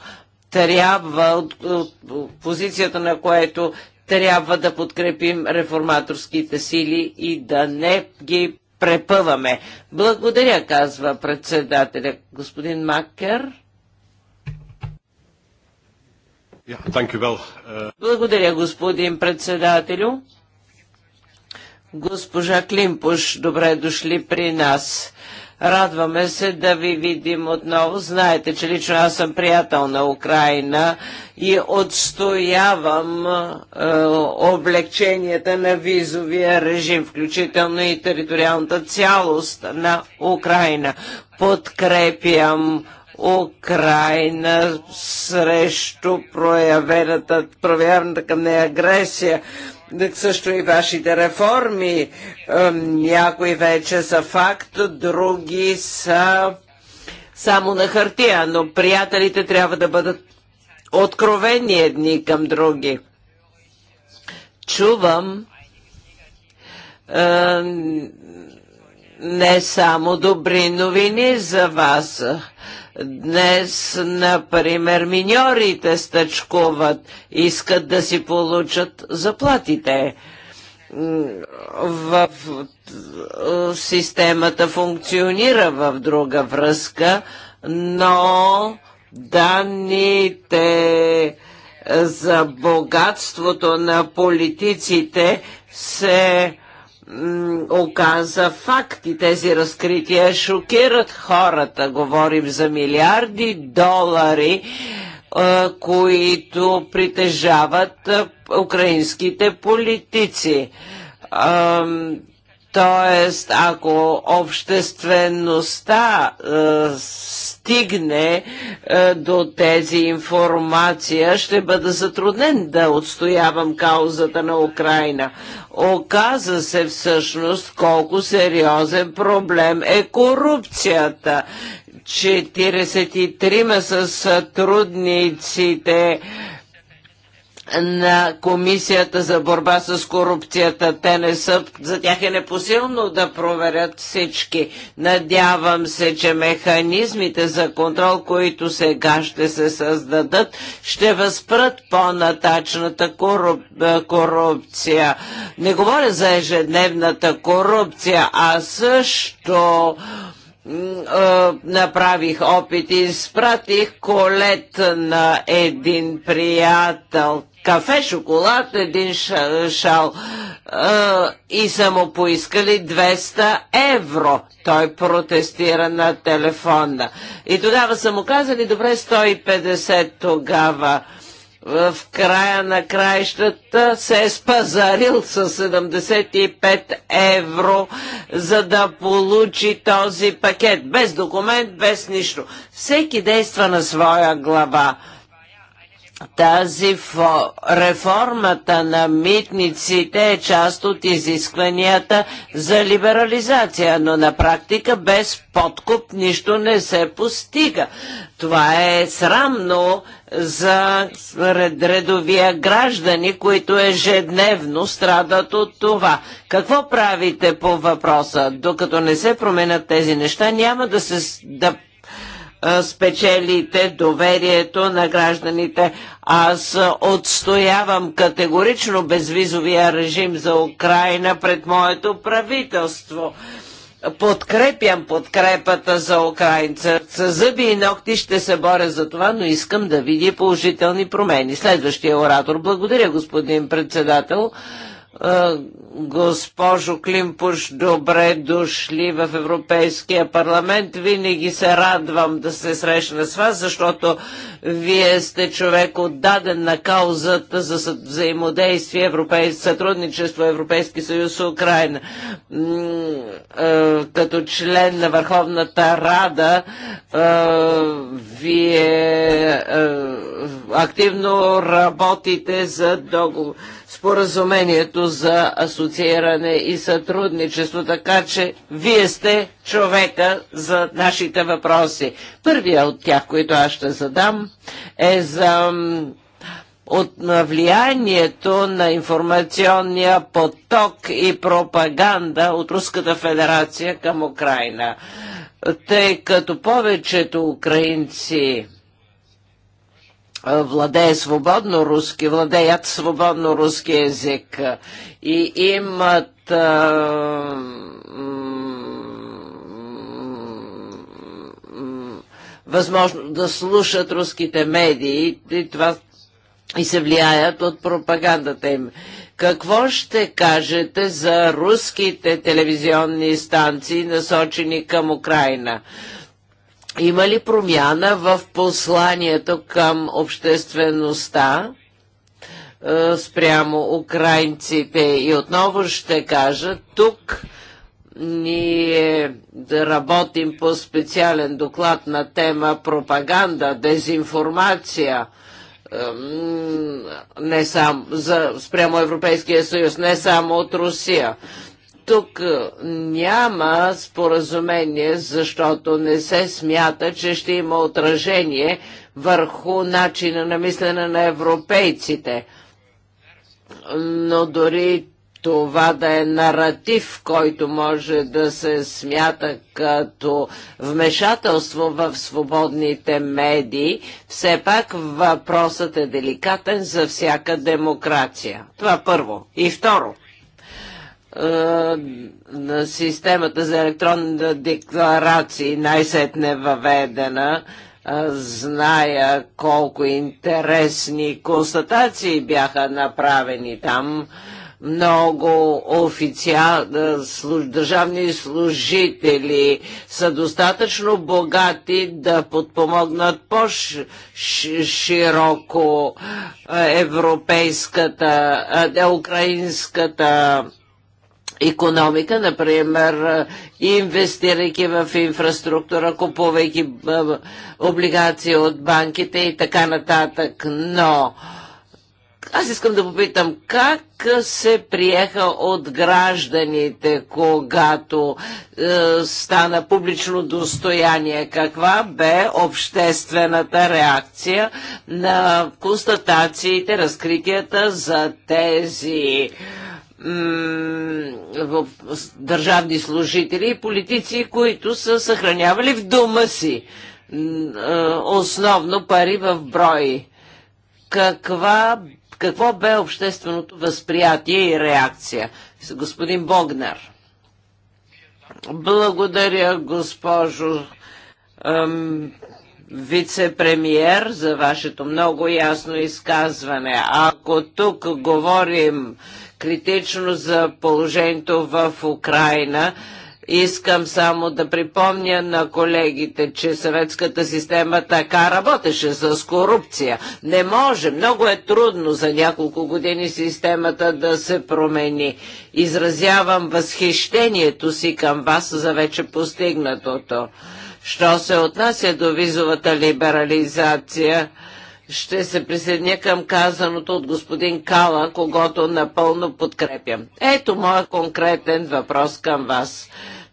S2: трябва, от, от, позицията на което трябва да подкрепим реформаторските сили и да не ги препъваме. Благодаря, казва председателя. Господин Маккер.
S3: Yeah,
S2: uh... Благодаря, господин председателю. Госпожа Климпуш, добре дошли при нас. Радваме се да ви видим отново. Знаете, че лично аз съм приятел на Украина и отстоявам е, облегченията на визовия режим, включително и териториалната цялост на Украина. Подкрепям Украина срещу проявената, проявената към нея агресия също и вашите реформи. Някои вече са факт, други са само на хартия, но приятелите трябва да бъдат откровени едни към други. Чувам е, не само добри новини за вас. Днес, например, миньорите стъчкуват, искат да си получат заплатите в системата функционира в друга връзка, но данните е, за богатството на политиците се оказа факти. Тези разкрития шокират хората. Говорим за милиарди долари, е, които притежават е, украинските политици. Тоест, ако обществеността е, стигне е, до тези информация, ще бъда затруднен да отстоявам каузата на Украина. Оказа се всъщност колко сериозен проблем е корупцията. 43 са сътрудниците на Комисията за борба с корупцията. Те не са, за тях е непосилно да проверят всички. Надявам се, че механизмите за контрол, които сега ще се създадат, ще възпрат по-натачната коруп, корупция. Не говоря за ежедневната корупция, а също направих опит и изпратих колет на един приятел кафе, шоколад, един шал, е, и са му поискали 200 евро. Той протестира на телефона. И тогава са му казали, добре, 150 тогава в края на краищата се е спазарил с 75 евро, за да получи този пакет. Без документ, без нищо. Всеки действа на своя глава. Тази реформата на митниците е част от изискванията за либерализация, но на практика без подкуп нищо не се постига. Това е срамно за редовия граждани, които ежедневно страдат от това. Какво правите по въпроса? Докато не се променят тези неща, няма да, се, да спечелите доверието на гражданите. Аз отстоявам категорично безвизовия режим за Украина пред моето правителство. Подкрепям подкрепата за украинца. С зъби и ногти ще се боря за това, но искам да видя положителни промени. Следващия оратор. Благодаря, господин председател. Е, госпожо Климпуш, добре дошли в Европейския парламент. Винаги се радвам да се срещна с вас, защото вие сте човек отдаден на каузата за взаимодействие, европей... сътрудничество Европейски съюз с Украина. Е, като член на Върховната Рада, е, вие активно работите за договор споразумението за асоцииране и сътрудничество, така че вие сте човека за нашите въпроси. Първия от тях, които аз ще задам, е за от влиянието на информационния поток и пропаганда от Руската федерация към Украина. Тъй като повечето украинци владее свободно руски, владеят свободно руски език и имат а, възможно да слушат руските медии и, това, и се влияят от пропагандата им. Какво ще кажете за руските телевизионни станции, насочени към Украина? Има ли промяна в посланието към обществеността е, спрямо украинците? И отново ще кажа, тук ние да работим по специален доклад на тема пропаганда, дезинформация не сам, за, спрямо Европейския съюз, не само от Русия. Тук е, няма споразумение, защото не се смята, че ще има отражение върху начина на мислене на европейците. Но дори това да е наратив, който може да се смята като вмешателство в свободните медии, все пак въпросът е деликатен за всяка демокрация. Това първо. И второ – е, на системата за електронна декларации най-сетне въведена. Е, зная колко интересни констатации бяха направени там. Много официал, е, държавни служители са достатъчно богати да подпомогнат по-широко европейската, украинската економика, например, инвестирайки в инфраструктура, купувайки облигации от банките и така нататък. Но аз искам да попитам как се приеха от гражданите, когато е, стана публично достояние? Каква бе обществената реакция на констатациите, разкритията за тези е, в държавни служители и политици, които са съхранявали в дома си основно пари в брои. Каква, какво бе общественото възприятие и реакция? Господин Богнар. Благодаря, госпожо вице-премьер, за вашето много ясно изказване. Ако тук говорим критично за положението в Украина. Искам само да припомня на колегите, че съветската система така работеше с корупция. Не може, много е трудно за няколко години системата да се промени. Изразявам възхищението си към вас за вече постигнатото. Що се отнася до визовата либерализация, ще се присъединя към казаното от господин Кала, когато напълно подкрепям. Ето моя конкретен въпрос към вас.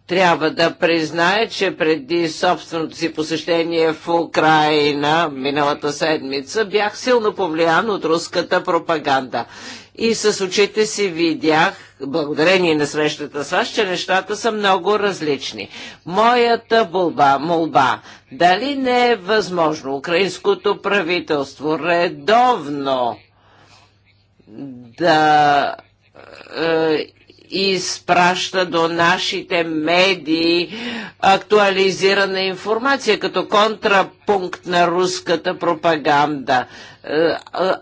S2: Трябва да призная, че преди собственото си посещение в Украина миналата седмица бях силно повлиян от руската пропаганда и с очите си видях, благодарение на срещата с вас, че нещата са много различни. Моята болба, молба, дали не е възможно украинското правителство редовно да е, изпраща до нашите медии актуализирана информация като контрапункт на руската пропаганда. Е,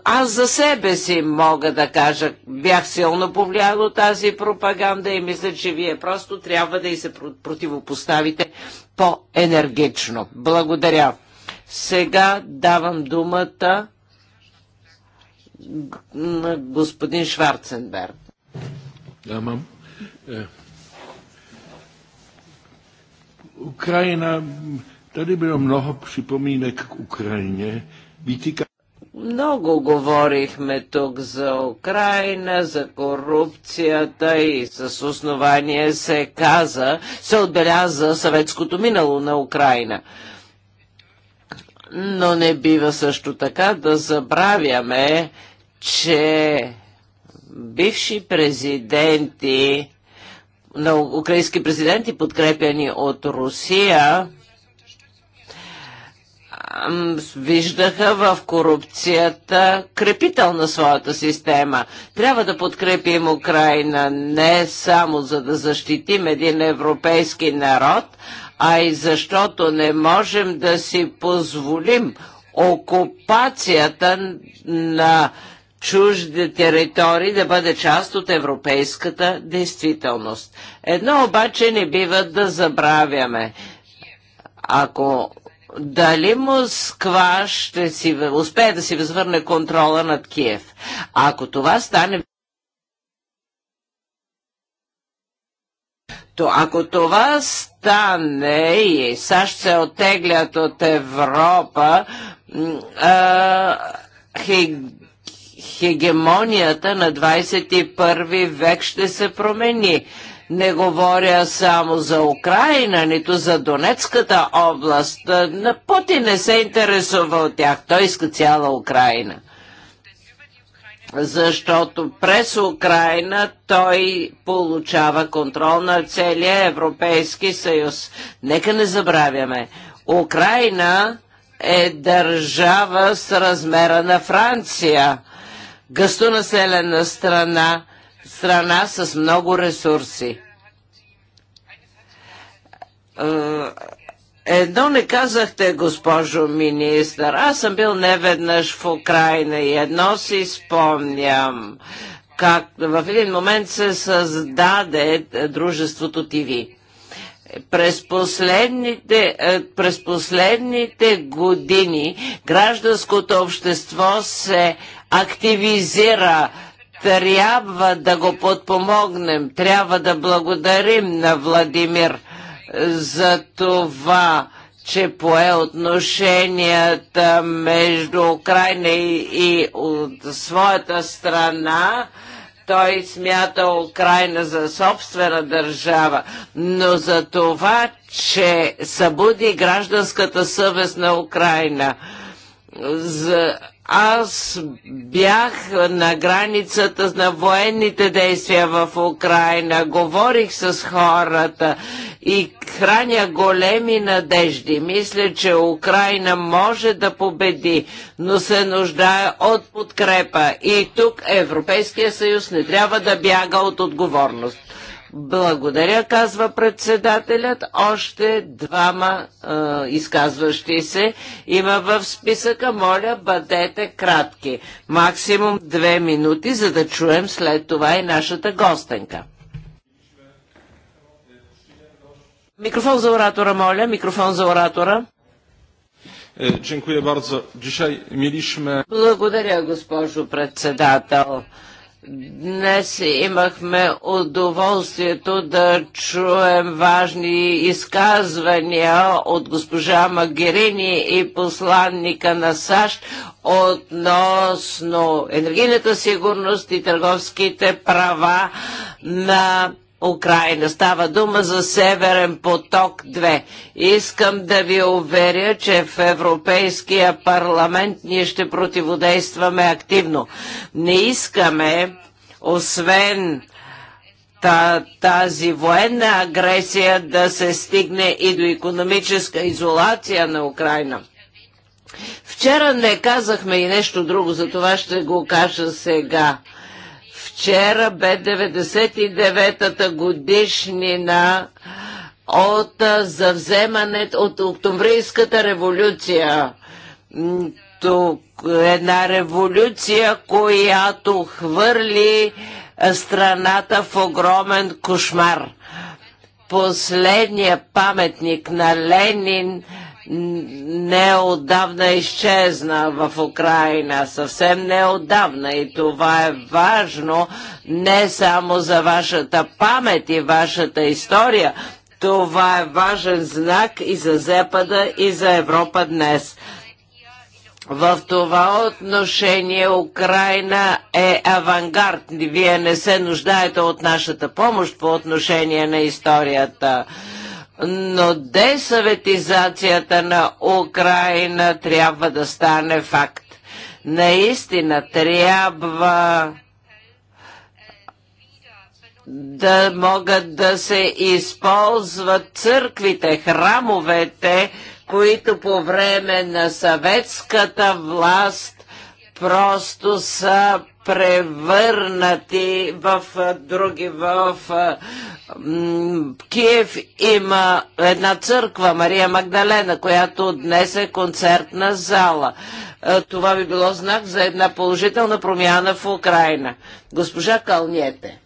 S2: аз за себе си мога да кажа, бях силно повлиял от тази пропаганда и мисля, че вие просто трябва да и се противопоставите по-енергично. Благодаря. Сега давам думата на господин Шварценберг
S3: дамам. Е, Украина, tady bylo mnoho připomínek k Ukrajině. Vytýká...
S2: Много говорихме тук за Украина, за корупцията и с основание се каза, се отбеляза съветското минало на Украина. Но не бива също така да забравяме, че бивши президенти, на украински президенти, подкрепени от Русия, виждаха в корупцията крепител на своята система. Трябва да подкрепим Украина не само за да защитим един европейски народ, а и защото не можем да си позволим окупацията на чужди територии да бъде част от европейската действителност. Едно обаче не бива да забравяме. Ако дали Москва ще си успее да си възвърне контрола над Киев. Ако това стане То ако това стане и САЩ се оттеглят от Европа, а, хиг, хегемонията на 21 век ще се промени. Не говоря само за Украина, нито за Донецката област. На Путин не се интересува от тях. Той иска цяла Украина. Защото през Украина той получава контрол на целия Европейски съюз. Нека не забравяме. Украина е държава с размера на Франция – гъстонаселена страна, страна с много ресурси. Е, едно не казахте, госпожо министър. Аз съм бил неведнъж в Украина и едно си спомням, как в един момент се създаде е, дружеството ТВ. През последните, е, през последните години гражданското общество се активизира трябва да го подпомогнем, трябва да благодарим на Владимир за това, че пое отношенията между Украина и, и от своята страна. Той смята Украина за собствена държава, но за това, че събуди гражданската съвест на Украина. За аз бях на границата на военните действия в Украина, говорих с хората и храня големи надежди. Мисля, че Украина може да победи, но се нуждае от подкрепа. И тук Европейския съюз не трябва да бяга от отговорност. Благодаря, казва председателят. Още двама е, изказващи се има в списъка. Моля, бъдете кратки. Максимум две минути, за да чуем след това и нашата гостенка. Микрофон за оратора, моля. Микрофон за оратора. Е, Благодаря, госпожо председател. Днес имахме удоволствието да чуем важни изказвания от госпожа Магерини и посланника на САЩ относно енергийната сигурност и търговските права на Украина. Става дума за Северен поток 2. Искам да ви уверя, че в Европейския парламент ние ще противодействаме активно. Не искаме, освен тази военна агресия да се стигне и до економическа изолация на Украина. Вчера не казахме и нещо друго, за това ще го кажа сега. Вчера бе 99-та годишнина от завземането от Октомврийската революция. Тук една революция, която хвърли страната в огромен кошмар. Последният паметник на Ленин – неодавна изчезна в Украина, съвсем неодавна и това е важно не само за вашата памет и вашата история, това е важен знак и за Запада, и за Европа днес. В това отношение Украина е авангард. Вие не се нуждаете от нашата помощ по отношение на историята но десъветизацията на Украина трябва да стане факт. Наистина трябва да могат да се използват църквите, храмовете, които по време на съветската власт просто са превърнати в други. В Киев има една църква, Мария Магдалена, която днес е концертна зала. Това би било знак за една положителна промяна в Украина. Госпожа Калниете.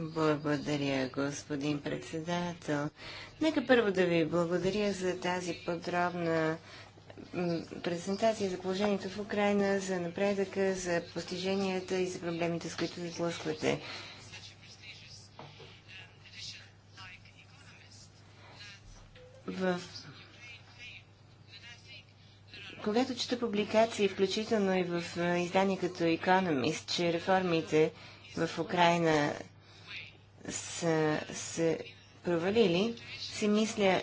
S3: Благодаря, господин председател. Нека първо да ви благодаря за тази подробна презентация за положението в Украина, за напредъка, за постиженията и за проблемите, с които ви сблъсквате. В... Когато чета публикации, включително и в издания като Economist, че реформите в Украина са се провалили, си мисля,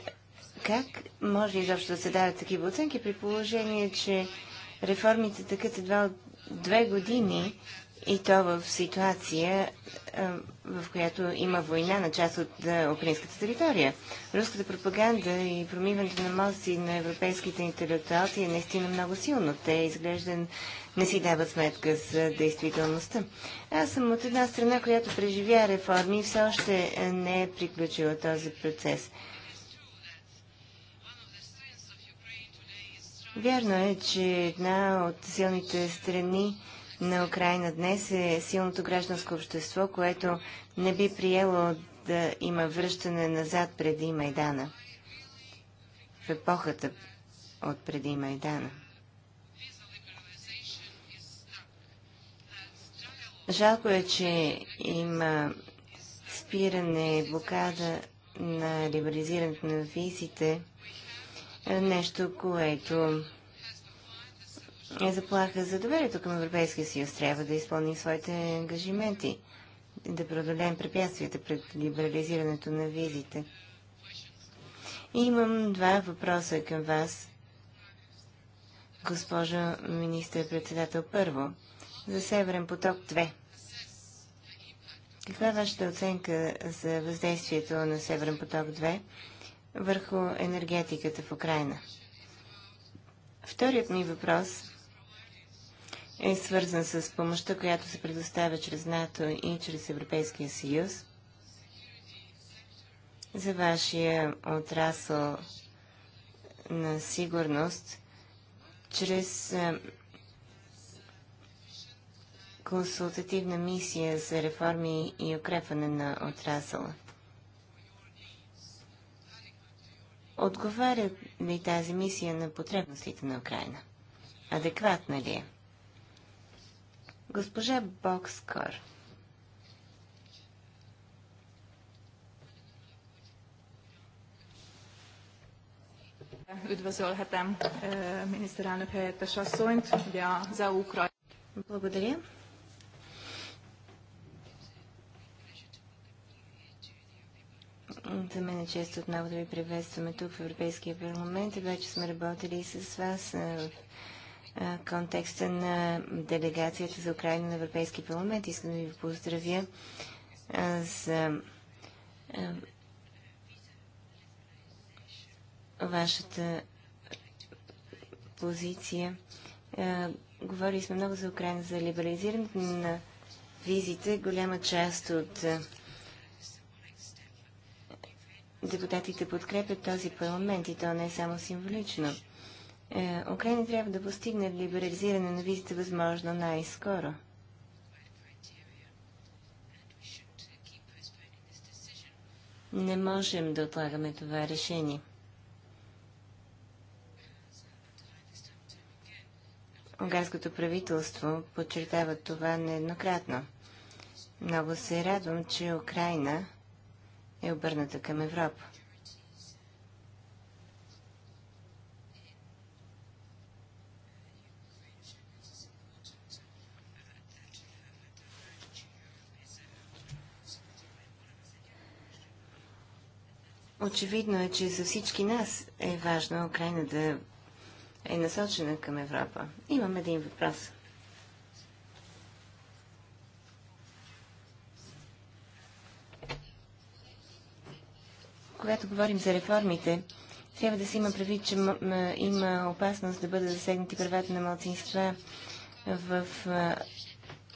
S3: как може изобщо да се дават такива оценки при положение, че реформите тъкат едва от две години и то в ситуация, в която има война на част от украинската територия. Руската пропаганда и промиването на мозъци на европейските интелектуалци е наистина много силно. Те изглежда не си дават сметка за действителността. Аз съм от една страна, която преживя реформи и все още не е приключила този процес. Вярно е, че една от силните страни на Украина днес е силното гражданско общество, което не би приело да има връщане назад преди Майдана, в епохата от преди Майдана. Жалко е, че има спиране, блокада на либерализирането на визите – нещо, което е заплаха за доверието към Европейския съюз. Трябва да изпълним своите ангажименти, да преодолеем препятствията пред либерализирането на визите. И имам два въпроса към вас, госпожа министър-председател. Първо, за Северен поток 2. Каква е вашата оценка за въздействието на Северен поток върху енергетиката в Украина. Вторият ми въпрос е свързан с помощта, която се предоставя чрез НАТО и чрез Европейския съюз за вашия отрасъл на сигурност чрез е, консултативна мисия за реформи и укрепване на отрасъла. Отговаря ли тази мисия на потребностите на Украина? Адекватна ли е? Госпожа Бокскор.
S1: Eh, Благодаря.
S3: За мен е често отново да ви приветстваме тук в Европейския парламент. Вече сме работили и с вас в контекста на делегацията за Украина на Европейския парламент. Искам да ви поздравя за вашата позиция. Говорили сме много за Украина, за либерализирането на визите. Голяма част от депутатите подкрепят този парламент и то не е само символично. Е, Украина трябва да постигне либерализиране на визите възможно най-скоро. Не можем да отлагаме това решение. Унгарското правителство подчертава това нееднократно. Много се радвам, че Украина е обърната към Европа. Очевидно е, че за всички нас е важно Украина да е насочена към Европа. Имам един въпрос. когато говорим за реформите, трябва да се има предвид, че има опасност да бъдат засегнати правата на младсинства в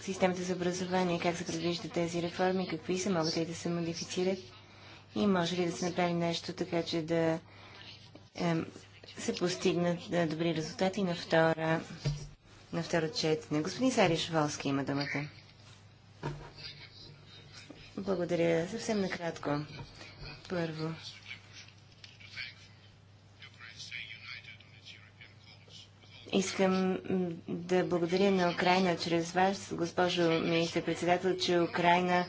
S3: системата за образование, как се предвиждат тези реформи, какви са, могат ли да се модифицират и може ли да се направи нещо така, че да се постигнат добри резултати на втора на второ четене. Господин Сариш Волски има думата. Благодаря. Съвсем накратко. Първо. Искам да благодаря на Украина чрез вас, госпожо министър-председател, че Украина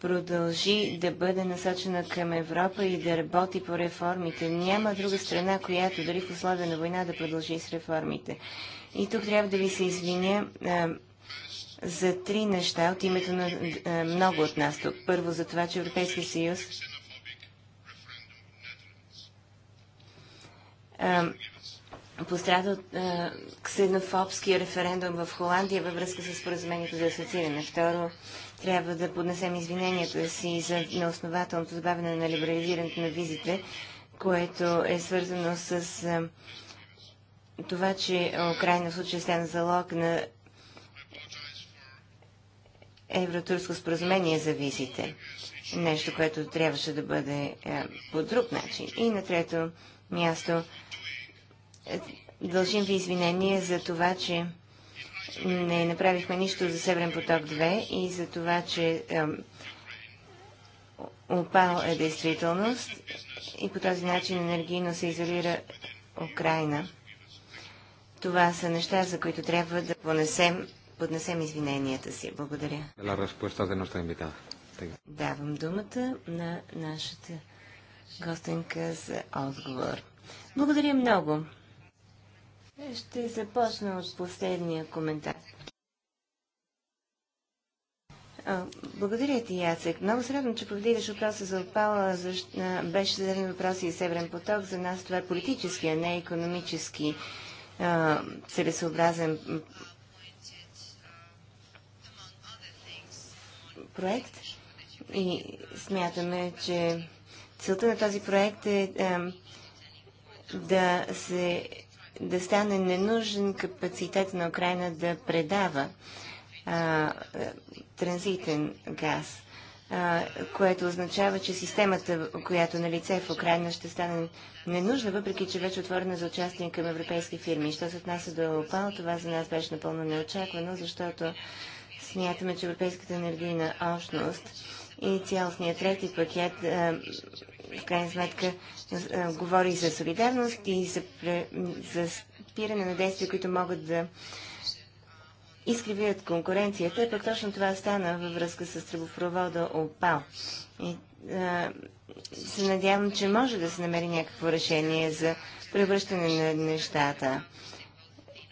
S3: продължи да бъде насочена към Европа и да работи по реформите. Няма друга страна, която дори в условия на война да продължи с реформите. И тук трябва да ви се извиня а, за три неща от името на а, много от нас тук. Първо за това, че Европейския съюз пострада от ксенофобския референдум в Холандия във връзка с споразумението за асоцииране. Второ, трябва да поднесем извиненията си за неоснователното забавяне на либерализирането на визите, което е свързано с а, това, че Украина в случая стана залог на евротурско споразумение за визите. Нещо, което трябваше да бъде а, по друг начин. И на трето място Дължим ви извинение за това, че не направихме нищо за Северен поток 2 и за това, че опал е действителност и по този начин енергийно се изолира Украина. Това са неща, за които трябва да понесем, поднесем извиненията си. Благодаря. Давам думата на нашата гостенка за отговор. Благодаря много. Ще започна от последния коментар. А, благодаря ти, Яцек. Много средно, че повдигаш въпроса за отпала. Защо... Беше зададен въпрос и Северен поток. За нас това е политически, а не економически а, целесообразен проект. И смятаме, че целта на този проект е а, да се да стане ненужен капацитет на Украина да предава а, транзитен газ, а, което означава, че системата, която е на лице в Украина ще стане ненужна, въпреки че вече е отворена за участие към европейски фирми. Що се отнася до ОПАЛ, това за нас беше напълно неочаквано, защото смятаме, че Европейската енергийна общност и цялостният трети пакет е, в крайна сметка е, говори за солидарност и за, за спиране на действия, които могат да изкривят конкуренцията. Пък точно това стана във връзка с тръбопровода ОПАЛ. И, а, е, се надявам, че може да се намери някакво решение за превръщане на нещата.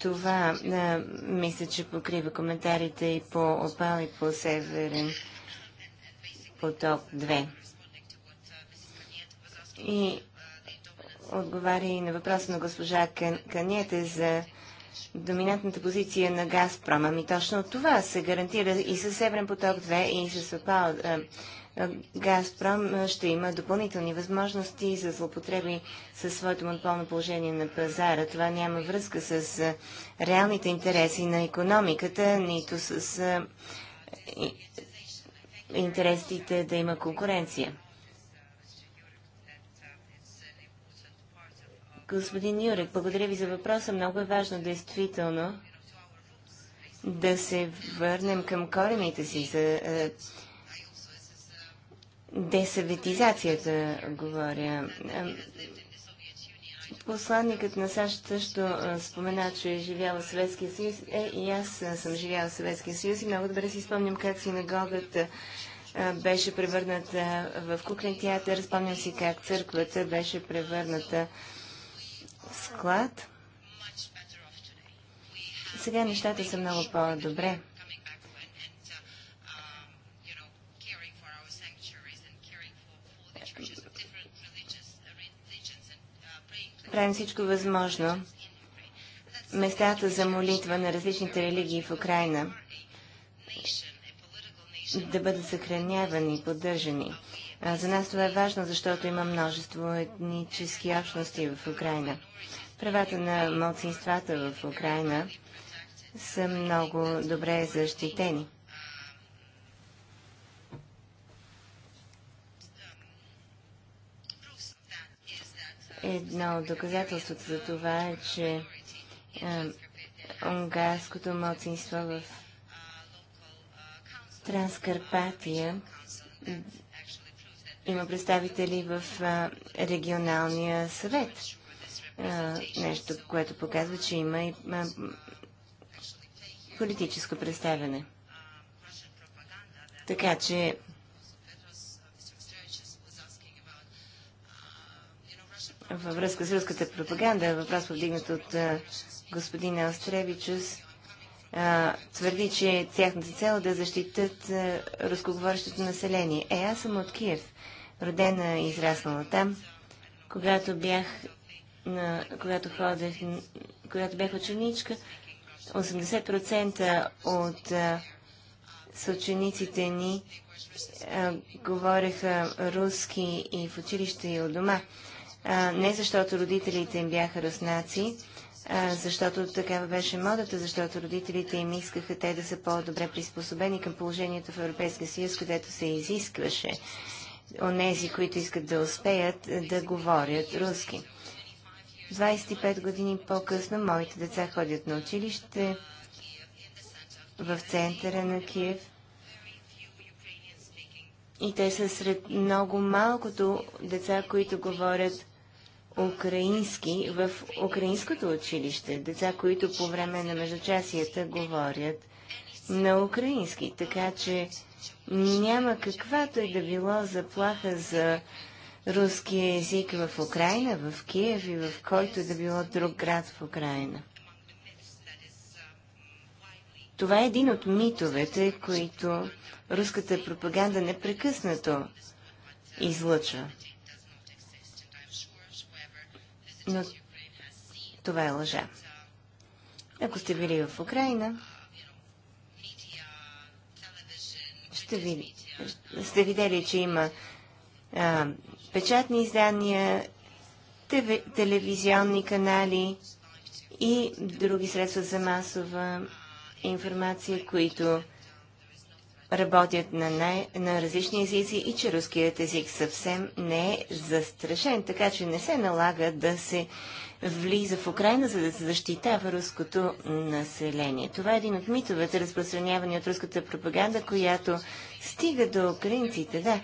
S3: Това а, мисля, че покрива коментарите и по ОПАЛ и по Северен поток 2. И отговаря и на въпроса на госпожа Каниете за доминантната позиция на Газпром. Ами точно това се гарантира и с Северен поток 2 и с Опал. Газпром ще има допълнителни възможности за злопотреби със своето монополно положение на пазара. Това няма връзка с реалните интереси на економиката, нито с интересите да има конкуренция. Господин Юрек, благодаря ви за въпроса. Много е важно действително да се върнем към корените си за е, десъветизацията, говоря. Е, Посланникът на САЩ също спомена, че е живял в Съветския съюз. Е, и аз съм живял в Съветския съюз и много добре си спомням как синагогата беше превърната в куклен театър. Спомням си как църквата беше превърната в склад. Сега нещата са много по-добре. направим всичко възможно местата за молитва на различните религии в Украина да бъдат съхранявани и поддържани. за нас това е важно, защото има множество етнически общности в Украина. Правата на младсинствата в Украина са много добре защитени. едно от доказателството за това е, че унгарското младсинство в Транскарпатия има представители в регионалния съвет. нещо, което показва, че има и политическо представяне. Така че във връзка с руската пропаганда, въпрос повдигнат от господина господин Остревичус, твърди, че тяхната цел е да защитат рускоговорящото население. Е, аз съм от Киев, родена и израснала там. Когато бях на, когато ходех, когато бях ученичка, 80% от а, съучениците ни а, говореха руски и в училище и от дома не защото родителите им бяха руснаци, а, защото такава беше модата, защото родителите им искаха те да са по-добре приспособени към положението в Европейския съюз, където се изискваше онези, които искат да успеят да говорят руски. 25 години по-късно моите деца ходят на училище в центъра на Киев – и те са сред много малкото деца, които говорят украински в украинското училище. Деца, които по време на междучасията говорят на украински. Така че няма каквато и да било заплаха за руския език в Украина, в Киев и в който да било друг град в Украина. Това е един от митовете, които руската пропаганда непрекъснато излъчва. Но това е лъжа. Ако сте били в Украина, ще ви, сте видели, че има а, печатни издания, телевизионни канали и други средства за масова информация, които работят на, най- на различни езици и че руският език съвсем не е застрашен, така че не се налага да се влиза в Украина, за да се защитава руското население. Това е един от митовете, разпространявани от руската пропаганда, която стига до украинците. Да,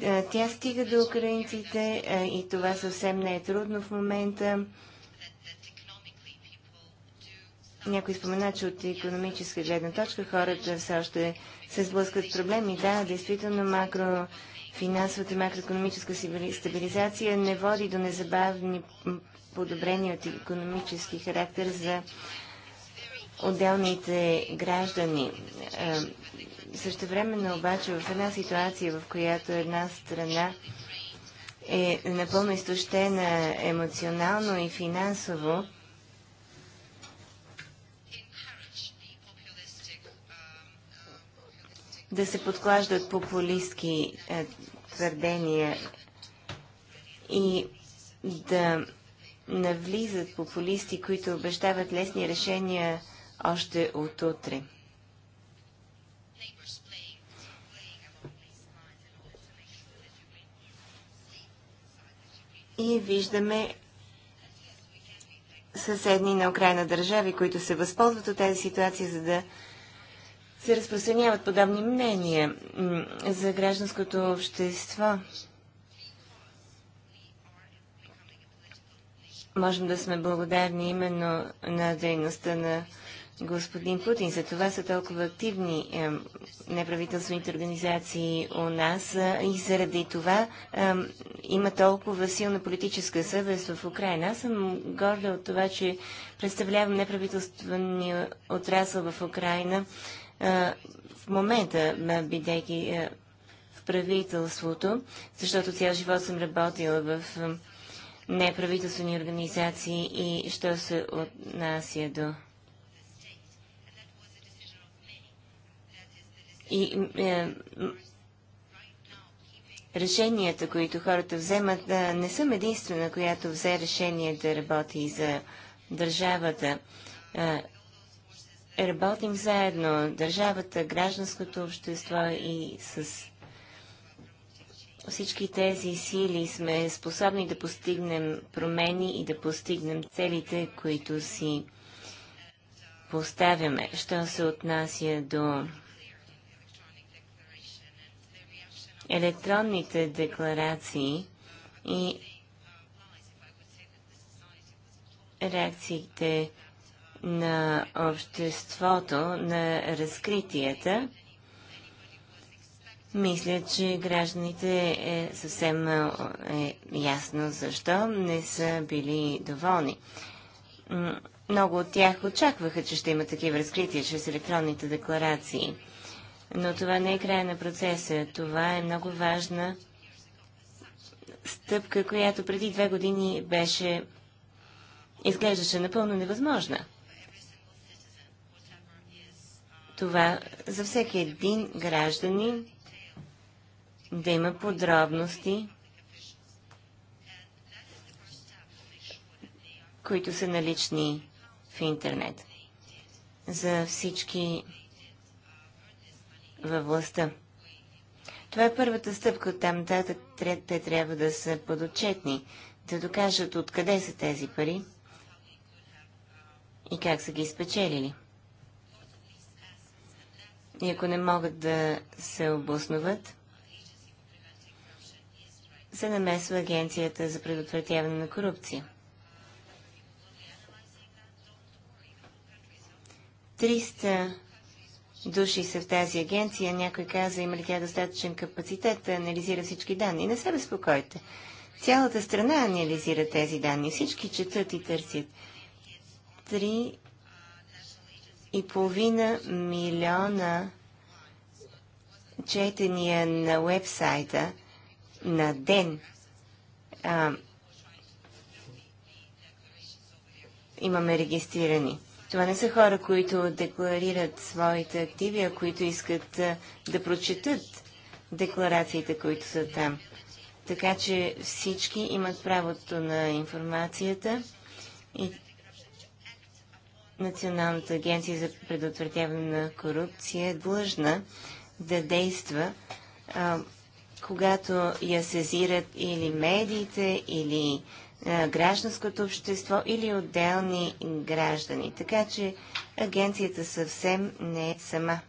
S3: е, тя стига до украинците е, и това съвсем не е трудно в момента. Някой спомена, че от економическа гледна точка хората все още се сблъскат с проблеми. Да, действително макрофинансовата и макроекономическа стабилизация не води до незабавни подобрения от економически характер за отделните граждани. Е, Също времено обаче в една ситуация, в която една страна е напълно изтощена емоционално и финансово, да се подклаждат популистски е, твърдения и да навлизат популисти, които обещават лесни решения още от утре. И виждаме съседни на Украина държави, които се възползват от тази ситуация, за да се разпространяват подобни мнения за гражданското общество. Можем да сме благодарни именно на дейността на господин Путин. За това са толкова активни неправителствените организации у нас и заради това има толкова силна политическа съвест в Украина. Аз съм горда от това, че представлявам неправителствения отрасъл в Украина в момента, бидейки в правителството, защото цял живот съм работила в неправителствени организации и що се отнася до и е, решенията, които хората вземат, не съм единствена, която взе решение да работи за държавата. Е, работим заедно, държавата, гражданското общество и с всички тези сили сме способни да постигнем промени и да постигнем целите, които си поставяме. Що се отнася до електронните декларации и реакциите на обществото, на разкритията, мисля, че гражданите е съвсем е ясно защо не са били доволни. Много от тях очакваха, че ще има такива разкрития чрез електронните декларации. Но това не е края на процеса. Това е много важна стъпка, която преди две години беше изглеждаше напълно невъзможна това за всеки един гражданин да има подробности, които са налични в интернет за всички във властта. Това е първата стъпка. от Там дата. те трябва да са подотчетни, да докажат откъде са тези пари и как са ги спечелили. И ако не могат да се обосноват, се намесва Агенцията за предотвратяване на корупция. 300 души са в тази агенция. Някой каза, има ли тя достатъчен капацитет да анализира всички данни. Не се безпокойте. Цялата страна анализира тези данни. Всички четат и търсят и половина милиона четения на вебсайта на ден. А, имаме регистрирани. Това не са хора, които декларират своите активи, а които искат а, да прочетат декларациите, които са там. Така че всички имат правото на информацията и Националната агенция за предотвратяване на корупция е длъжна да действа, а, когато я сезират или медиите, или а, гражданското общество, или отделни граждани. Така че агенцията съвсем не е сама.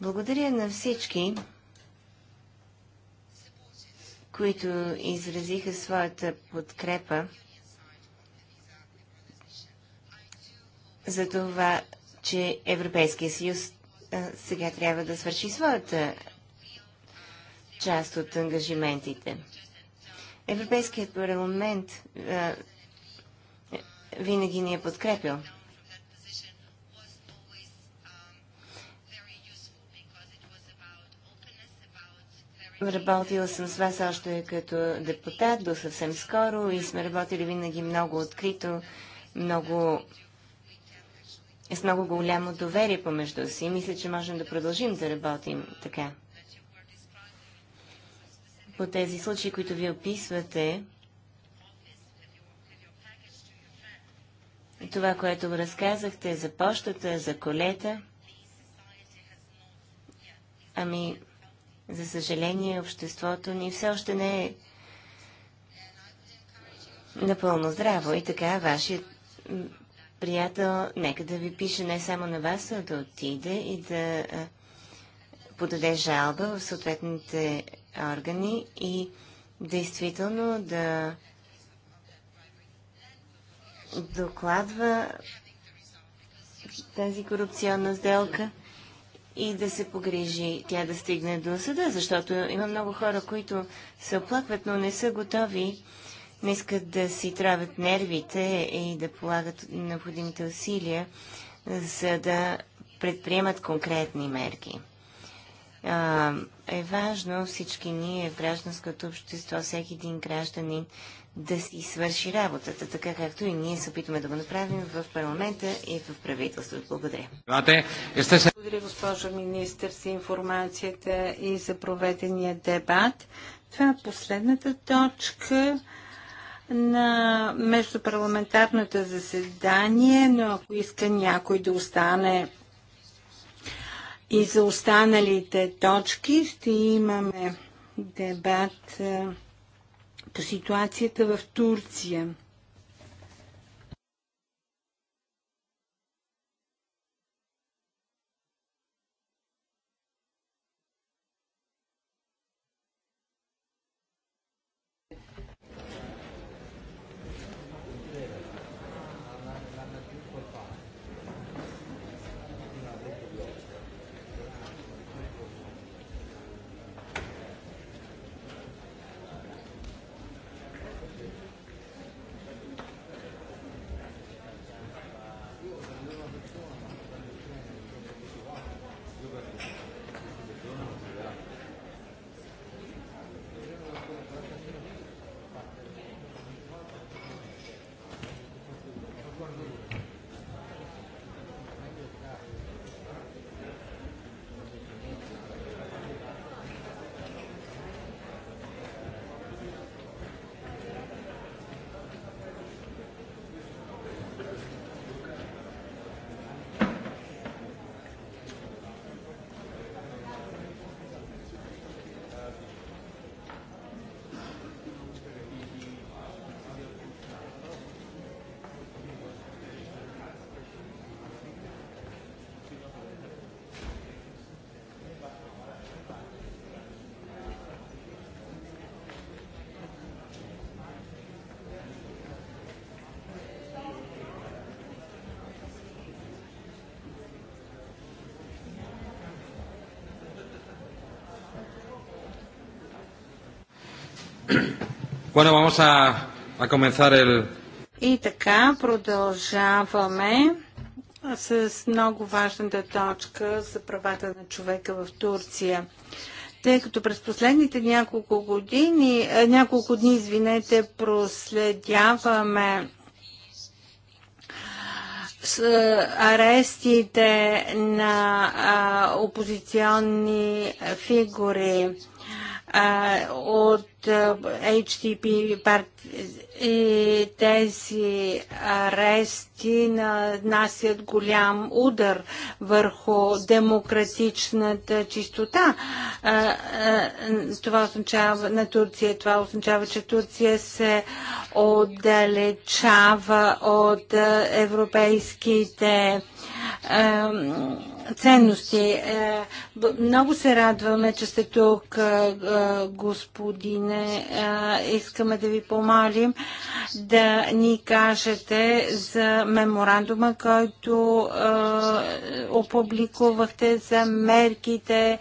S3: Благодаря на всички, които изразиха своята подкрепа за това, че Европейския съюз сега трябва да свърши своята част от ангажиментите. Европейският парламент а, винаги ни е подкрепил. Работила съм с вас още като депутат до съвсем скоро и сме работили винаги много открито, много с много голямо доверие помежду си. Мисля, че можем да продължим да работим така. По тези случаи, които ви описвате, това, което разказахте за почтата, за колета, ами, за съжаление, обществото ни все още не е напълно здраво. И така, вашият приятел, нека да ви пише не само на вас, а да отиде и да подаде жалба в съответните органи и действително да докладва тази корупционна сделка и да се погрижи тя да стигне до съда, защото има много хора, които се оплакват, но не са готови не искат да си травят нервите и да полагат необходимите усилия, за да предприемат конкретни мерки. А, е важно всички ние в гражданското общество, всеки един гражданин да си свърши работата, така както и ние се опитваме да го направим в парламента и в правителството. Благодаря. Благодаря, госпожо министр, за информацията и за проведения дебат.
S1: Това е последната точка на междупарламентарното заседание, но ако иска някой да остане и за останалите точки ще имаме дебат по ситуацията в Турция. Bueno, vamos a, a comenzar el... И така, продължаваме с много важната точка за правата на човека в Турция. Тъй като през последните няколко години, е, няколко дни, извинете, проследяваме с е, арестите на а, опозиционни фигури от HTP и е, тези арести нанасят голям удар върху демократичната чистота. Това означава на Турция, това означава, че Турция се отдалечава от европейските ценности. Е, много се радваме, че сте тук, е, е, господине. Искаме да ви помолим да ни кажете за меморандума, който опубликувахте за мерките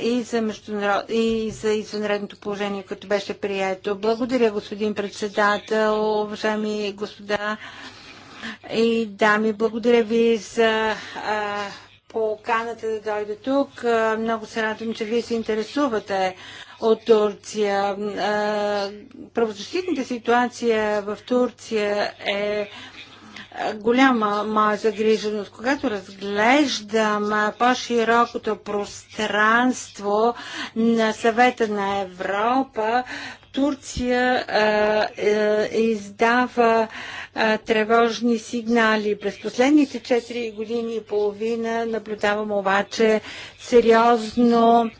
S1: и за, международ... и за извънредното положение, което беше прието. Благодаря, господин председател, уважаеми господа и дами. Благодаря ви за а, поканата да дойде тук. А, много се радвам, че вие се интересувате от Турция. Правозащитната ситуация в Турция е голяма моя загриженост. Когато разглеждам по-широкото пространство на съвета на Европа, Турция е, е, издава е, тревожни сигнали. През последните 4 години и половина наблюдавам обаче сериозно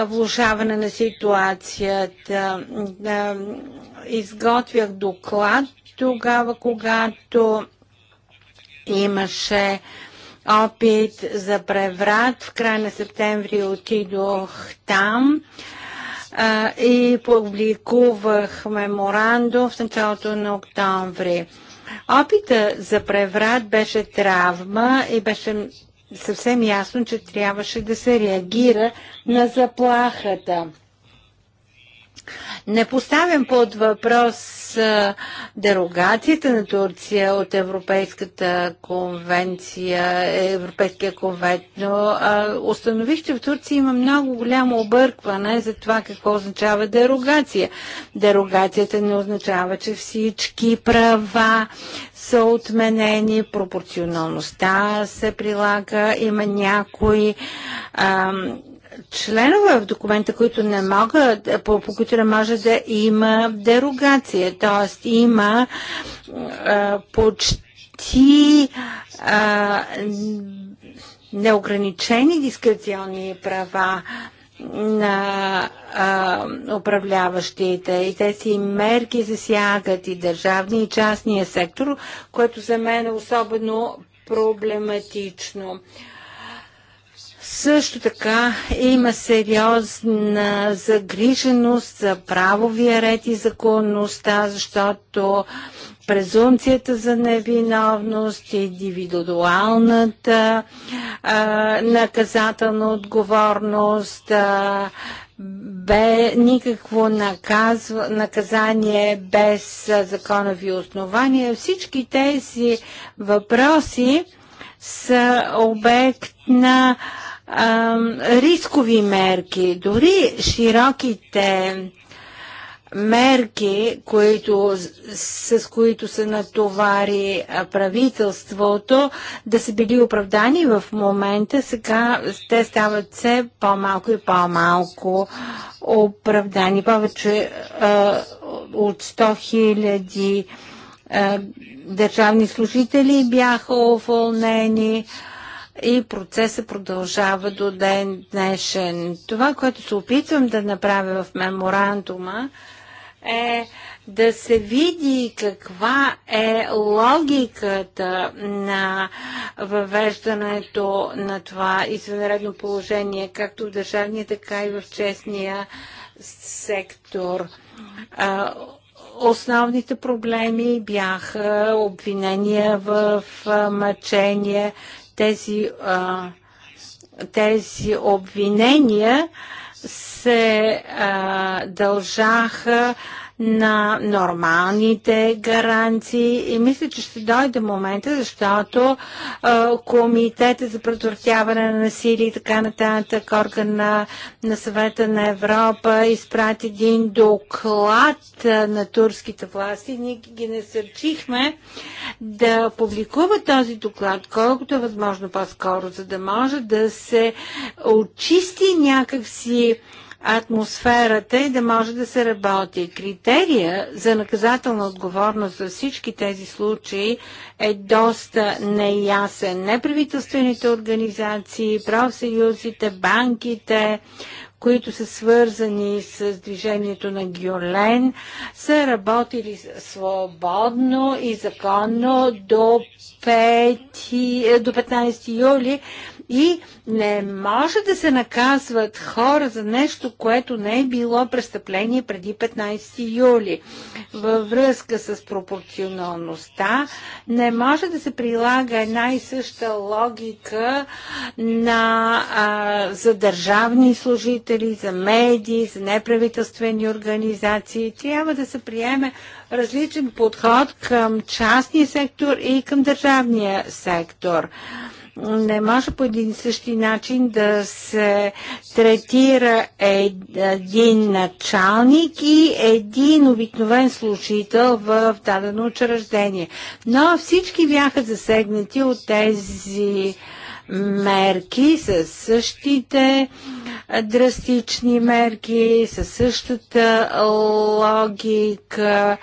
S1: влушаване на ситуацията. Изготвях доклад тогава, когато Имаше опит за преврат. В края на септември отидох там а, и публикувах меморандум в началото на октомври. Опита за преврат беше травма и беше съвсем ясно, че трябваше да се реагира на заплахата. Не поставям под въпрос дерогацията на Турция от Европейската конвенция, Европейския конвент, но установих, че в Турция има много голямо объркване за това какво означава дерогация. Дерогацията не означава, че всички права са отменени, пропорционалността се прилага, има някои ам, членове в документа, които не могат, по, по които не може да има дерогация. Тоест има а, почти а, неограничени дискреционни права на а, управляващите и тези мерки засягат и държавния и частния сектор, което за мен е особено проблематично. А, също така има сериозна загриженост за правовия ред и законността, защото презумцията за невиновност, индивидуалната а, наказателна отговорност, а, бе никакво наказва, наказание без а, законови основания. Всички тези въпроси са обект на а, рискови мерки, дори широките мерки, които, с които се натовари правителството, да са били оправдани в момента, сега те стават все по-малко и по-малко оправдани. Повече а, от 100 хиляди държавни служители бяха уволнени. А, и процесът продължава до ден днешен. Това, което се опитвам да направя в меморандума, е да се види каква е логиката на въвеждането на това извънредно положение, както в държавния, така и в честния сектор. основните проблеми бяха обвинения в мъчение, тези, а, тези обвинения се а, дължаха на нормалните гаранции и мисля, че ще дойде момента, защото е, Комитета за предотвратяване на насилие и така нататък, орган на, на съвета на Европа, изпрати един доклад на турските власти. Ние ги насърчихме да публикуват този доклад, колкото е възможно по-скоро, за да може да се очисти някакси атмосферата и да може да се работи. Критерия за наказателна отговорност за всички тези случаи е доста неясен. Неправителствените организации, профсъюзите, банките, които са свързани с движението на Гюлен, са работили свободно и законно до, 5, е, до 15 юли и не може да се наказват хора за нещо, което не е било престъпление преди 15 юли. Във връзка с пропорционалността не може да се прилага една и съща логика на, а, за държавни служители, служители, за медии, за неправителствени организации. Трябва да се приеме различен подход към частния сектор и към държавния сектор не може по един и същи начин да се третира един началник и един обикновен служител в дадено учреждение. Но всички бяха засегнати от тези мерки, с същите драстични мерки, със същата логика,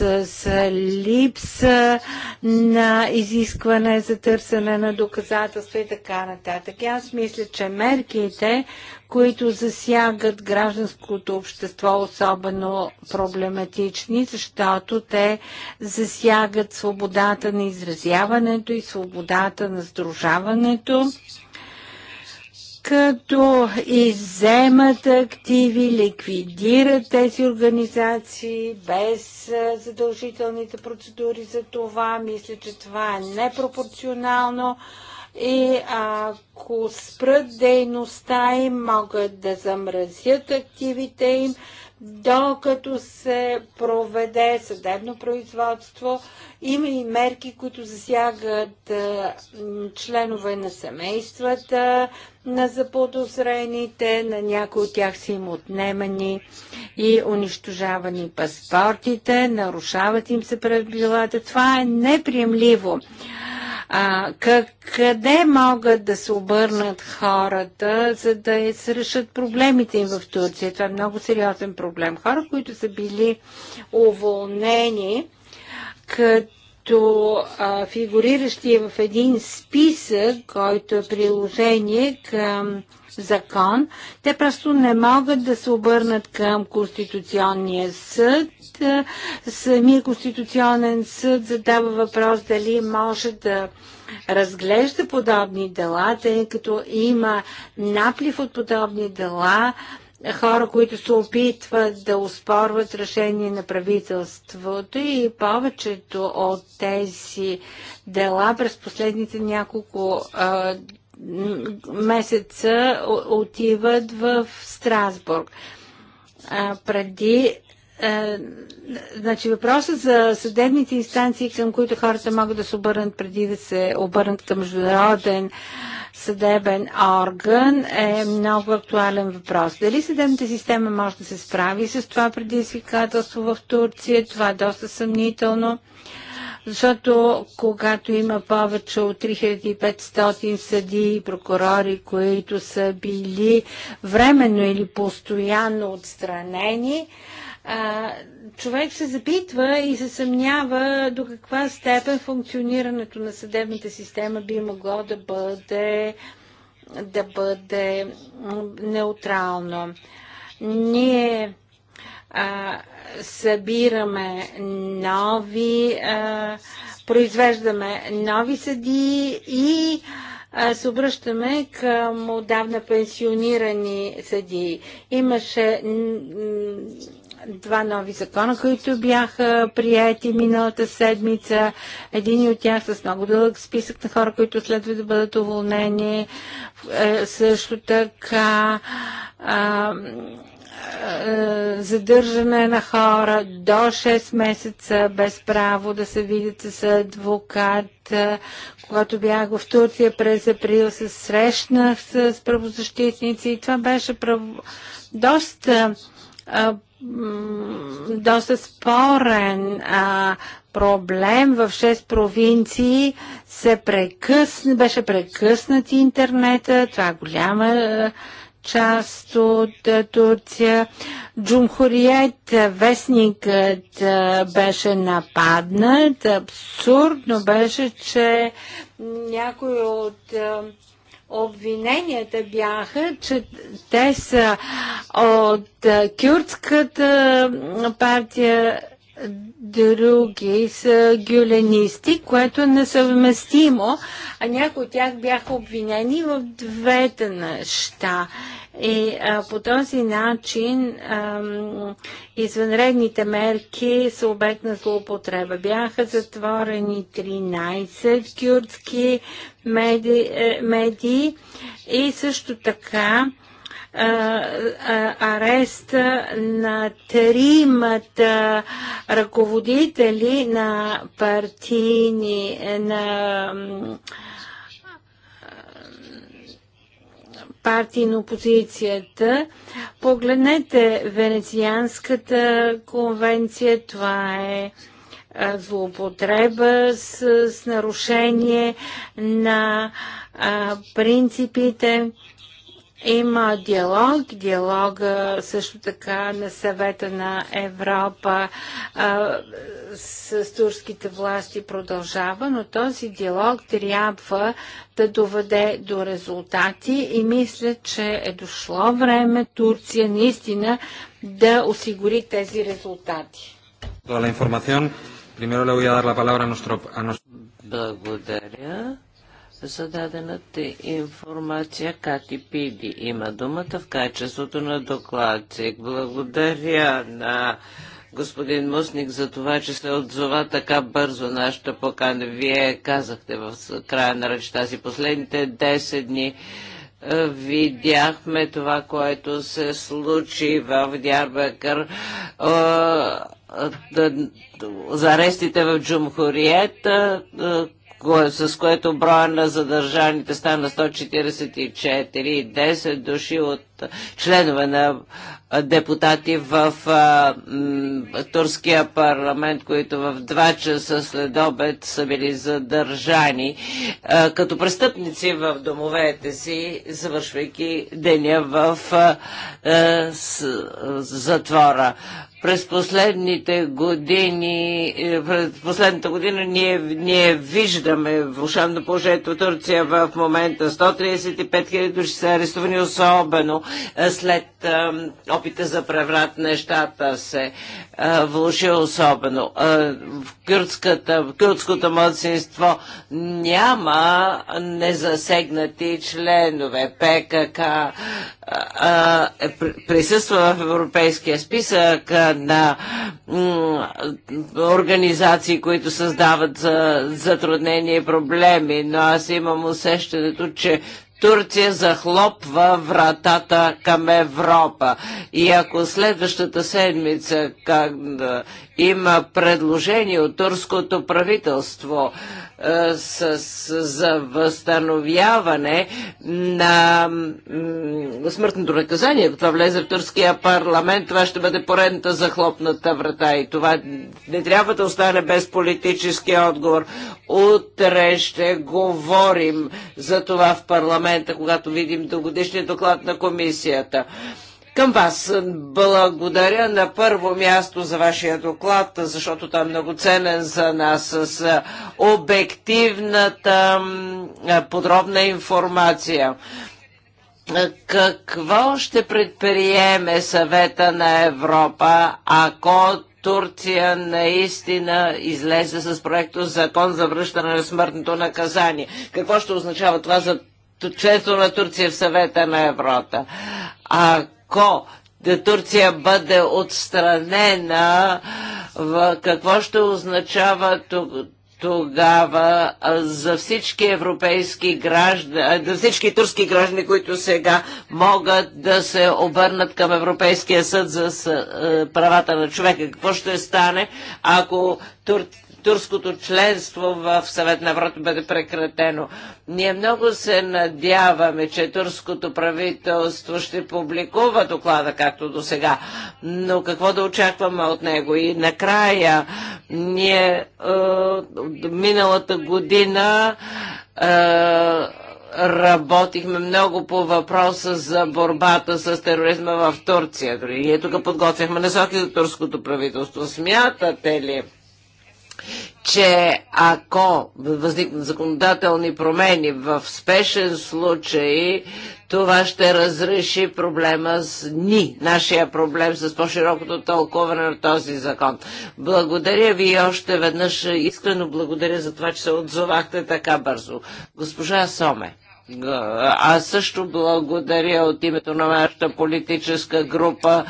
S1: с, липса на изискване за търсене на доказателства и така нататък. аз мисля, че мерките, които засягат гражданското общество, особено проблематични, защото те засягат свободата на изразяването и свободата на сдружаването като иземат активи, ликвидират тези организации без задължителните процедури за това. Мисля, че това е непропорционално и ако спрат дейността им, могат да замразят активите им докато се проведе съдебно производство. Има и мерки, които засягат членове на семействата, на заподозрените, на някои от тях са им отнемани и унищожавани паспортите, нарушават им се правилата. Това е неприемливо. А, как, къде могат да се обърнат хората, за да е, се решат проблемите им в Турция? Това е много сериозен проблем. Хора, които са били уволнени, като като а, фигуриращи в един списък, който е приложение към закон, те просто не могат да се обърнат към Конституционния съд Самия Конституционен съд задава въпрос дали може да разглежда подобни дела, тъй като има наплив от подобни дела хора, които се опитват да успорват решение на правителството и повечето от тези дела през последните няколко а, месеца отиват в Страсбург. А, преди е, значи въпросът за съдебните инстанции, към които хората могат да се обърнат преди да се обърнат към международен съдебен орган е много актуален въпрос. Дали съдебната система може да се справи с това предизвикателство в Турция? Това е доста съмнително защото когато има повече от 3500 съди и прокурори, които са били временно или постоянно отстранени, а, човек се запитва и се съмнява до каква степен функционирането на съдебната система би могло да бъде, да бъде неутрално. Ние а, събираме нови, а, произвеждаме нови съди и се обръщаме към отдавна пенсионирани съдии. Имаше два нови закона, които бяха прияти миналата седмица. Един от тях с много дълъг списък на хора, които следва да бъдат уволнени. Е, също така а, е, задържане на хора до 6 месеца без право да се видят с адвокат. Е, когато бях в Турция през април, се срещнах с правозащитници и това беше право... доста доста спорен а, проблем. В 6 провинции се прекъсна, беше прекъснат интернета. Това е голяма част от Турция. Джумхуриет, вестникът беше нападнат. Абсурдно беше, че някой от Обвиненията бяха, че те са от кюртската партия други са гюленисти, което е несъвместимо, а някои от тях бяха обвинени в двете неща. И а, по този начин а, извънредните мерки са обект на злоупотреба. Бяха затворени 13 кюртски меди, е, медии и също така ареста на тримата ръководители на партийни е, на партии на опозицията. Погледнете Венецианската конвенция, това е злоупотреба с, с нарушение на а, принципите има диалог, диалога също така на съвета на Европа а, с турските власти продължава, но този диалог трябва да доведе до резултати и мисля, че е дошло време Турция наистина да осигури тези резултати. Благодаря. Зададената
S2: информация. Кати Пиди има думата в качеството на докладчик. Благодаря на господин Мусник за това, че се отзова така бързо нашата покана. Вие казахте в края на речта си последните 10 дни е, видяхме това, което се случи в Дярбекър е, е, за арестите в Джумхуриет, с което броя на задържаните стана 144 и 10 души от членове на депутати в а, м, турския парламент, които в 2 часа след обед са били задържани а, като престъпници в домовете си, завършвайки деня в а, с, затвора. През последните години, е, през последната година ние, ние виждаме Ушамно положението Турция в момента. 135 хиляди души са арестувани, особено е, след е, опита за преврат нещата се влуши особено. В кюртската, в кюртското младсинство няма незасегнати членове. ПКК присъства в европейския списък на организации, които създават затруднения и проблеми, но аз имам усещането, че Турция захлопва вратата към Европа. И ако следващата седмица как, има предложение от турското правителство с, е, с, за възстановяване на смъртното наказание. Ако това влезе в турския парламент, това ще бъде поредната захлопната врата и това не трябва да остане без политически отговор. Утре ще говорим за това в парламента, когато видим догодишния доклад на комисията. Към вас благодаря на първо място за вашия доклад, защото той е много ценен за нас с обективната подробна информация. Какво ще предприеме съвета на Европа, ако Турция наистина излезе с проекто закон за връщане на смъртното наказание? Какво ще означава това за членство на Турция в съвета на Европа? Ако ако Турция бъде отстранена, какво ще означава тогава за всички европейски граждани, за всички турски граждани, които сега могат да се обърнат към Европейския съд за правата на човека. Какво ще стане, ако Турция турското членство в Съвет на Европа бъде прекратено. Ние много се надяваме, че турското правителство ще публикува доклада, както до сега. Но какво да очакваме от него? И накрая, ние е, миналата година е, работихме много по въпроса за борбата с тероризма в Турция. Дори ние тук подготвяхме насоки за турското правителство. Смятате ли? че ако възникнат законодателни промени в спешен случай, това ще разреши проблема с ни, нашия проблем с по-широкото толковане на този закон. Благодаря ви още веднъж. Искрено благодаря за това, че се отзовахте така бързо. Госпожа Соме. Аз също благодаря от името на нашата политическа група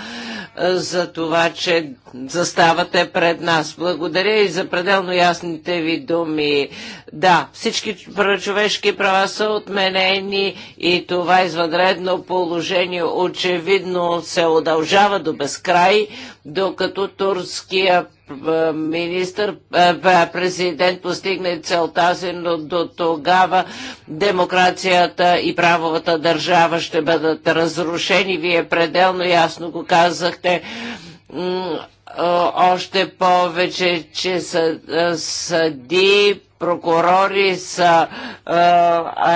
S2: за това, че заставате пред нас. Благодаря и за пределно ясните ви думи. Да, всички човешки права са отменени и това извънредно положение очевидно се удължава до безкрай, докато турския министър, президент постигне целта си, но до тогава демокрацията и правовата държава ще бъдат разрушени. Вие пределно ясно го казахте още повече, че съди прокурори са а,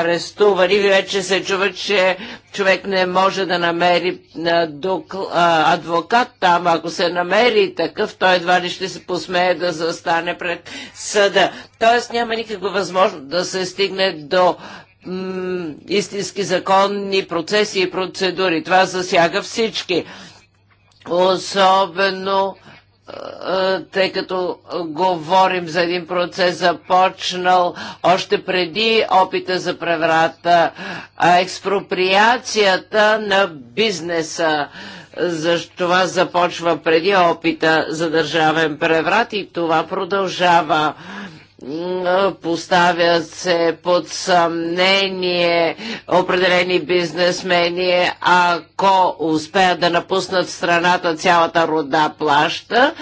S2: арестувани. Вече се чува, че човек не може да намери а, док, а, адвокат там. Ако се намери такъв, той едва ли ще се посмее да застане пред съда. Тоест няма никаква възможност да се стигне до истински законни процеси и процедури. Това засяга всички. Особено е, тъй като говорим за един процес започнал още преди опита за преврата, а експроприацията на бизнеса. Защо това започва преди опита за държавен преврат и това продължава поставят се под съмнение определени бизнесмени, ако успеят да напуснат страната, цялата рода плаща,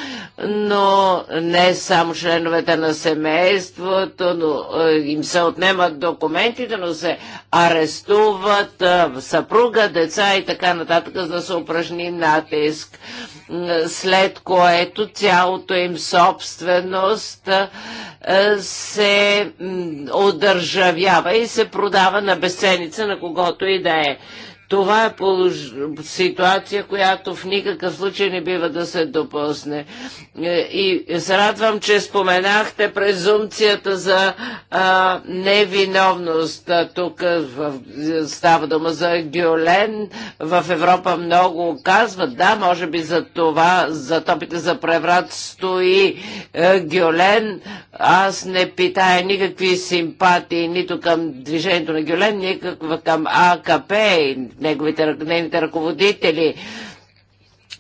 S2: но не само членовете на семейството, но им се отнемат документите, но се арестуват съпруга, деца и така нататък, за да се упражни натиск след което цялото им собственост се одържавява и се продава на безценица на когото и да е. Това е полож... ситуация, която в никакъв случай не бива да се допусне. Е, и се радвам, че споменахте презумцията за а, невиновност. Тук в... става дума за Гюлен. В Европа много казват, да, може би за това, за топите за преврат стои е, Гюлен. Аз не питая никакви симпатии нито към движението на Гюлен, никаква към АКП неговите, неговите ръководители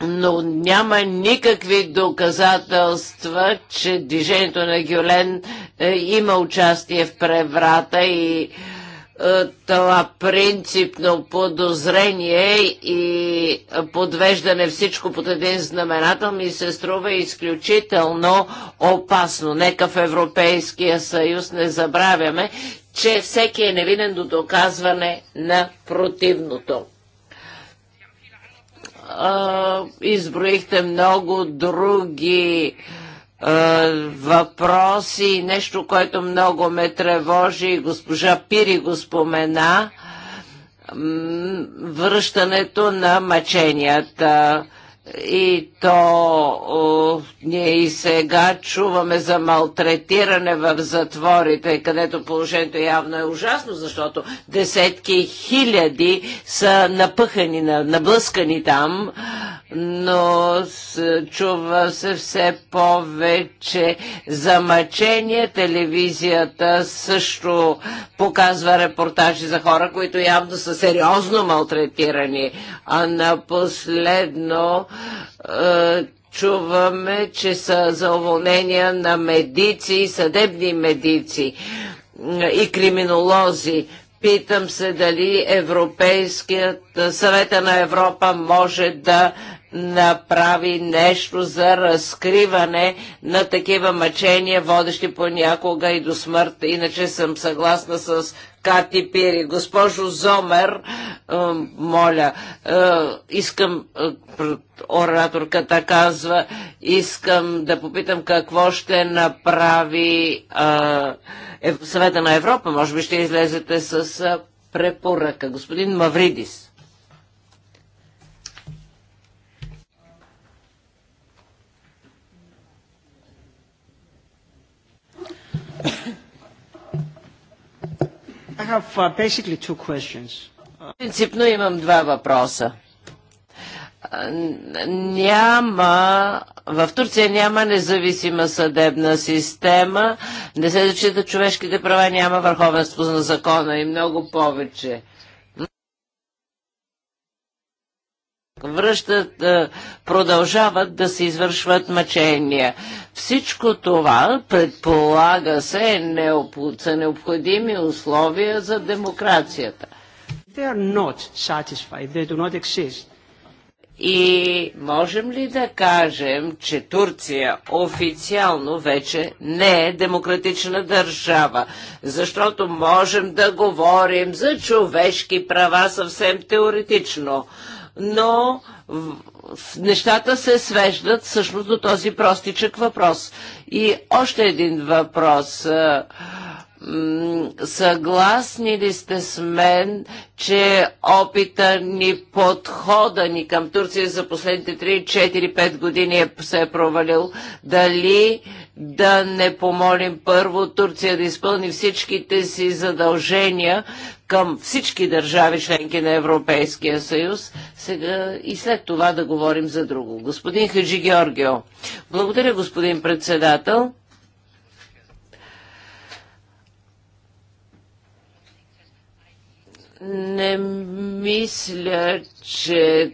S2: но няма никакви доказателства, че движението на Гюлен е, има участие в преврата и е, е, това принципно подозрение и подвеждане всичко под един знаменател ми се струва изключително опасно. Нека в Европейския съюз не забравяме, че всеки е невинен до доказване на противното е, изброихте много други е, въпроси, нещо, което много ме тревожи, госпожа Пири го спомена, връщането на мъченията. И то ние и сега чуваме за малтретиране в затворите, където положението явно е ужасно, защото десетки хиляди са напъхани, наблъскани там но чува се все повече замъчение. Телевизията също показва репортажи за хора, които явно са сериозно малтретирани. А на последно е, чуваме, че са за уволнения на медици, съдебни медици е, и криминолози. Питам се дали Европейският съвета на Европа може да направи нещо за разкриване на такива мъчения, водещи понякога и до смърт. Иначе съм съгласна с Кати Пири. Госпожо Зомер, е, моля, е, искам, е, ораторката казва, искам да попитам какво ще направи Съвета на Европа. Може би ще излезете с препоръка. Господин Мавридис.
S1: Uh,
S2: Принципно имам два въпроса. Няма, в Турция няма независима съдебна система, не се зачита човешките права, няма върховенство на закона и много повече. връщат, е, продължават да се извършват мъчения. Всичко това, предполага се, са необходими условия за демокрацията. И можем ли да кажем, че Турция официално вече не е демократична държава? Защото можем да говорим за човешки права съвсем теоретично но нещата се свеждат всъщност до този простичък въпрос. И още един въпрос. Е, съгласни ли сте с мен, че опита ни, подхода ни към Турция за последните 3-4-5 години е, се е провалил? Дали да не помолим първо Турция да изпълни всичките си задължения към всички държави членки на Европейския съюз сега и след това да говорим за друго. Господин Хаджи Георгио. Благодаря, господин председател. Не мисля, че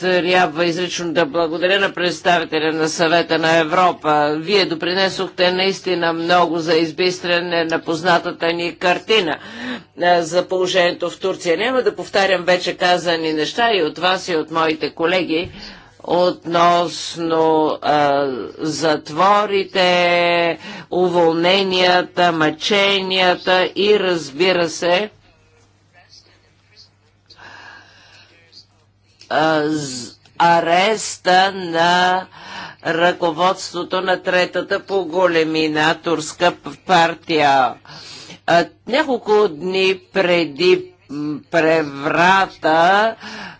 S2: трябва изрично да благодаря на представителя на съвета на Европа. Вие допринесохте наистина много за избистране на познатата ни картина за положението в Турция. Няма да повтарям вече казани неща и от вас и от моите колеги относно а, затворите, уволненията, мъченията и разбира се, ареста на ръководството на третата по големина турска партия. Няколко дни преди преврата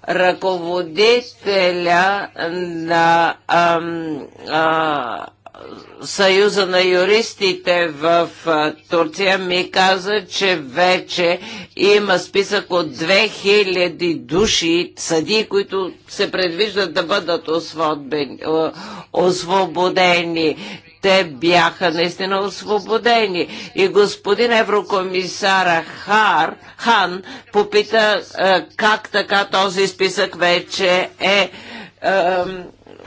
S2: ръководителя на а, а, Съюза на юристите в Турция ми каза, че вече има списък от 2000 души съди, които се предвиждат да бъдат освободени. Те бяха наистина освободени. И господин еврокомисара Хар, Хан попита как така този списък вече е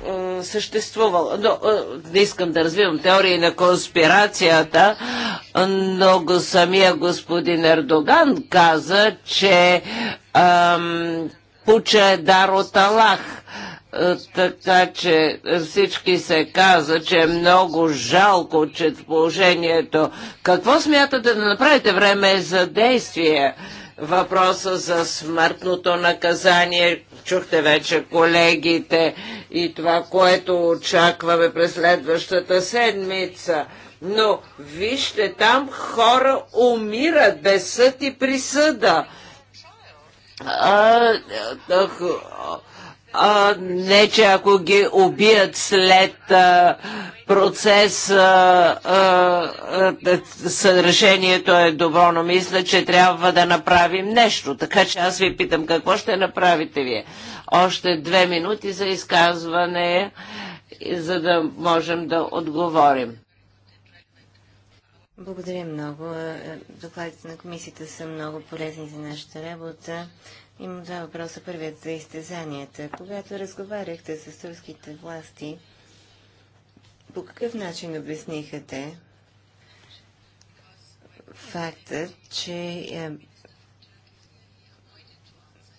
S2: е, съществувал. Но, е, не искам да развивам теории на конспирацията, но го самия господин Ердоган каза, че ам, пуча е дар от Аллах е, така че всички се каза, че е много жалко, че положението... Какво смятате да направите? Време за действие. Въпроса за смъртното наказание Чухте вече колегите и това, което очакваме през следващата седмица. Но вижте, там хора умират без съд и присъда. А, а, а, а, не, че ако ги убият след а, процес, а, а, а, е добро, но мисля, че трябва да направим нещо. Така че аз ви питам какво ще направите вие. Още две минути за изказване, за да можем да отговорим.
S3: Благодаря много. Докладите на комисията са много полезни за нашата работа. Имам два въпроса. Първият за изтезанията. Когато разговаряхте с турските власти, по какъв начин обясниха те факта, че е,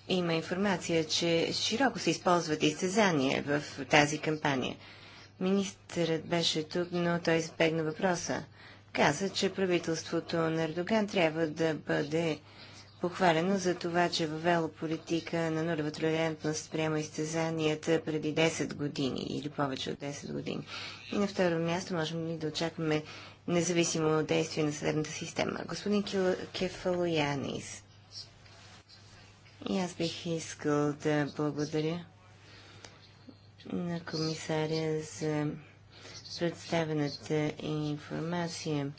S3: има информация, че широко се използват изтезания в тази кампания? Министърът беше тук, но той избегна въпроса. Каза, че правителството на Ердоган трябва да бъде похвалено за това, че е въвело политика на нулева толерантност прямо изтезанията преди 10 години или повече от 10 години. И на второ място можем ли да очакваме независимо действие на съдебната система. Господин Кефалоянис, и аз бих искал да благодаря на комисаря за представената информация.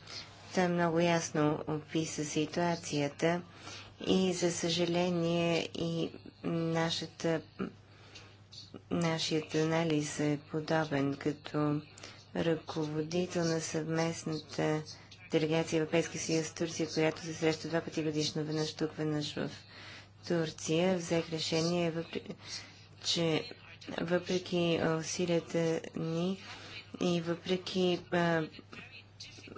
S3: Той много ясно описа ситуацията и за съжаление и нашата, нашият анализ е подобен като ръководител на съвместната делегация Европейски съюз Турция, която се среща два пъти годишно, веднъж тук, веднъж в Турция, взех решение, че въпреки усилията ни и въпреки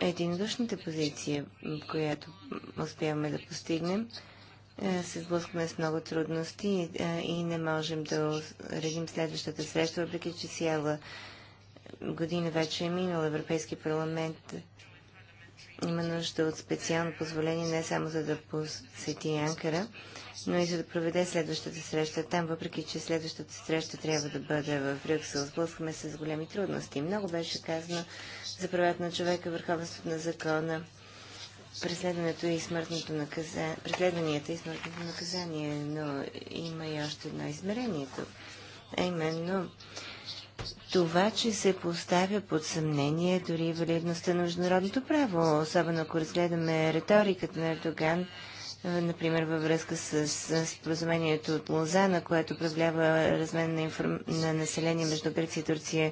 S3: единодушната позиция, която успяваме да постигнем, е, се сблъскваме с много трудности е, и не можем да редим следващата среща, въпреки че цяла година вече е минал Европейски парламент има нужда от специално позволение не само за да посети Анкара, но и за да проведе следващата среща там, въпреки че следващата среща трябва да бъде в Брюксел. Сблъскваме се с големи трудности. Много беше казано за правата на човека, върховенството на закона, преследването и смъртното наказание, преследванията и смъртното наказание, но има и още едно измерение тук. А именно това, че се поставя под съмнение дори валидността на международното право, особено ако разгледаме риториката на Ердоган, например във връзка с, с споразумението от Лозана, което проявлява размен на, информ... на население между Гърция, Турция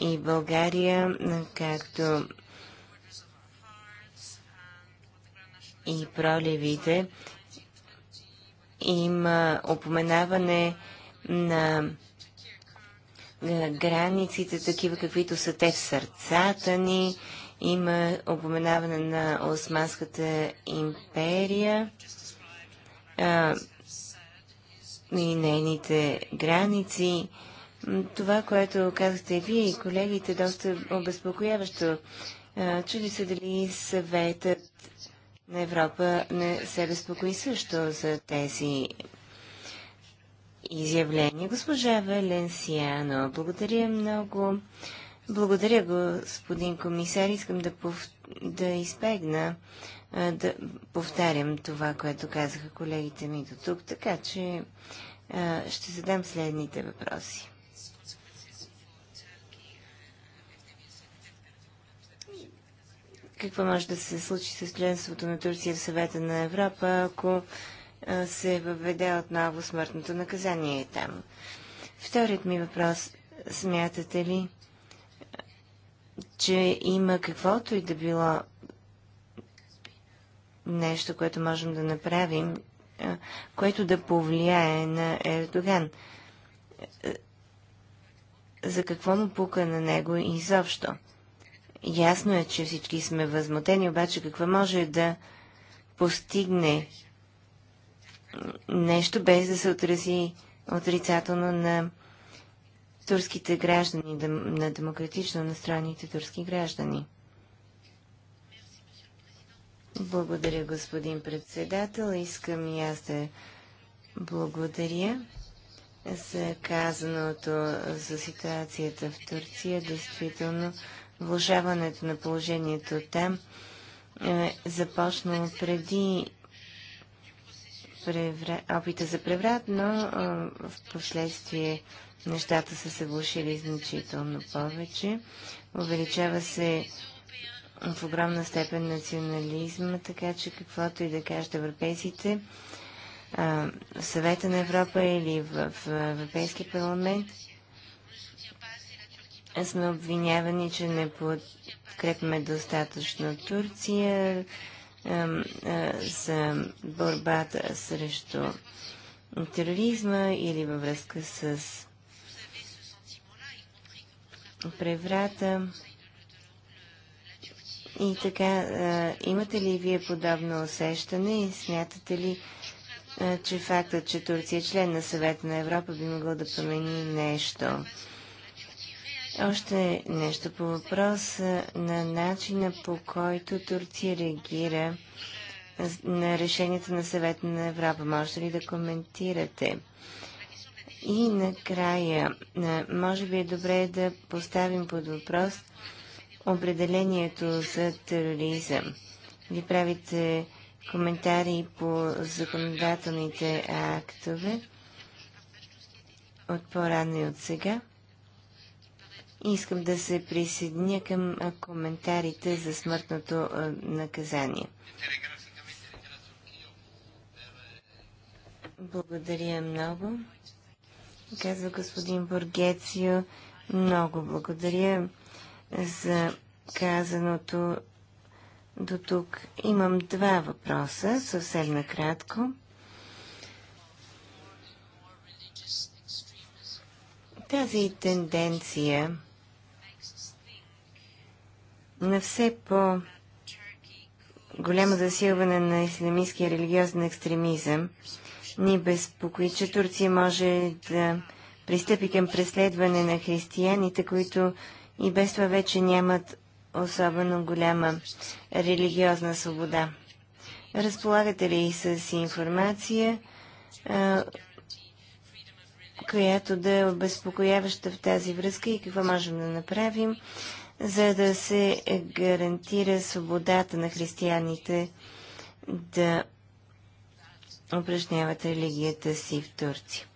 S3: и България, както и проливите има опоменаване на границите, такива каквито са те в сърцата ни. Има опоменаване на Османската империя а, и нейните граници. Това, което казахте вие и колегите, доста обезпокояващо. Чуди се дали съветът на Европа не се безпокои също за тези изявления. Госпожа Валенсиано, благодаря много. Благодаря, господин комисар. Искам да, пов... да избегна да повтарям това, което казаха колегите ми до тук, така че ще задам следните въпроси. какво може да се случи с членството на Турция в съвета на Европа, ако се въведе отново смъртното наказание там. Вторият ми въпрос. Смятате ли, че има каквото и да било нещо, което можем да направим, което да повлияе на Ердоган? За какво му пука на него и изобщо? Ясно е, че всички сме възмутени, обаче какво може да постигне нещо без да се отрази отрицателно на турските граждани, на демократично настроените турски граждани. Благодаря, господин председател. Искам и аз да благодаря за казаното за ситуацията в Турция. Действително влушаването на положението там е започнало преди превра... опита за преврат, но е, в последствие нещата са се влушили значително повече. Увеличава се в огромна степен национализма, така че каквото и да кажат европейците, в е, съвета на Европа или в Европейския парламент, сме обвинявани, че не подкрепяме достатъчно Турция за борбата срещу тероризма или във връзка с преврата. И така, имате ли вие подобно усещане и смятате ли, че фактът, че Турция е член на съвета на Европа, би могъл да промени нещо? Още нещо по въпроса на начина по който Турция реагира на решението на съвета на Европа. Може ли да коментирате? И накрая, може би е добре да поставим под въпрос определението за тероризъм. Ви правите коментари по законодателните актове от по-рано и от сега. Искам да се присъединя към коментарите за смъртното наказание. Благодаря много. Казва господин Боргецио. Много благодаря за казаното до тук. Имам два въпроса, съвсем накратко. Тази тенденция на все по голямо засилване на исламистския религиозен екстремизъм, ни безпокои, че Турция може да пристъпи към преследване на християните, които и без това вече нямат особено голяма религиозна свобода. Разполагате ли с информация, която да е обезпокояваща в тази връзка и какво можем да направим, за да се гарантира свободата на християните да упражняват религията си в Турция.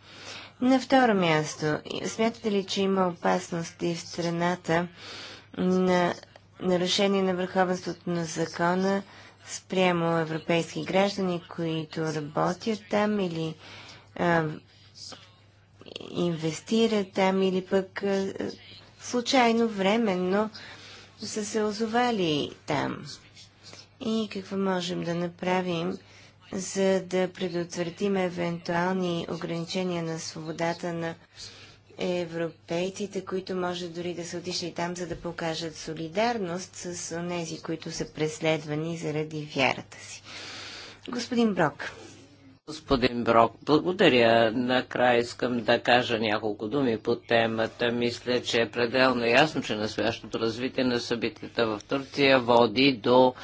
S3: На второ място, смятате ли, че има опасности в страната на нарушение на върховенството на закона спрямо европейски граждани, които работят там или а, инвестират там или пък а, случайно, временно са се озовали там. И какво можем да направим, за да предотвратим евентуални ограничения на свободата на европейците, които може дори да са отишли там, за да покажат солидарност с тези, които са преследвани заради вярата си. Господин Брок.
S2: Господин Брок, благодаря. Накрая искам да кажа няколко думи по темата. Мисля, че е пределно ясно, че настоящото развитие на събитията в Турция води до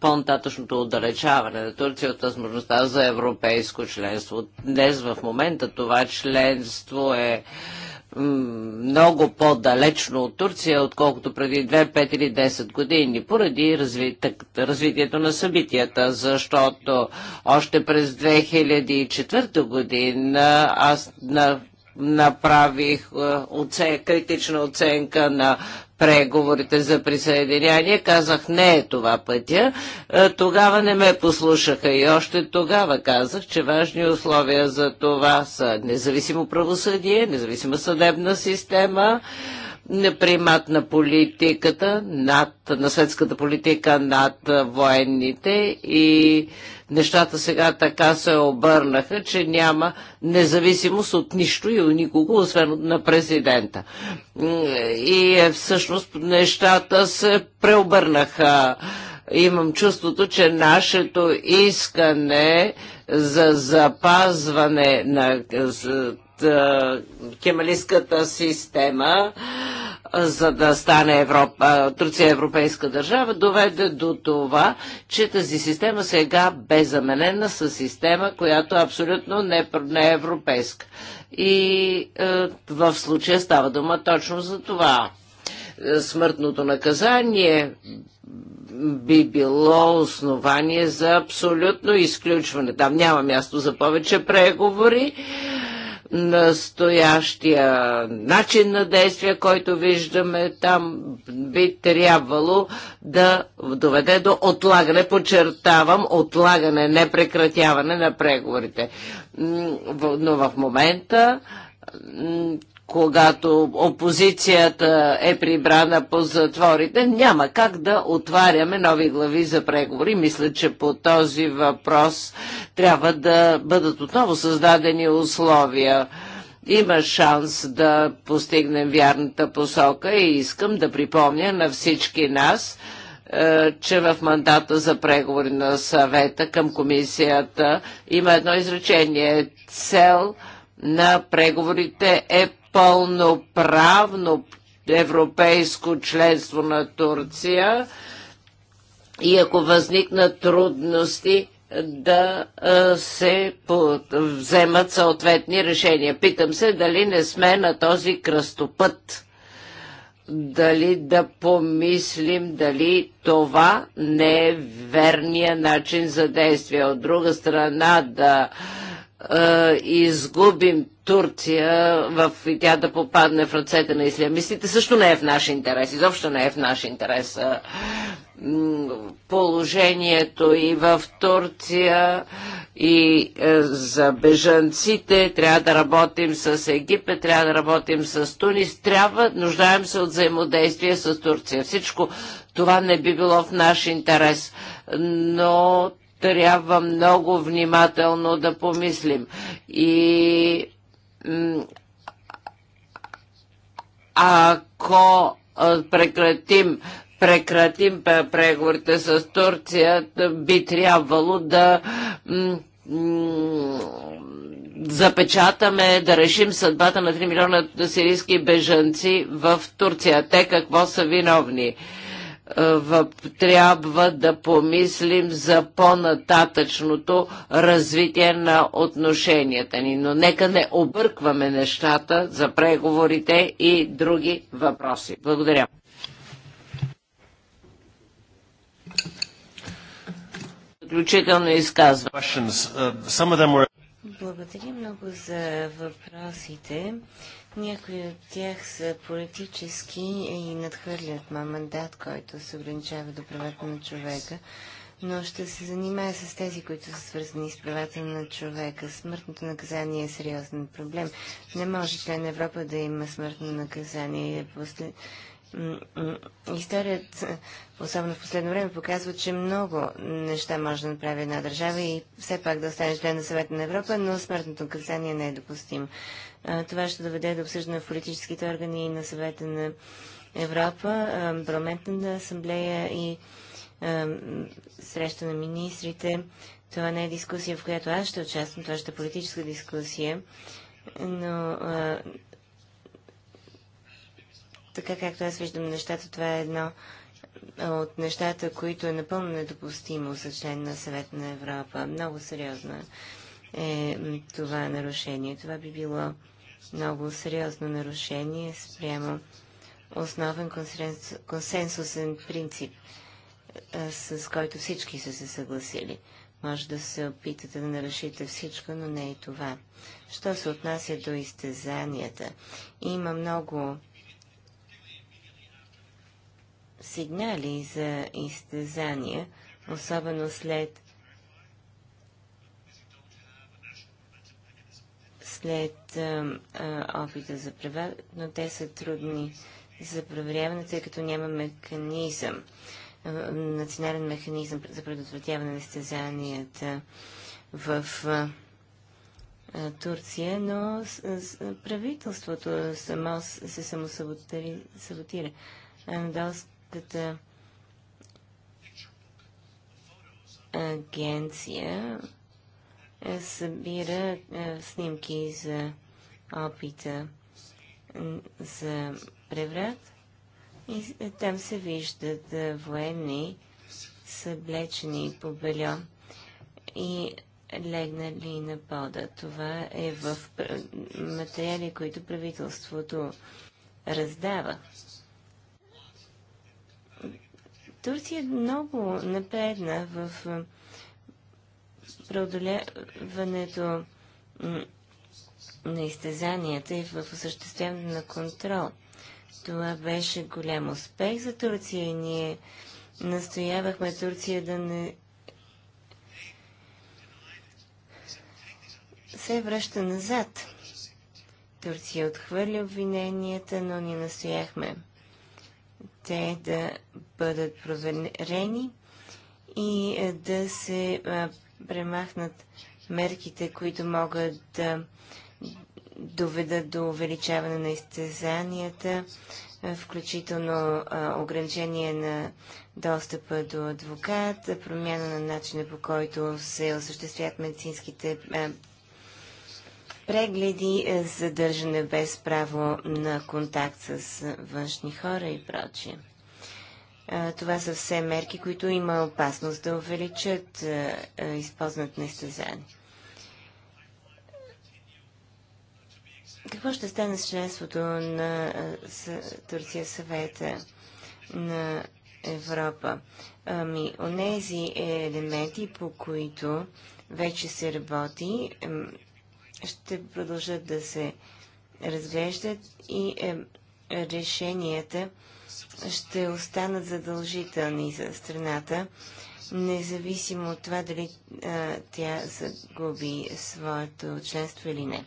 S2: по-нататъчното отдалечаване на Турция от възможността за европейско членство. Днес в момента това членство е много по-далечно от Турция, отколкото преди 2, 5 или 10 години, поради развитието на събитията, защото още през 2004 година аз на направих е, оце, критична оценка на преговорите за присъединяние. Казах, не е това пътя. Е, тогава не ме послушаха и още тогава казах, че важни условия за това са независимо правосъдие, независима съдебна система, приемат на политиката, над, на светската политика над военните и нещата сега така се обърнаха, че няма независимост от нищо и от никого, освен на президента. И е, всъщност нещата се преобърнаха. Имам чувството, че нашето искане за запазване на е, кемалистката система, е, за да стане Европа, е, Турция европейска държава, доведе до това, че тази система сега бе заменена с система, която абсолютно не, не е европейска. И е, в случая става дума точно за това. Смъртното наказание би било основание за абсолютно изключване. Там няма място за повече преговори. Е, настоящия начин на действие, който виждаме там, би трябвало да доведе до отлагане, подчертавам, отлагане, не прекратяване на преговорите. Но в момента когато опозицията е прибрана по затворите, няма как да отваряме нови глави за преговори. Мисля, че по този въпрос трябва да бъдат отново създадени условия. Има шанс да постигнем вярната посока и искам да припомня на всички нас, е, че в мандата за преговори на съвета към комисията има едно изречение. Цел на преговорите е пълноправно европейско членство на Турция и ако възникнат трудности, да се вземат съответни решения. Питам се дали не сме на този кръстопът. Дали да помислим дали това не е верния начин за действие. От друга страна да е, изгубим Турция в, и тя да попадне в ръцете на ислямистите, също не е в наш интерес. Изобщо не е в наш интерес. Положението и в Турция, и е, за бежанците, трябва да работим с Египет, трябва да работим с Тунис, трябва, нуждаем се от взаимодействие с Турция. Всичко това не би било в наш интерес. Но трябва много внимателно да помислим. И ако прекратим прекратим преговорите с Турция, би трябвало да запечатаме, да решим съдбата на 3 милиона сирийски бежанци в Турция. Те какво са виновни? Е, трябва да помислим за по-нататъчното развитие на отношенията ни. Но нека не объркваме нещата за преговорите и други въпроси. Благодаря. Заключително изказване. Uh,
S3: Благодаря много за въпросите. Някои от тях са политически и надхвърлят ма мандат, който се ограничава до правата на човека, но ще се занимая с тези, които са свързани с правата на човека. Смъртното наказание е сериозен проблем. Не може член на Европа да има смъртно наказание. После... Историята, особено в последно време, показва, че много неща може да направи една държава и все пак да остане член на съвета на Европа, но смъртното наказание не е допустимо. Това ще доведе до обсъждане в политическите органи и на съвета на Европа, парламентната асамблея и среща на министрите. Това не е дискусия, в която аз ще участвам, това ще е политическа дискусия, но така както аз виждам нещата, това е едно от нещата, които е напълно недопустимо за член на съвет на Европа. Много сериозно е това нарушение. Това би било много сериозно нарушение спрямо основен консенсус, консенсусен принцип, с който всички са се съгласили. Може да се опитате да нарешите всичко, но не и това. Що се отнася до изтезанията? Има много сигнали за изтезания, особено след след а, а, опита за права, но те са трудни за проверяване, тъй като няма механизъм, а, национален механизъм за предотвратяване на стезанията в а, а, Турция, но с, с, правителството само се самосаботира. Анадолската агенция е, събира е, снимки за опита за преврат и е, там се виждат военни съблечени по бельо и легнали на пода. Това е в материали, които правителството раздава. Турция е много напредна в преодоляването на изтезанията и в осъществяване на контрол. Това беше голям успех за Турция и ние настоявахме Турция да не се връща назад. Турция отхвърли обвиненията, но ни настояхме те да бъдат проверени и е, да се премахнат мерките, които могат да доведат до увеличаване на изтезанията, включително ограничение на достъпа до адвокат, промяна на начина по който се осъществяват медицинските прегледи, задържане без право на контакт с външни хора и прочие това са все мерки, които има опасност да увеличат използват нестезани. Какво ще стане с членството на Турция съвета на Европа? Ами, онези елементи, по които вече се работи, ще продължат да се разглеждат и решенията, ще останат задължителни за страната, независимо от това дали а, тя загуби своето членство или не.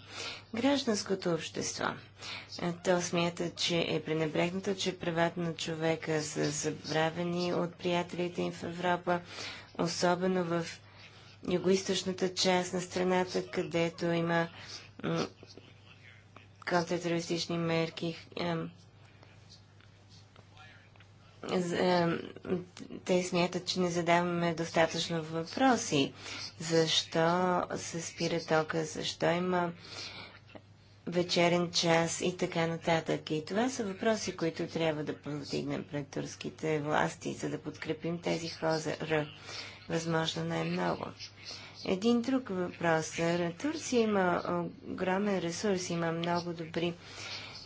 S3: Гражданското общество. то смята, че е пренебрегнато, че правата на човека са забравени от приятелите им в Европа, особено в югоисточната част на страната, където има контртерористични мерки, е, те смятат, че не задаваме достатъчно въпроси. Защо се спира тока, защо има вечерен час и така нататък. И това са въпроси, които трябва да повдигнем пред турските власти, за да подкрепим тези хора възможно най-много. Един друг въпрос. Турция има огромен ресурс, има много добри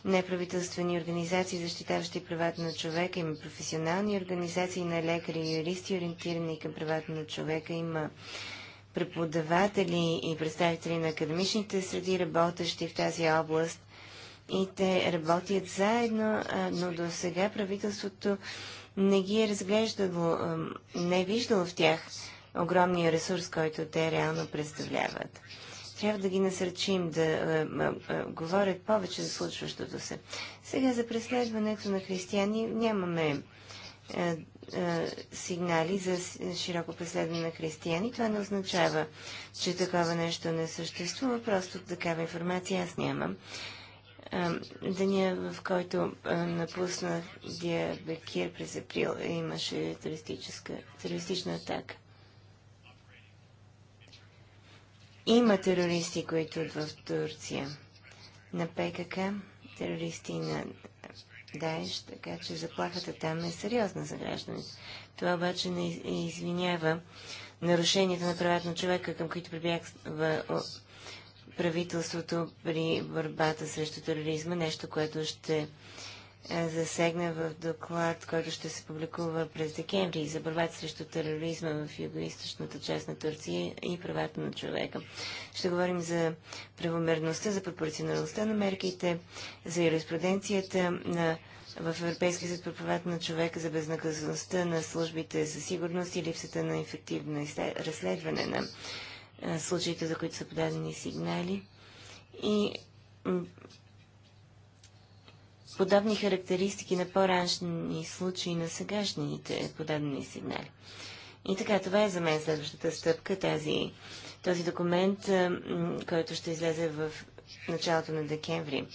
S3: неправителствени организации, защитаващи правата на човека, има професионални организации на лекари и юристи, ориентирани към правата на човека, има преподаватели и представители на академичните среди, работещи в тази област. И те работят заедно, но до сега правителството не ги е разглеждало, не е виждало в тях огромния ресурс, който те реално представляват. Трябва да ги насърчим да а, а, а, говорят повече за случващото се. Сега за преследването на християни нямаме а, а, сигнали за широко преследване на християни. Това не означава, че такова нещо не съществува. Просто такава информация аз нямам. деня, в който а, напуснах Диабекир през април, имаше терористична атака. Има терористи, които в Турция на ПКК, терористи на Даеш, така че заплахата там е сериозна за гражданите. Това обаче не извинява нарушенията на правата на човека, към които прибягва правителството при борбата срещу тероризма, нещо, което ще е, засегна в доклад, който ще се публикува през декември за борбата срещу тероризма в югоисточната част на Турция и правата на човека. Ще говорим за правомерността, за пропорционалността на мерките, за юриспруденцията на в Европейския съд по правата на човека за безнаказаността на службите за сигурност и липсата на ефективно разследване на е, случаите, за които са подадени сигнали. И подобни характеристики на по ранжни случаи на сегашните подобни сигнали. И така, това е за мен следващата стъпка, тази, този документ, който ще излезе в началото на декември.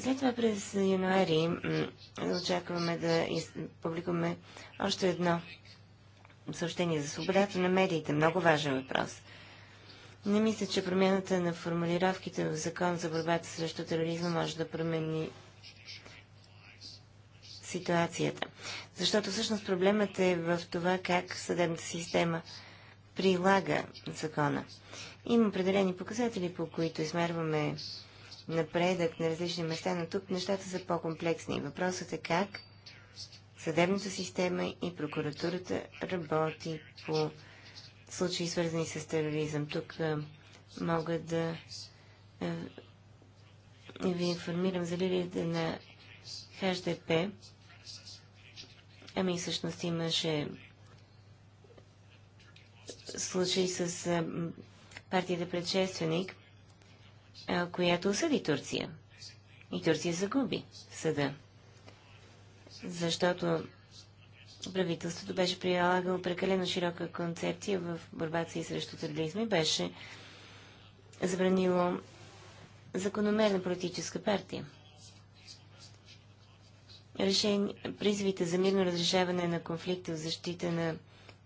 S3: След това през януари очакваме да публикуваме още едно съобщение за свободата на медиите. Много важен въпрос. Не мисля, че промяната на формулировките в Закон за борбата срещу тероризма може да промени ситуацията. Защото всъщност проблемът е в това как съдебната система прилага закона. Има определени показатели, по които измерваме напредък на различни места, но тук нещата са по-комплексни. Въпросът е как съдебната система и прокуратурата работи по случаи, свързани с тероризъм. Тук могат да ви информирам за лидерите на ХДП. Ами всъщност имаше случай с партията предшественик, която осъди Турция. И Турция загуби съда. Защото правителството беше прилагало прекалено широка концепция в борбата си срещу тероризма и беше забранило закономерна политическа партия. Решение, призвите за мирно разрешаване на конфликта в защита на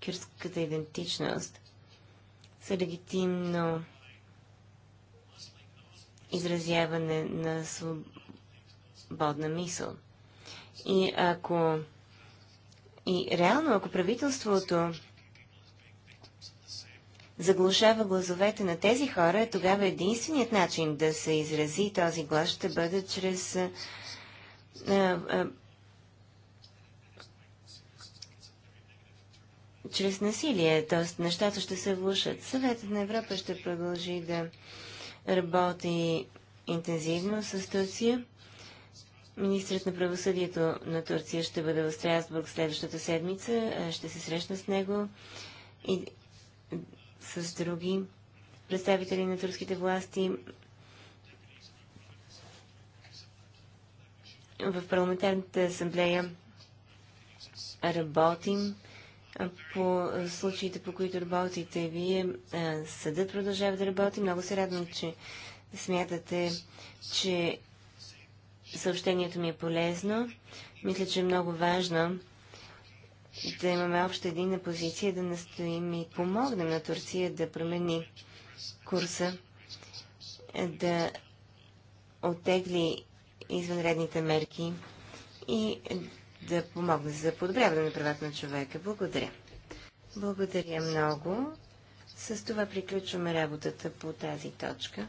S3: кюрската идентичност са легитимно изразяване на свободна мисъл. И ако и реално, ако правителството заглушава гласовете на тези хора, тогава единственият начин да се изрази този глас ще бъде чрез чрез насилие, т.е. нещата ще се влушат. Съветът на Европа ще продължи да работи интензивно с Турция. Министрът на правосъдието на Турция ще бъде в Страсбург следващата седмица. Ще се срещна с него и с други представители на турските власти в парламентарната асамблея работим по случаите, по които работите вие. Съдът продължава да работи. Много се радвам, че смятате, че съобщението ми е полезно. Мисля, че е много важно да имаме обща единна позиция, да настоим и помогнем на Турция да промени курса, да оттегли извънредните мерки и да помогне за подобряване на правата на човека. Благодаря. Благодаря много. С това приключваме работата по тази точка.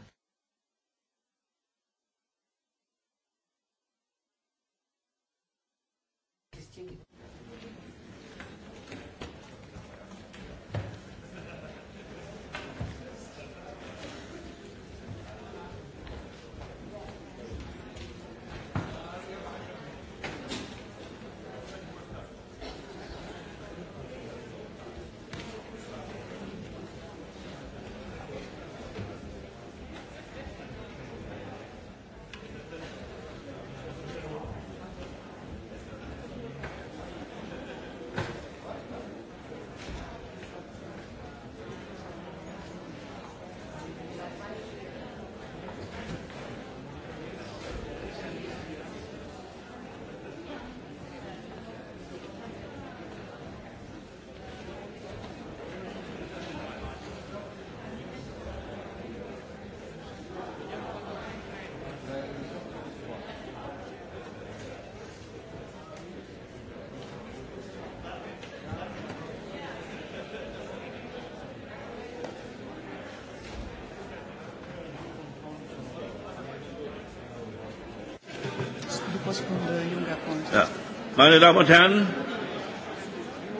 S1: Meine Damen und
S2: Herren,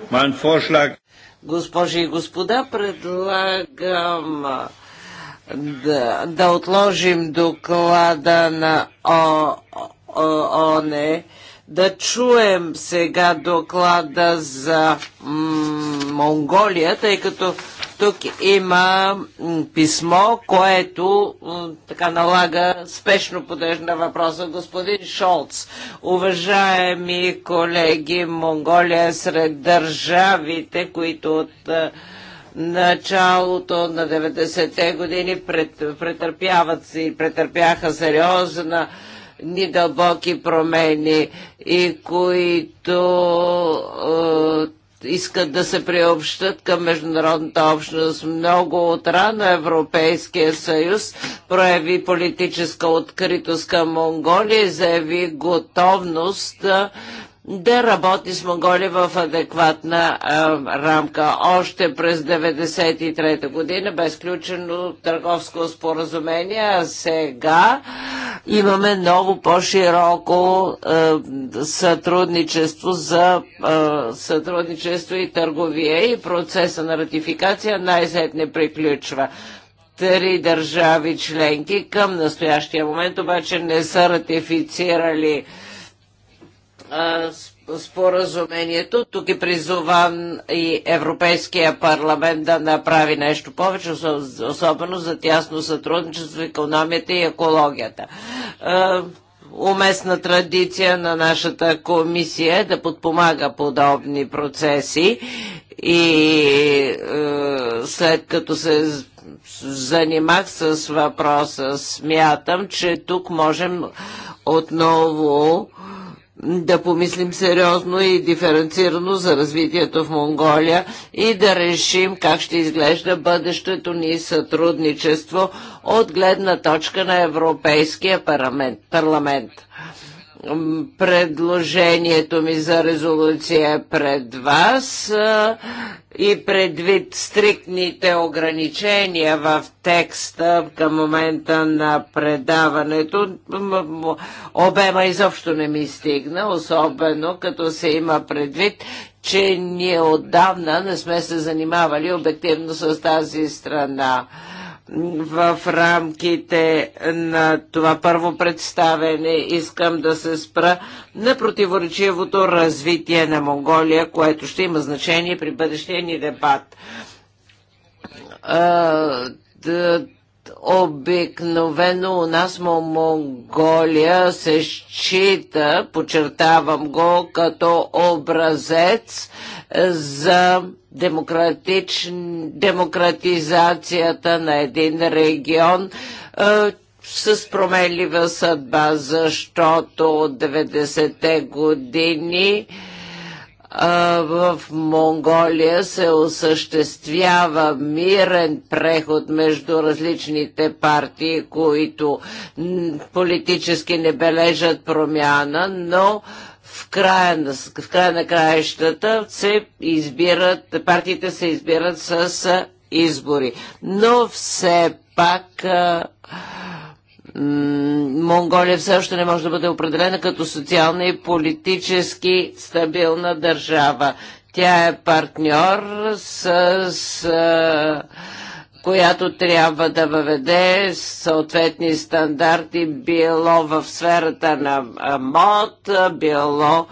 S2: mein Vorschlag. Госпожи и господа, предлагам да, да отложим доклада на ОНЕ, да чуем сега доклада за Монголия, тъй като тук има писмо, което така налага спешно подъжда на въпроса господин Шолц. Уважаеми колеги, Монголия е сред държавите, които от е, началото на 90-те години претърпяват и претърпяха сериозна ни дълбоки промени и които е, искат да се приобщат към международната общност. Много от рано Европейския съюз прояви политическа откритост към Монголия и заяви готовност да работи с Монголия в адекватна а, рамка. Още през 1993 година бе сключено търговско споразумение, а сега имаме ново по-широко сътрудничество за а, сътрудничество и търговия и процеса на ратификация най-сетне приключва три държави членки към настоящия момент обаче не са ратифицирали споразумението. Тук е призован и Европейския парламент да направи нещо повече, особено за тясно сътрудничество в економията и екологията. Уместна традиция на нашата комисия е да подпомага подобни процеси и след като се занимах с въпроса, смятам, че тук можем отново да помислим сериозно и диференцирано за развитието в Монголия и да решим как ще изглежда бъдещето ни сътрудничество от гледна точка на Европейския парламент. парламент предложението ми за резолюция е пред вас и предвид стриктните ограничения в текста към момента на предаването, обема изобщо не ми стигна, особено като се има предвид, че ние отдавна не сме се занимавали обективно с тази страна в рамките на това първо представене искам да се спра на противоречивото развитие на Монголия, което ще има значение при бъдещия ни дебат Обикновено у нас му Монголия се счита, подчертавам го, като образец за демократич... демократизацията на един регион, с променлива съдба, защото от 90-те години в Монголия се осъществява мирен преход между различните партии, които политически не бележат промяна, но в края, на, в края на краищата се избират, партиите се избират с избори. Но все пак
S3: Монголия
S2: все още не може да бъде определена като социална и политически стабилна държава. Тя е партньор с, с която трябва да въведе съответни стандарти, било в сферата на МОД, било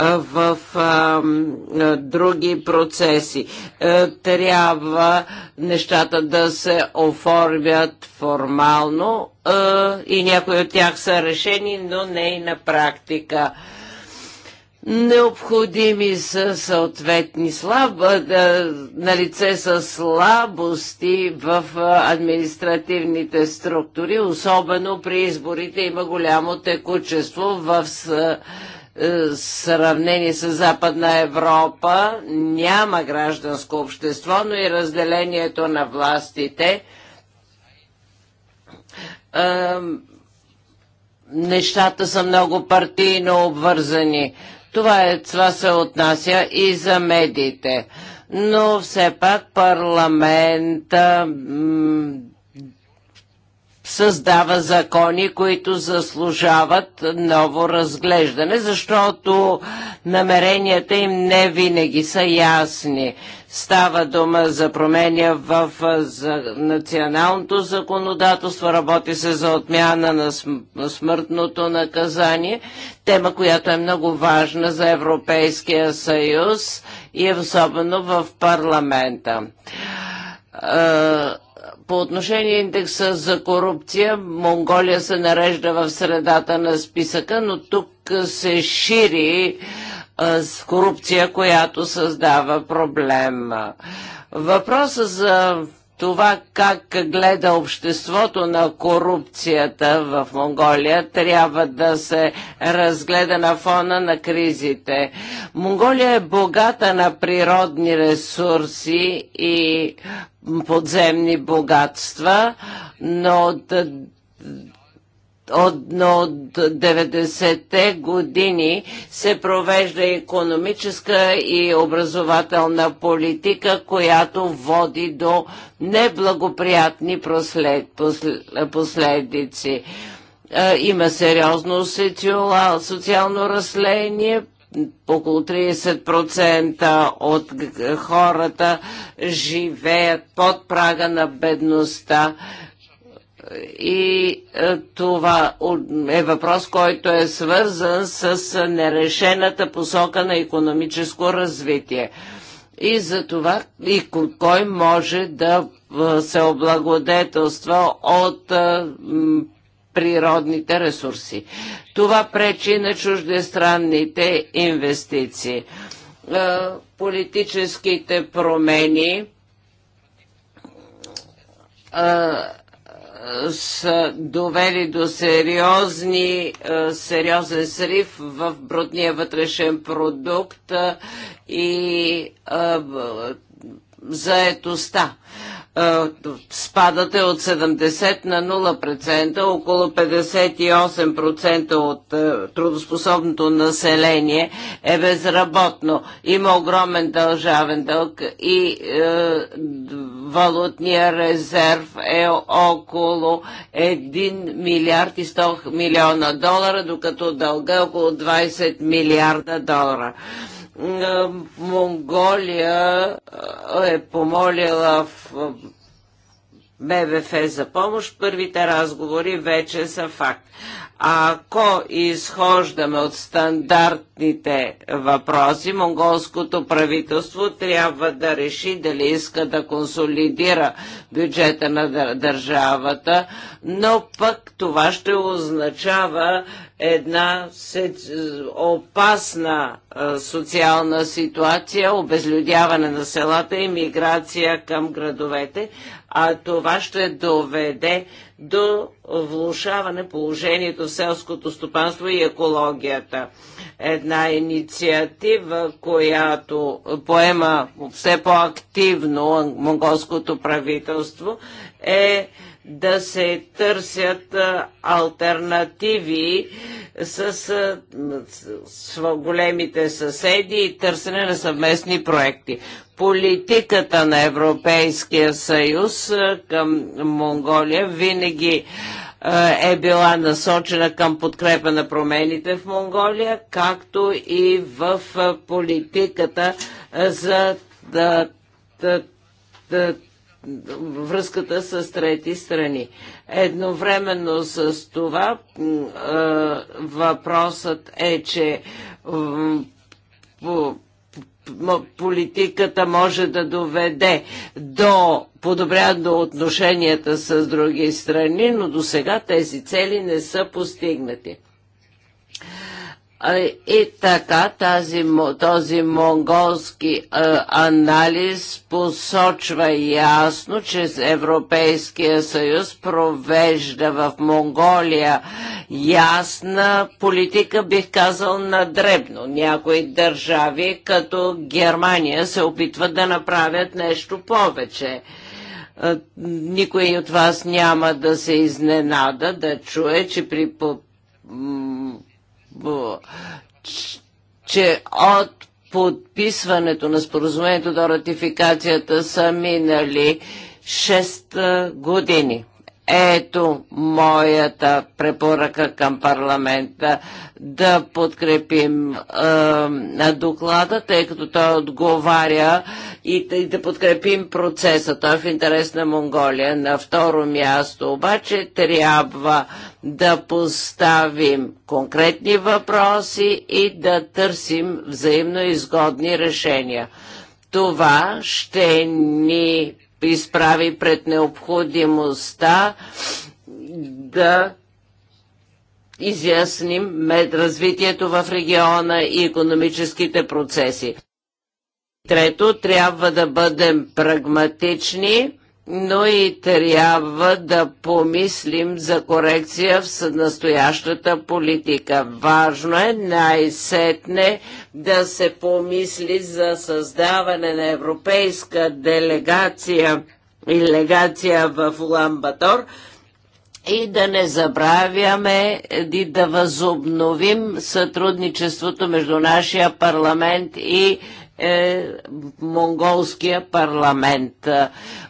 S2: в други процеси. Е, трябва нещата да се оформят формално е, и някои от тях са решени, но не и на практика. Необходими са съответни слаба, да, на лице са слабости в административните структури, особено при изборите има голямо текучество в е, сравнение с Западна Европа. Няма гражданско общество, но и разделението на властите нещата са много партийно обвързани. Това, е, това се отнася и за медиите но все пак парламента създава закони, които заслужават ново разглеждане, защото намеренията им не винаги са ясни. Става дума за променя в за националното законодателство, работи се за отмяна на смъртното наказание, тема, която е много важна за Европейския съюз и особено в парламента по отношение индекса за корупция, Монголия се нарежда в средата на списъка, но тук се шири с корупция, която създава проблема. Въпросът за това как гледа обществото на корупцията в Монголия трябва да се разгледа на фона на кризите. Монголия е богата на природни ресурси и подземни богатства, но от, от 90-те години се провежда економическа и образователна политика, която води до неблагоприятни прослед, послед, последици. Е, има сериозно социално разследение, около 30% от хората живеят под прага на бедността и е, това е въпрос, който е свързан с нерешената посока на економическо развитие. И за това и кой може да е, се облагодетелства от е, природните ресурси. Това пречи на чуждестранните инвестиции. Политическите промени са довели до сериозни, е, сериозен срив в брутния вътрешен продукт е, и е, заетостта. Е, спадате от 70 на 0%, около 58% от е, трудоспособното население е безработно. Има огромен дължавен дълг и а, е, валутния резерв е около 1 милиард и 100 милиона долара, докато дълга е около 20 милиарда долара. Монголия е помолила в БВФ за помощ. Първите разговори вече са факт. Ако изхождаме от стандартните въпроси, монголското правителство трябва да реши дали иска да консолидира бюджета на държавата, но пък това ще означава една е, опасна е, социална ситуация, обезлюдяване на селата и миграция към градовете, а това ще доведе до влушаване положението в селското стопанство и екологията. Една инициатива, която поема все по-активно монголското правителство е да се търсят альтернативи с, с, с големите съседи и търсене на съвместни проекти. Политиката на Европейския съюз към Монголия винаги е била насочена към подкрепа на промените в Монголия, както и в политиката за да, да, да, връзката с трети страни. Едновременно с това въпросът е, че политиката може да доведе до подобряване отношенията с други страни, но до сега тези цели не са постигнати. И така тази, този монголски анализ посочва ясно, че Европейския съюз провежда в Монголия ясна политика, бих казал, на дребно. Някои държави, като Германия, се опитват да направят нещо повече никой от вас няма да се изненада да чуе, че при че от подписването на споразумението до ратификацията са минали 6 години. Ето моята препоръка към парламента да подкрепим е, доклада, тъй като той отговаря и, и да подкрепим процеса. Той е в интерес на Монголия. На второ място обаче трябва да поставим конкретни въпроси и да търсим взаимно изгодни решения. Това ще ни изправи пред необходимостта да изясним развитието в региона и економическите процеси. Трето, трябва да бъдем прагматични но и трябва да помислим за корекция в настоящата политика. Важно е най-сетне да се помисли за създаване на европейска делегация и легация в Ламбатор, и да не забравяме и да възобновим сътрудничеството между нашия парламент и е, монголския парламент.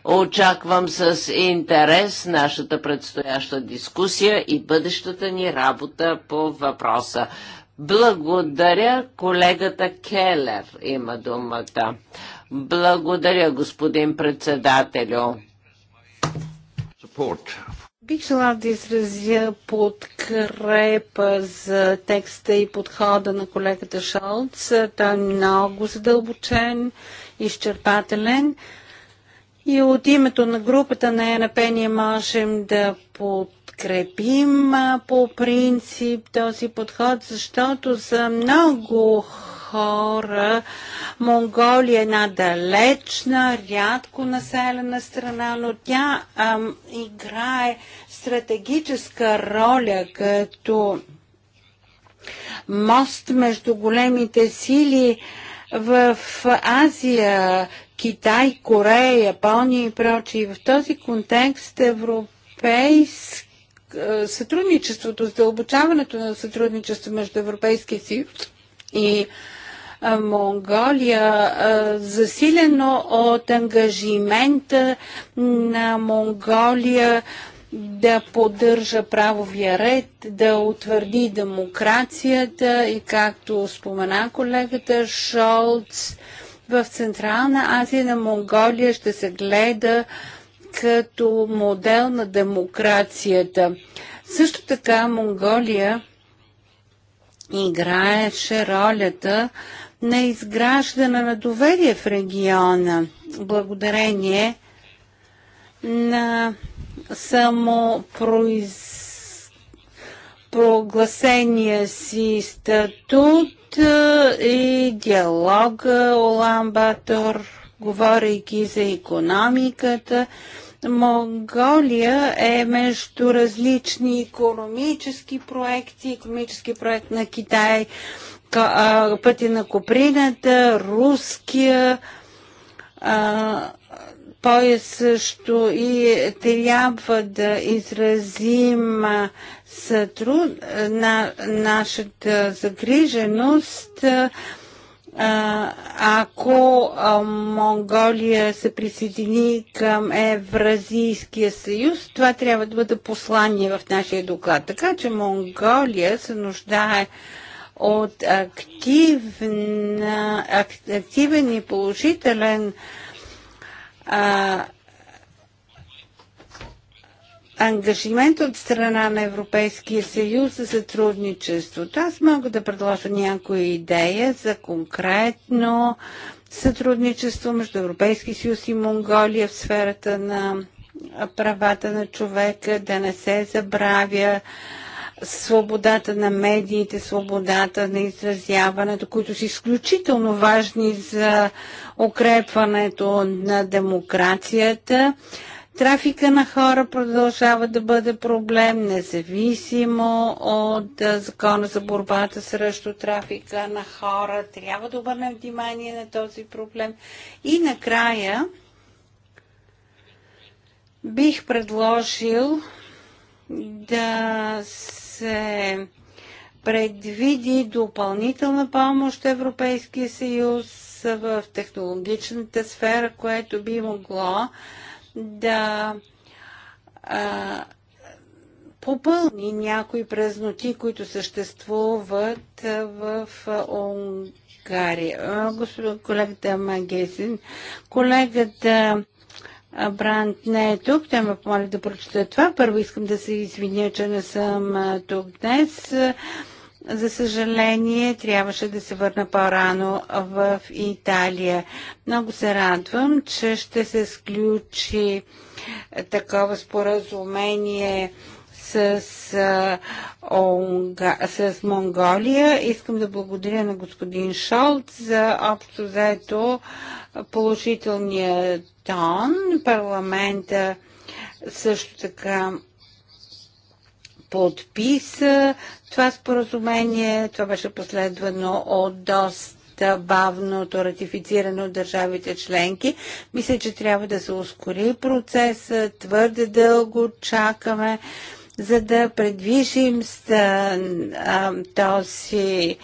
S2: Очаквам с интерес нашата предстояща дискусия и бъдещата ни работа по въпроса. Благодаря, колегата Келер има думата. Благодаря, господин председателю.
S1: Бих желал да изразя подкрепа за текста и подхода на колегата Шолц. Той е много задълбочен, изчерпателен. И от името на групата на ЕНП ние можем да подкрепим по принцип този подход, защото за много хора. Монголия е една далечна, рядко населена страна, но тя ам, играе стратегическа роля като мост между големите сили в Азия, Китай, Корея, Япония и прочие. В този контекст европейски сътрудничеството, задълбочаването на сътрудничество между Европейския съюз и Монголия, засилено от ангажимента на Монголия да поддържа правовия ред, да утвърди демокрацията и както спомена колегата Шолц, в Централна Азия на Монголия ще се гледа като модел на демокрацията. Също така Монголия играеше ролята на изграждане на доверие в региона, благодарение на самопрогласения прогласения си статут е, и диалога Олан Батор, говорейки за економиката. Монголия е между различни економически проекти, економически проект на Китай, пътя на Коприната, руския пояс също и трябва да изразим сътруд, на нашата загриженост ако Монголия се присъедини към Евразийския съюз, това трябва да бъде послание в нашия доклад. Така че Монголия се нуждае от активна, активен и положителен а, ангажимент от страна на Европейския съюз за сътрудничеството. Аз мога да предложа някоя идея за конкретно сътрудничество между Европейския съюз и Монголия в сферата на правата на човека, да не се забравя свободата на медиите, свободата на изразяването, които са изключително важни за укрепването на демокрацията. Трафика на хора продължава да бъде проблем, независимо от закона за борбата срещу трафика на хора. Трябва да обърнем внимание на този проблем. И накрая бих предложил да се предвиди допълнителна помощ Европейския съюз в технологичната сфера, което би могло да а, попълни някои празноти, които съществуват в Унгария. Господин колегата Магесин, колегата Бранд не е тук. тя ме помоли да прочета това. Първо искам да се извиня, че не съм тук днес. За съжаление, трябваше да се върна по-рано в Италия. Много се радвам, че ще се сключи такова споразумение с, а, Олга, с Монголия. Искам да благодаря на господин Шолт за общо заето положителния тон. Парламента също така подписа това споразумение. Това беше последвано от доста бавното ратифициране от държавите членки. Мисля, че трябва да се ускори процеса. Твърде дълго чакаме за да предвижим с, а, този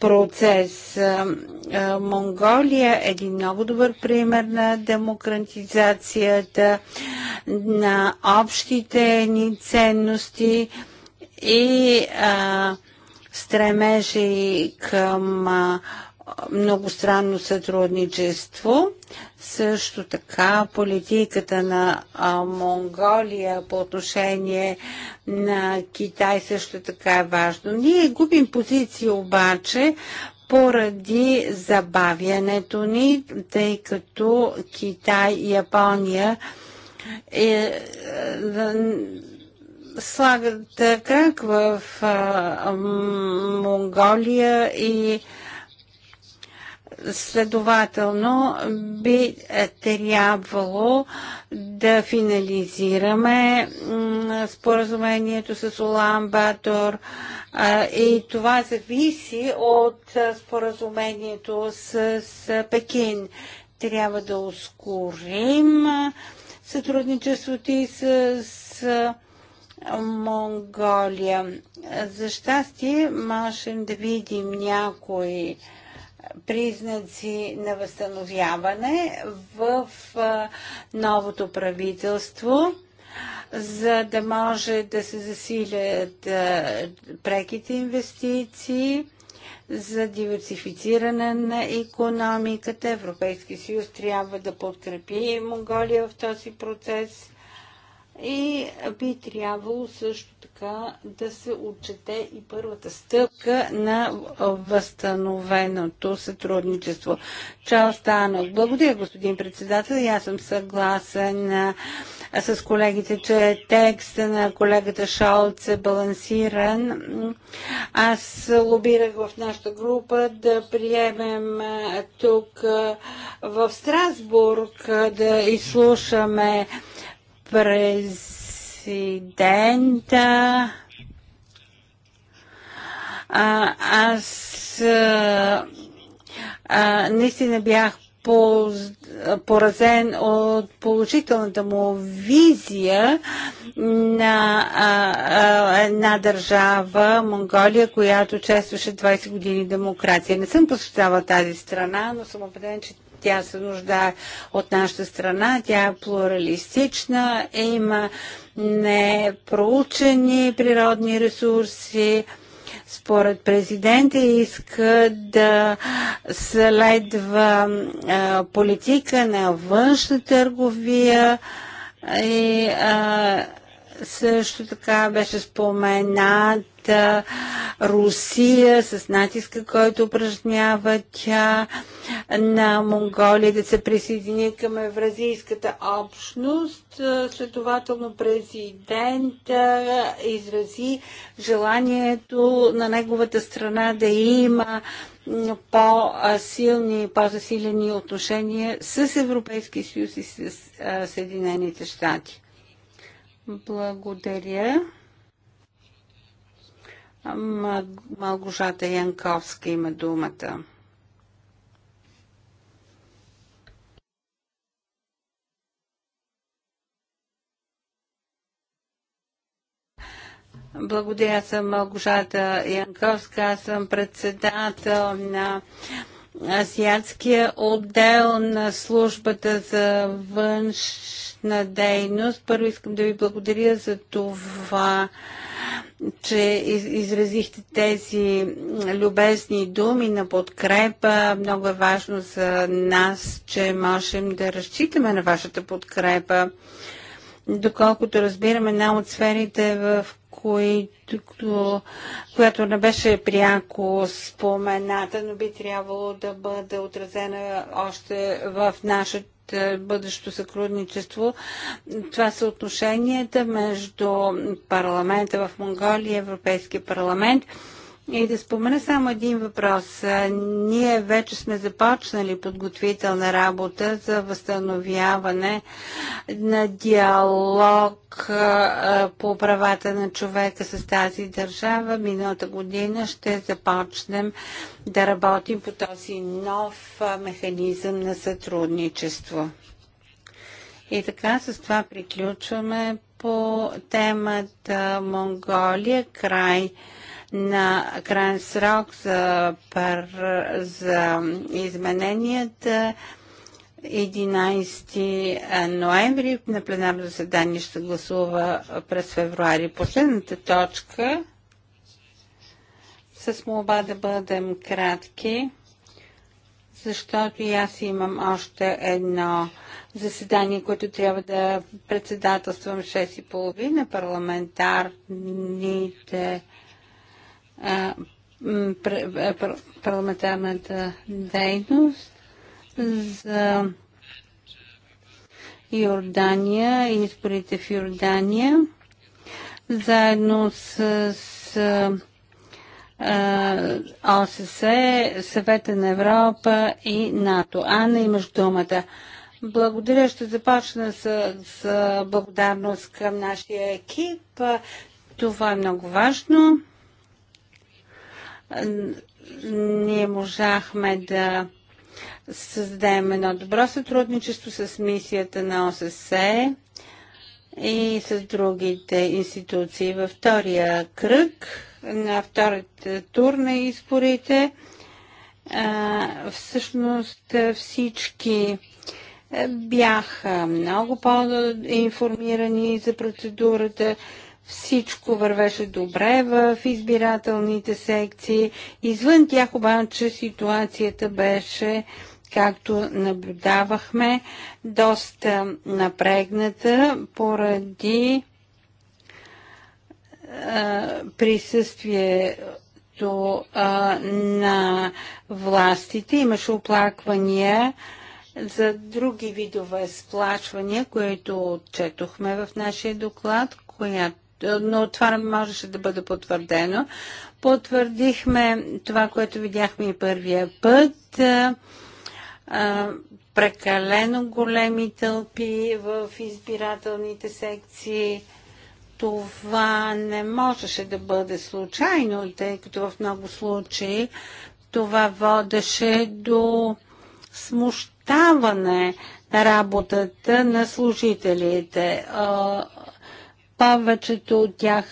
S1: процес. А, а, Монголия е един много добър пример на демократизацията, на общите ни ценности и а, стремежи към а, многостранно сътрудничество. Също така политиката на Монголия по отношение на Китай също така е важно. Ние губим позиции обаче поради забавянето ни, тъй като Китай и Япония е, е слагат крак в Монголия и Следователно би е, трябвало да финализираме споразумението с Улан Батор и това зависи от споразумението с Пекин. Трябва да ускорим сътрудничеството и с, с Монголия. За щастие можем да видим някои признаци на възстановяване в новото правителство, за да може да се засилят преките инвестиции за диверсифициране на економиката. Европейски съюз трябва да подкрепи Монголия в този процес и би трябвало също така да се отчете и първата стъпка на възстановеното сътрудничество. Чао Станок. Благодаря, господин председател. аз съм съгласен с колегите, че текста на колегата Шолц е балансиран. Аз лобирах в нашата група да приемем тук в Страсбург да изслушаме президента. А, аз а, а, наистина бях поразен от положителната му визия на една държава, Монголия, която честваше 20 години демокрация. Не съм посещавала тази страна, но съм убеден, че тя се нуждае от нашата страна, тя е плуралистична, има непроучени природни ресурси, според президента иска да следва а, политика на външна търговия и а, също така беше споменат Кита, Русия с натиска, който упражнява тя на Монголия да се присъедини към евразийската общност. Следователно президент изрази желанието на неговата страна да има по-силни, по-засилени отношения с Европейския съюз и с Съединените щати. Благодаря. Малгожата Янковска има думата. Благодаря съм Малгожата Янковска. Аз съм председател на Азиатския отдел на службата за външна дейност. Първо искам да ви благодаря за това че изразихте тези любезни думи на подкрепа. Много е важно за нас, че можем да разчитаме на вашата подкрепа. Доколкото разбираме, една от сферите, в които, която не беше пряко спомената, но би трябвало да бъде отразена още в нашето е, бъдещо сътрудничество. Това са отношенията между парламента в Монголия и Европейския парламент. И да спомена само един въпрос. Ние вече сме започнали подготвителна работа за възстановяване на диалог по правата на човека с тази държава. Миналата година ще започнем да работим по този нов механизъм на сътрудничество. И така, с това приключваме по темата Монголия, край на крайен срок за, пар, за измененията 11 ноември на пленарно заседание ще гласува през февруари. Последната точка с молба да бъдем кратки, защото и аз имам още едно заседание, което трябва да председателствам 6.30. Парламентарните парламентарната дейност за Йордания и изборите в Йордания, заедно с, с ОССЕ, Съвета на Европа и НАТО. Ана, имаш думата. Благодаря. Ще започна с, с благодарност към нашия екип. Това е много важно ние можахме да създадем едно добро сътрудничество с мисията на ОССЕ и с другите институции. Във втория кръг, на втората тур на изборите, всъщност всички бяха много по-информирани за процедурата всичко вървеше добре в избирателните секции. Извън тях обаче ситуацията беше, както наблюдавахме, доста напрегната поради а, присъствие на властите. Имаше оплаквания за други видове сплашвания, които четохме в нашия доклад, която но това не можеше да бъде потвърдено. Потвърдихме това, което видяхме и първия път. Прекалено големи тълпи в избирателните секции. Това не можеше да бъде случайно, тъй като в много случаи това водеше до смущаване на работата на служителите. Повечето от тях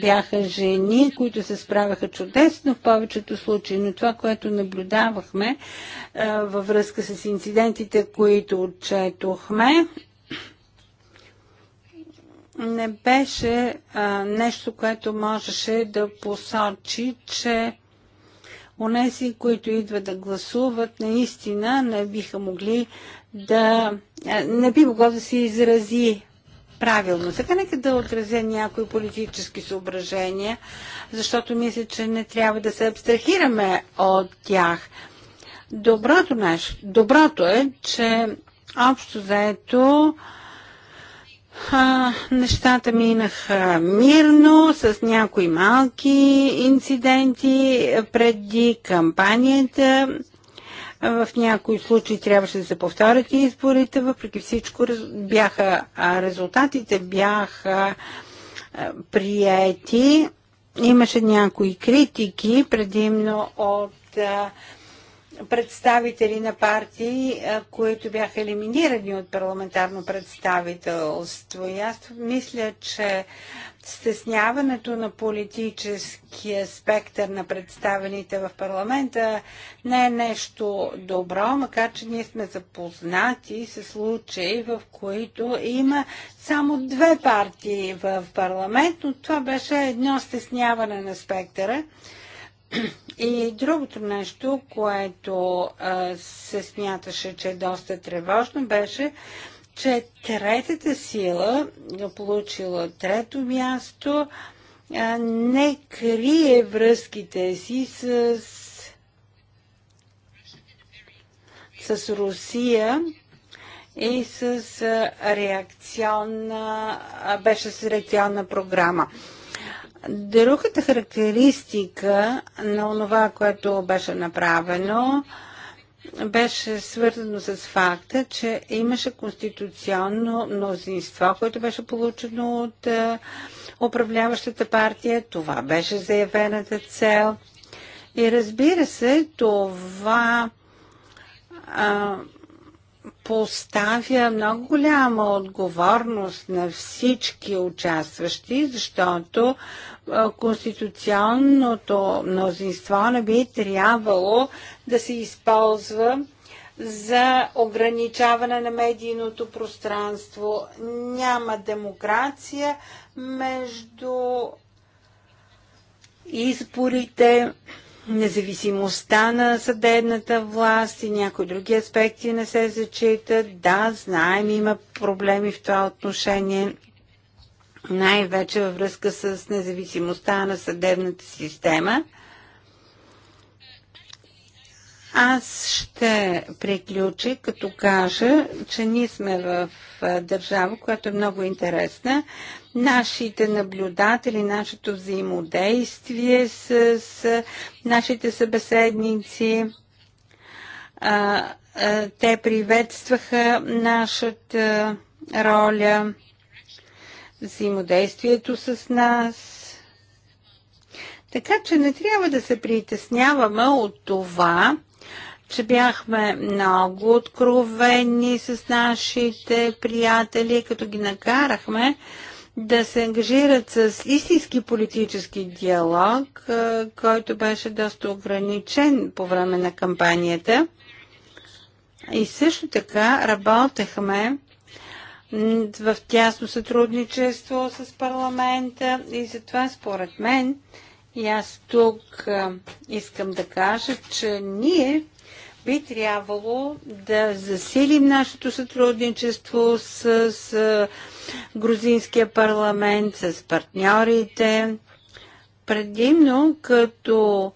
S1: бяха жени, които се справяха чудесно в повечето случаи, но това, което наблюдавахме във връзка с инцидентите, които отчетохме, не беше а, нещо, което можеше да посочи, че онези, които идват да гласуват, наистина не биха могли да. не би могло да се изрази правилно. Сега нека да отразя някои политически съображения, защото мисля, че не трябва да се абстрахираме от тях. Доброто, наш, доброто е, че общо заето а, нещата минаха мирно, с някои малки инциденти преди кампанията. В някои случаи трябваше да се повторят и изборите, въпреки всичко бяха, резултатите бяха приети. Имаше някои критики, предимно от представители на партии, които бяха елиминирани от парламентарно представителство. И аз мисля, че стесняването на политическия спектър на представените в парламента не е нещо добро, макар че ние сме запознати с случаи, в които има само две партии в парламент, но това беше едно стесняване на спектъра. И другото нещо, което а, се смяташе, че е доста тревожно, беше, че третата сила, получила трето място, не крие връзките си с, с Русия и с реакционна, беше с реакционна програма. Другата характеристика на това, което беше направено, беше свързано с факта, че имаше конституционно мнозинство, което беше получено от е, управляващата партия. Това беше заявената цел. И разбира се, това а, поставя много голяма отговорност на всички участващи, защото конституционното мнозинство не би трябвало да се използва за ограничаване на медийното пространство. Няма демокрация между изборите независимостта на съдебната власт и някои други аспекти не се зачитат. Да, знаем, има проблеми в това отношение, най-вече във връзка с независимостта на съдебната система. Аз ще приключи като кажа, че ние сме в държава, която е много интересна нашите наблюдатели, нашето взаимодействие с, с нашите събеседници. А, а, те приветстваха нашата роля, взаимодействието с нас. Така че не трябва да се притесняваме от това, че бяхме много откровени с нашите приятели, като ги накарахме да се ангажират с истински политически диалог, който беше доста ограничен по време на кампанията. И също така работехме в тясно сътрудничество с парламента и затова според мен и аз тук искам да кажа, че ние би трябвало да засилим нашето сътрудничество с, с грузинския парламент, с партньорите, предимно като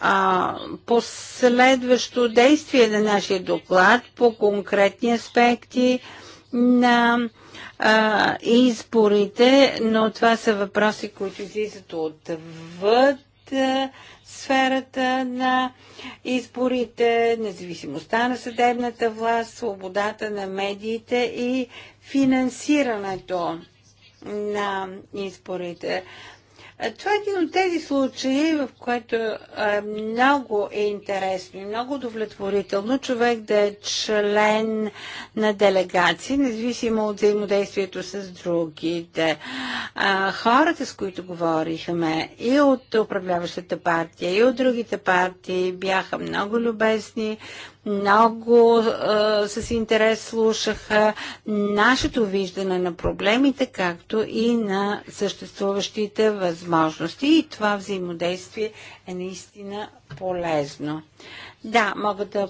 S1: а, последващо действие на нашия доклад по конкретни аспекти на а, изборите, но това са въпроси, които излизат отвъд сферата на изборите, независимостта на съдебната власт, свободата на медиите и финансирането на изборите. Това е един от тези случаи, в което е много е интересно и много удовлетворително човек да е член на делегации, независимо от взаимодействието с другите. А, хората, с които говорихме и от управляващата партия, и от другите партии бяха много любезни много а, с интерес слушаха нашето виждане на проблемите, както и на съществуващите възможности. И това взаимодействие е наистина полезно. Да, мога да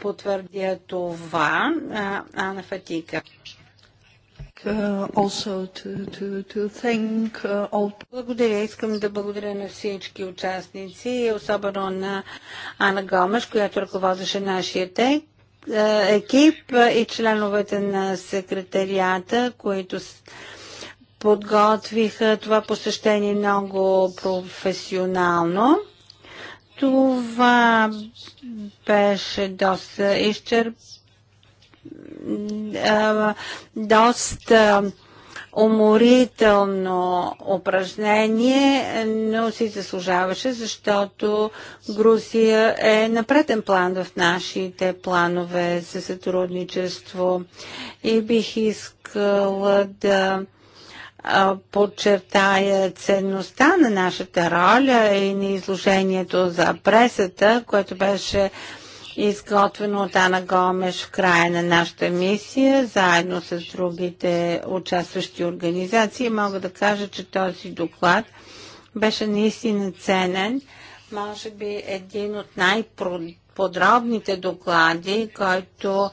S1: потвърдя това, Ана Фатика. Uh, to, to, to uh, all... Благодаря. Искам да благодаря на всички участници, особено на Ана Гомеш, която ръководеше нашия тек, е, екип и членовете на секретарията, които подготвиха това посещение много професионално. Това беше доста изчерпно доста уморително упражнение, но си заслужаваше, защото Грузия е на преден план в нашите планове за сътрудничество и бих искала да подчертая ценността на нашата роля и на изложението за пресата, което беше изготвено от Ана Гомеш в края на нашата мисия, заедно с другите участващи организации. Мога да кажа, че този доклад беше наистина ценен. Може би един от най-подробните доклади, който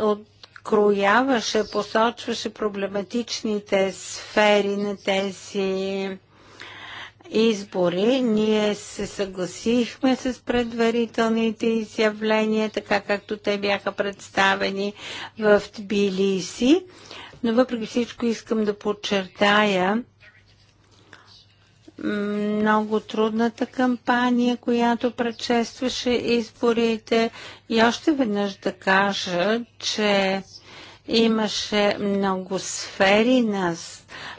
S1: от открояваше, посочваше проблематичните сфери на тези избори, ние се съгласихме с предварителните изявления, така както те бяха представени в Тбилиси. Но въпреки всичко искам да подчертая много трудната кампания, която предшестваше изборите. И още веднъж да кажа, че Имаше много сфери,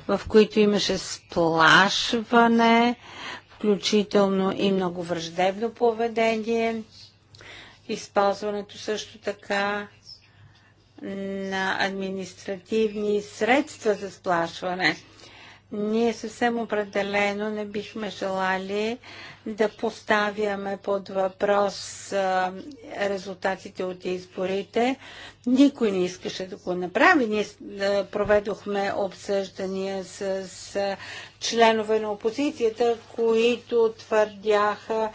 S1: в които имаше сплашване, включително и много враждебно поведение. Използването също така на административни средства за сплашване. Ние съвсем определено не бихме желали да поставяме под въпрос а, резултатите от изборите. Никой не искаше да го направи. Ние проведохме обсъждания с, с членове на опозицията, които твърдяха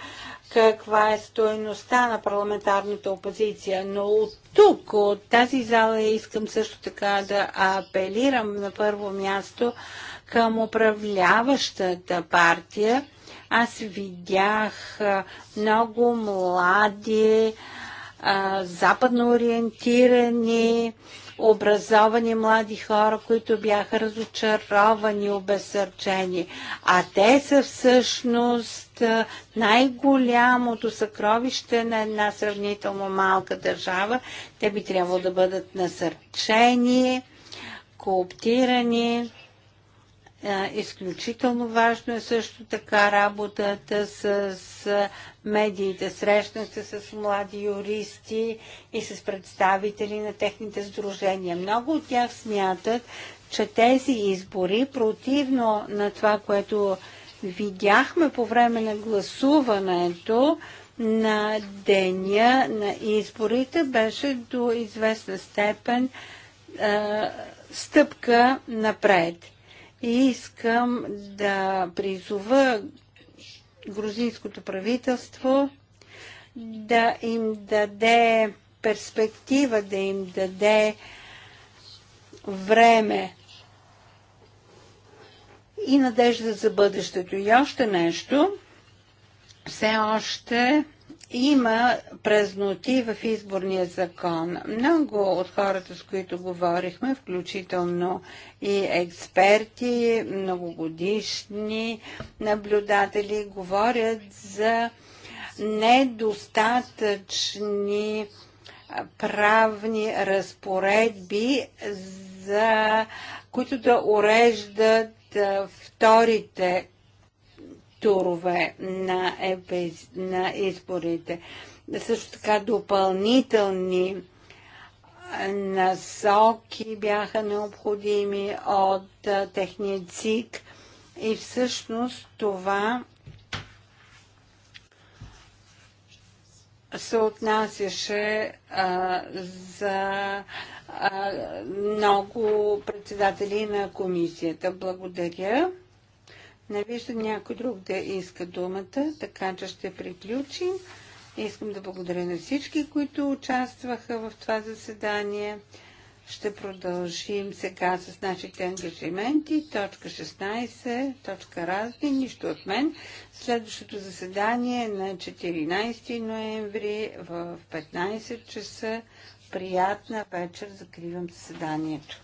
S1: каква е стоеността на парламентарната опозиция. Но от тук, от тази зала, искам също така да апелирам на първо място към управляващата партия. Аз видях много млади, западно ориентирани, образовани млади хора, които бяха разочаровани, обесърчени. А те са всъщност най-голямото съкровище на една сравнително малка държава. Те би трябвало да бъдат насърчени, кооптирани Изключително важно е също така работата с, медиите. Срещнах се с млади юристи и с представители на техните сдружения. Много от тях смятат, че тези избори, противно на това, което видяхме по време на гласуването, на деня на изборите беше до известна степен е, стъпка напред. И искам да призова грузинското правителство да им даде перспектива, да им даде време и надежда за бъдещето. И още нещо, все още има празноти в изборния закон. Много от хората, с които говорихме, включително и експерти, многогодишни наблюдатели, говорят за недостатъчни правни разпоредби, за които да уреждат вторите турове на, еб... на изборите. Също така допълнителни насоки бяха необходими от техния ЦИК и всъщност това се отнасяше а, за а, много председатели на комисията. Благодаря. Не виждам някой друг да иска думата, така че ще приключим. Искам да благодаря на всички, които участваха в това заседание. Ще продължим сега с нашите ангажименти. Точка 16, точка разни, нищо от мен. Следващото заседание е на 14 ноември в 15 часа. Приятна вечер. Закривам заседанието.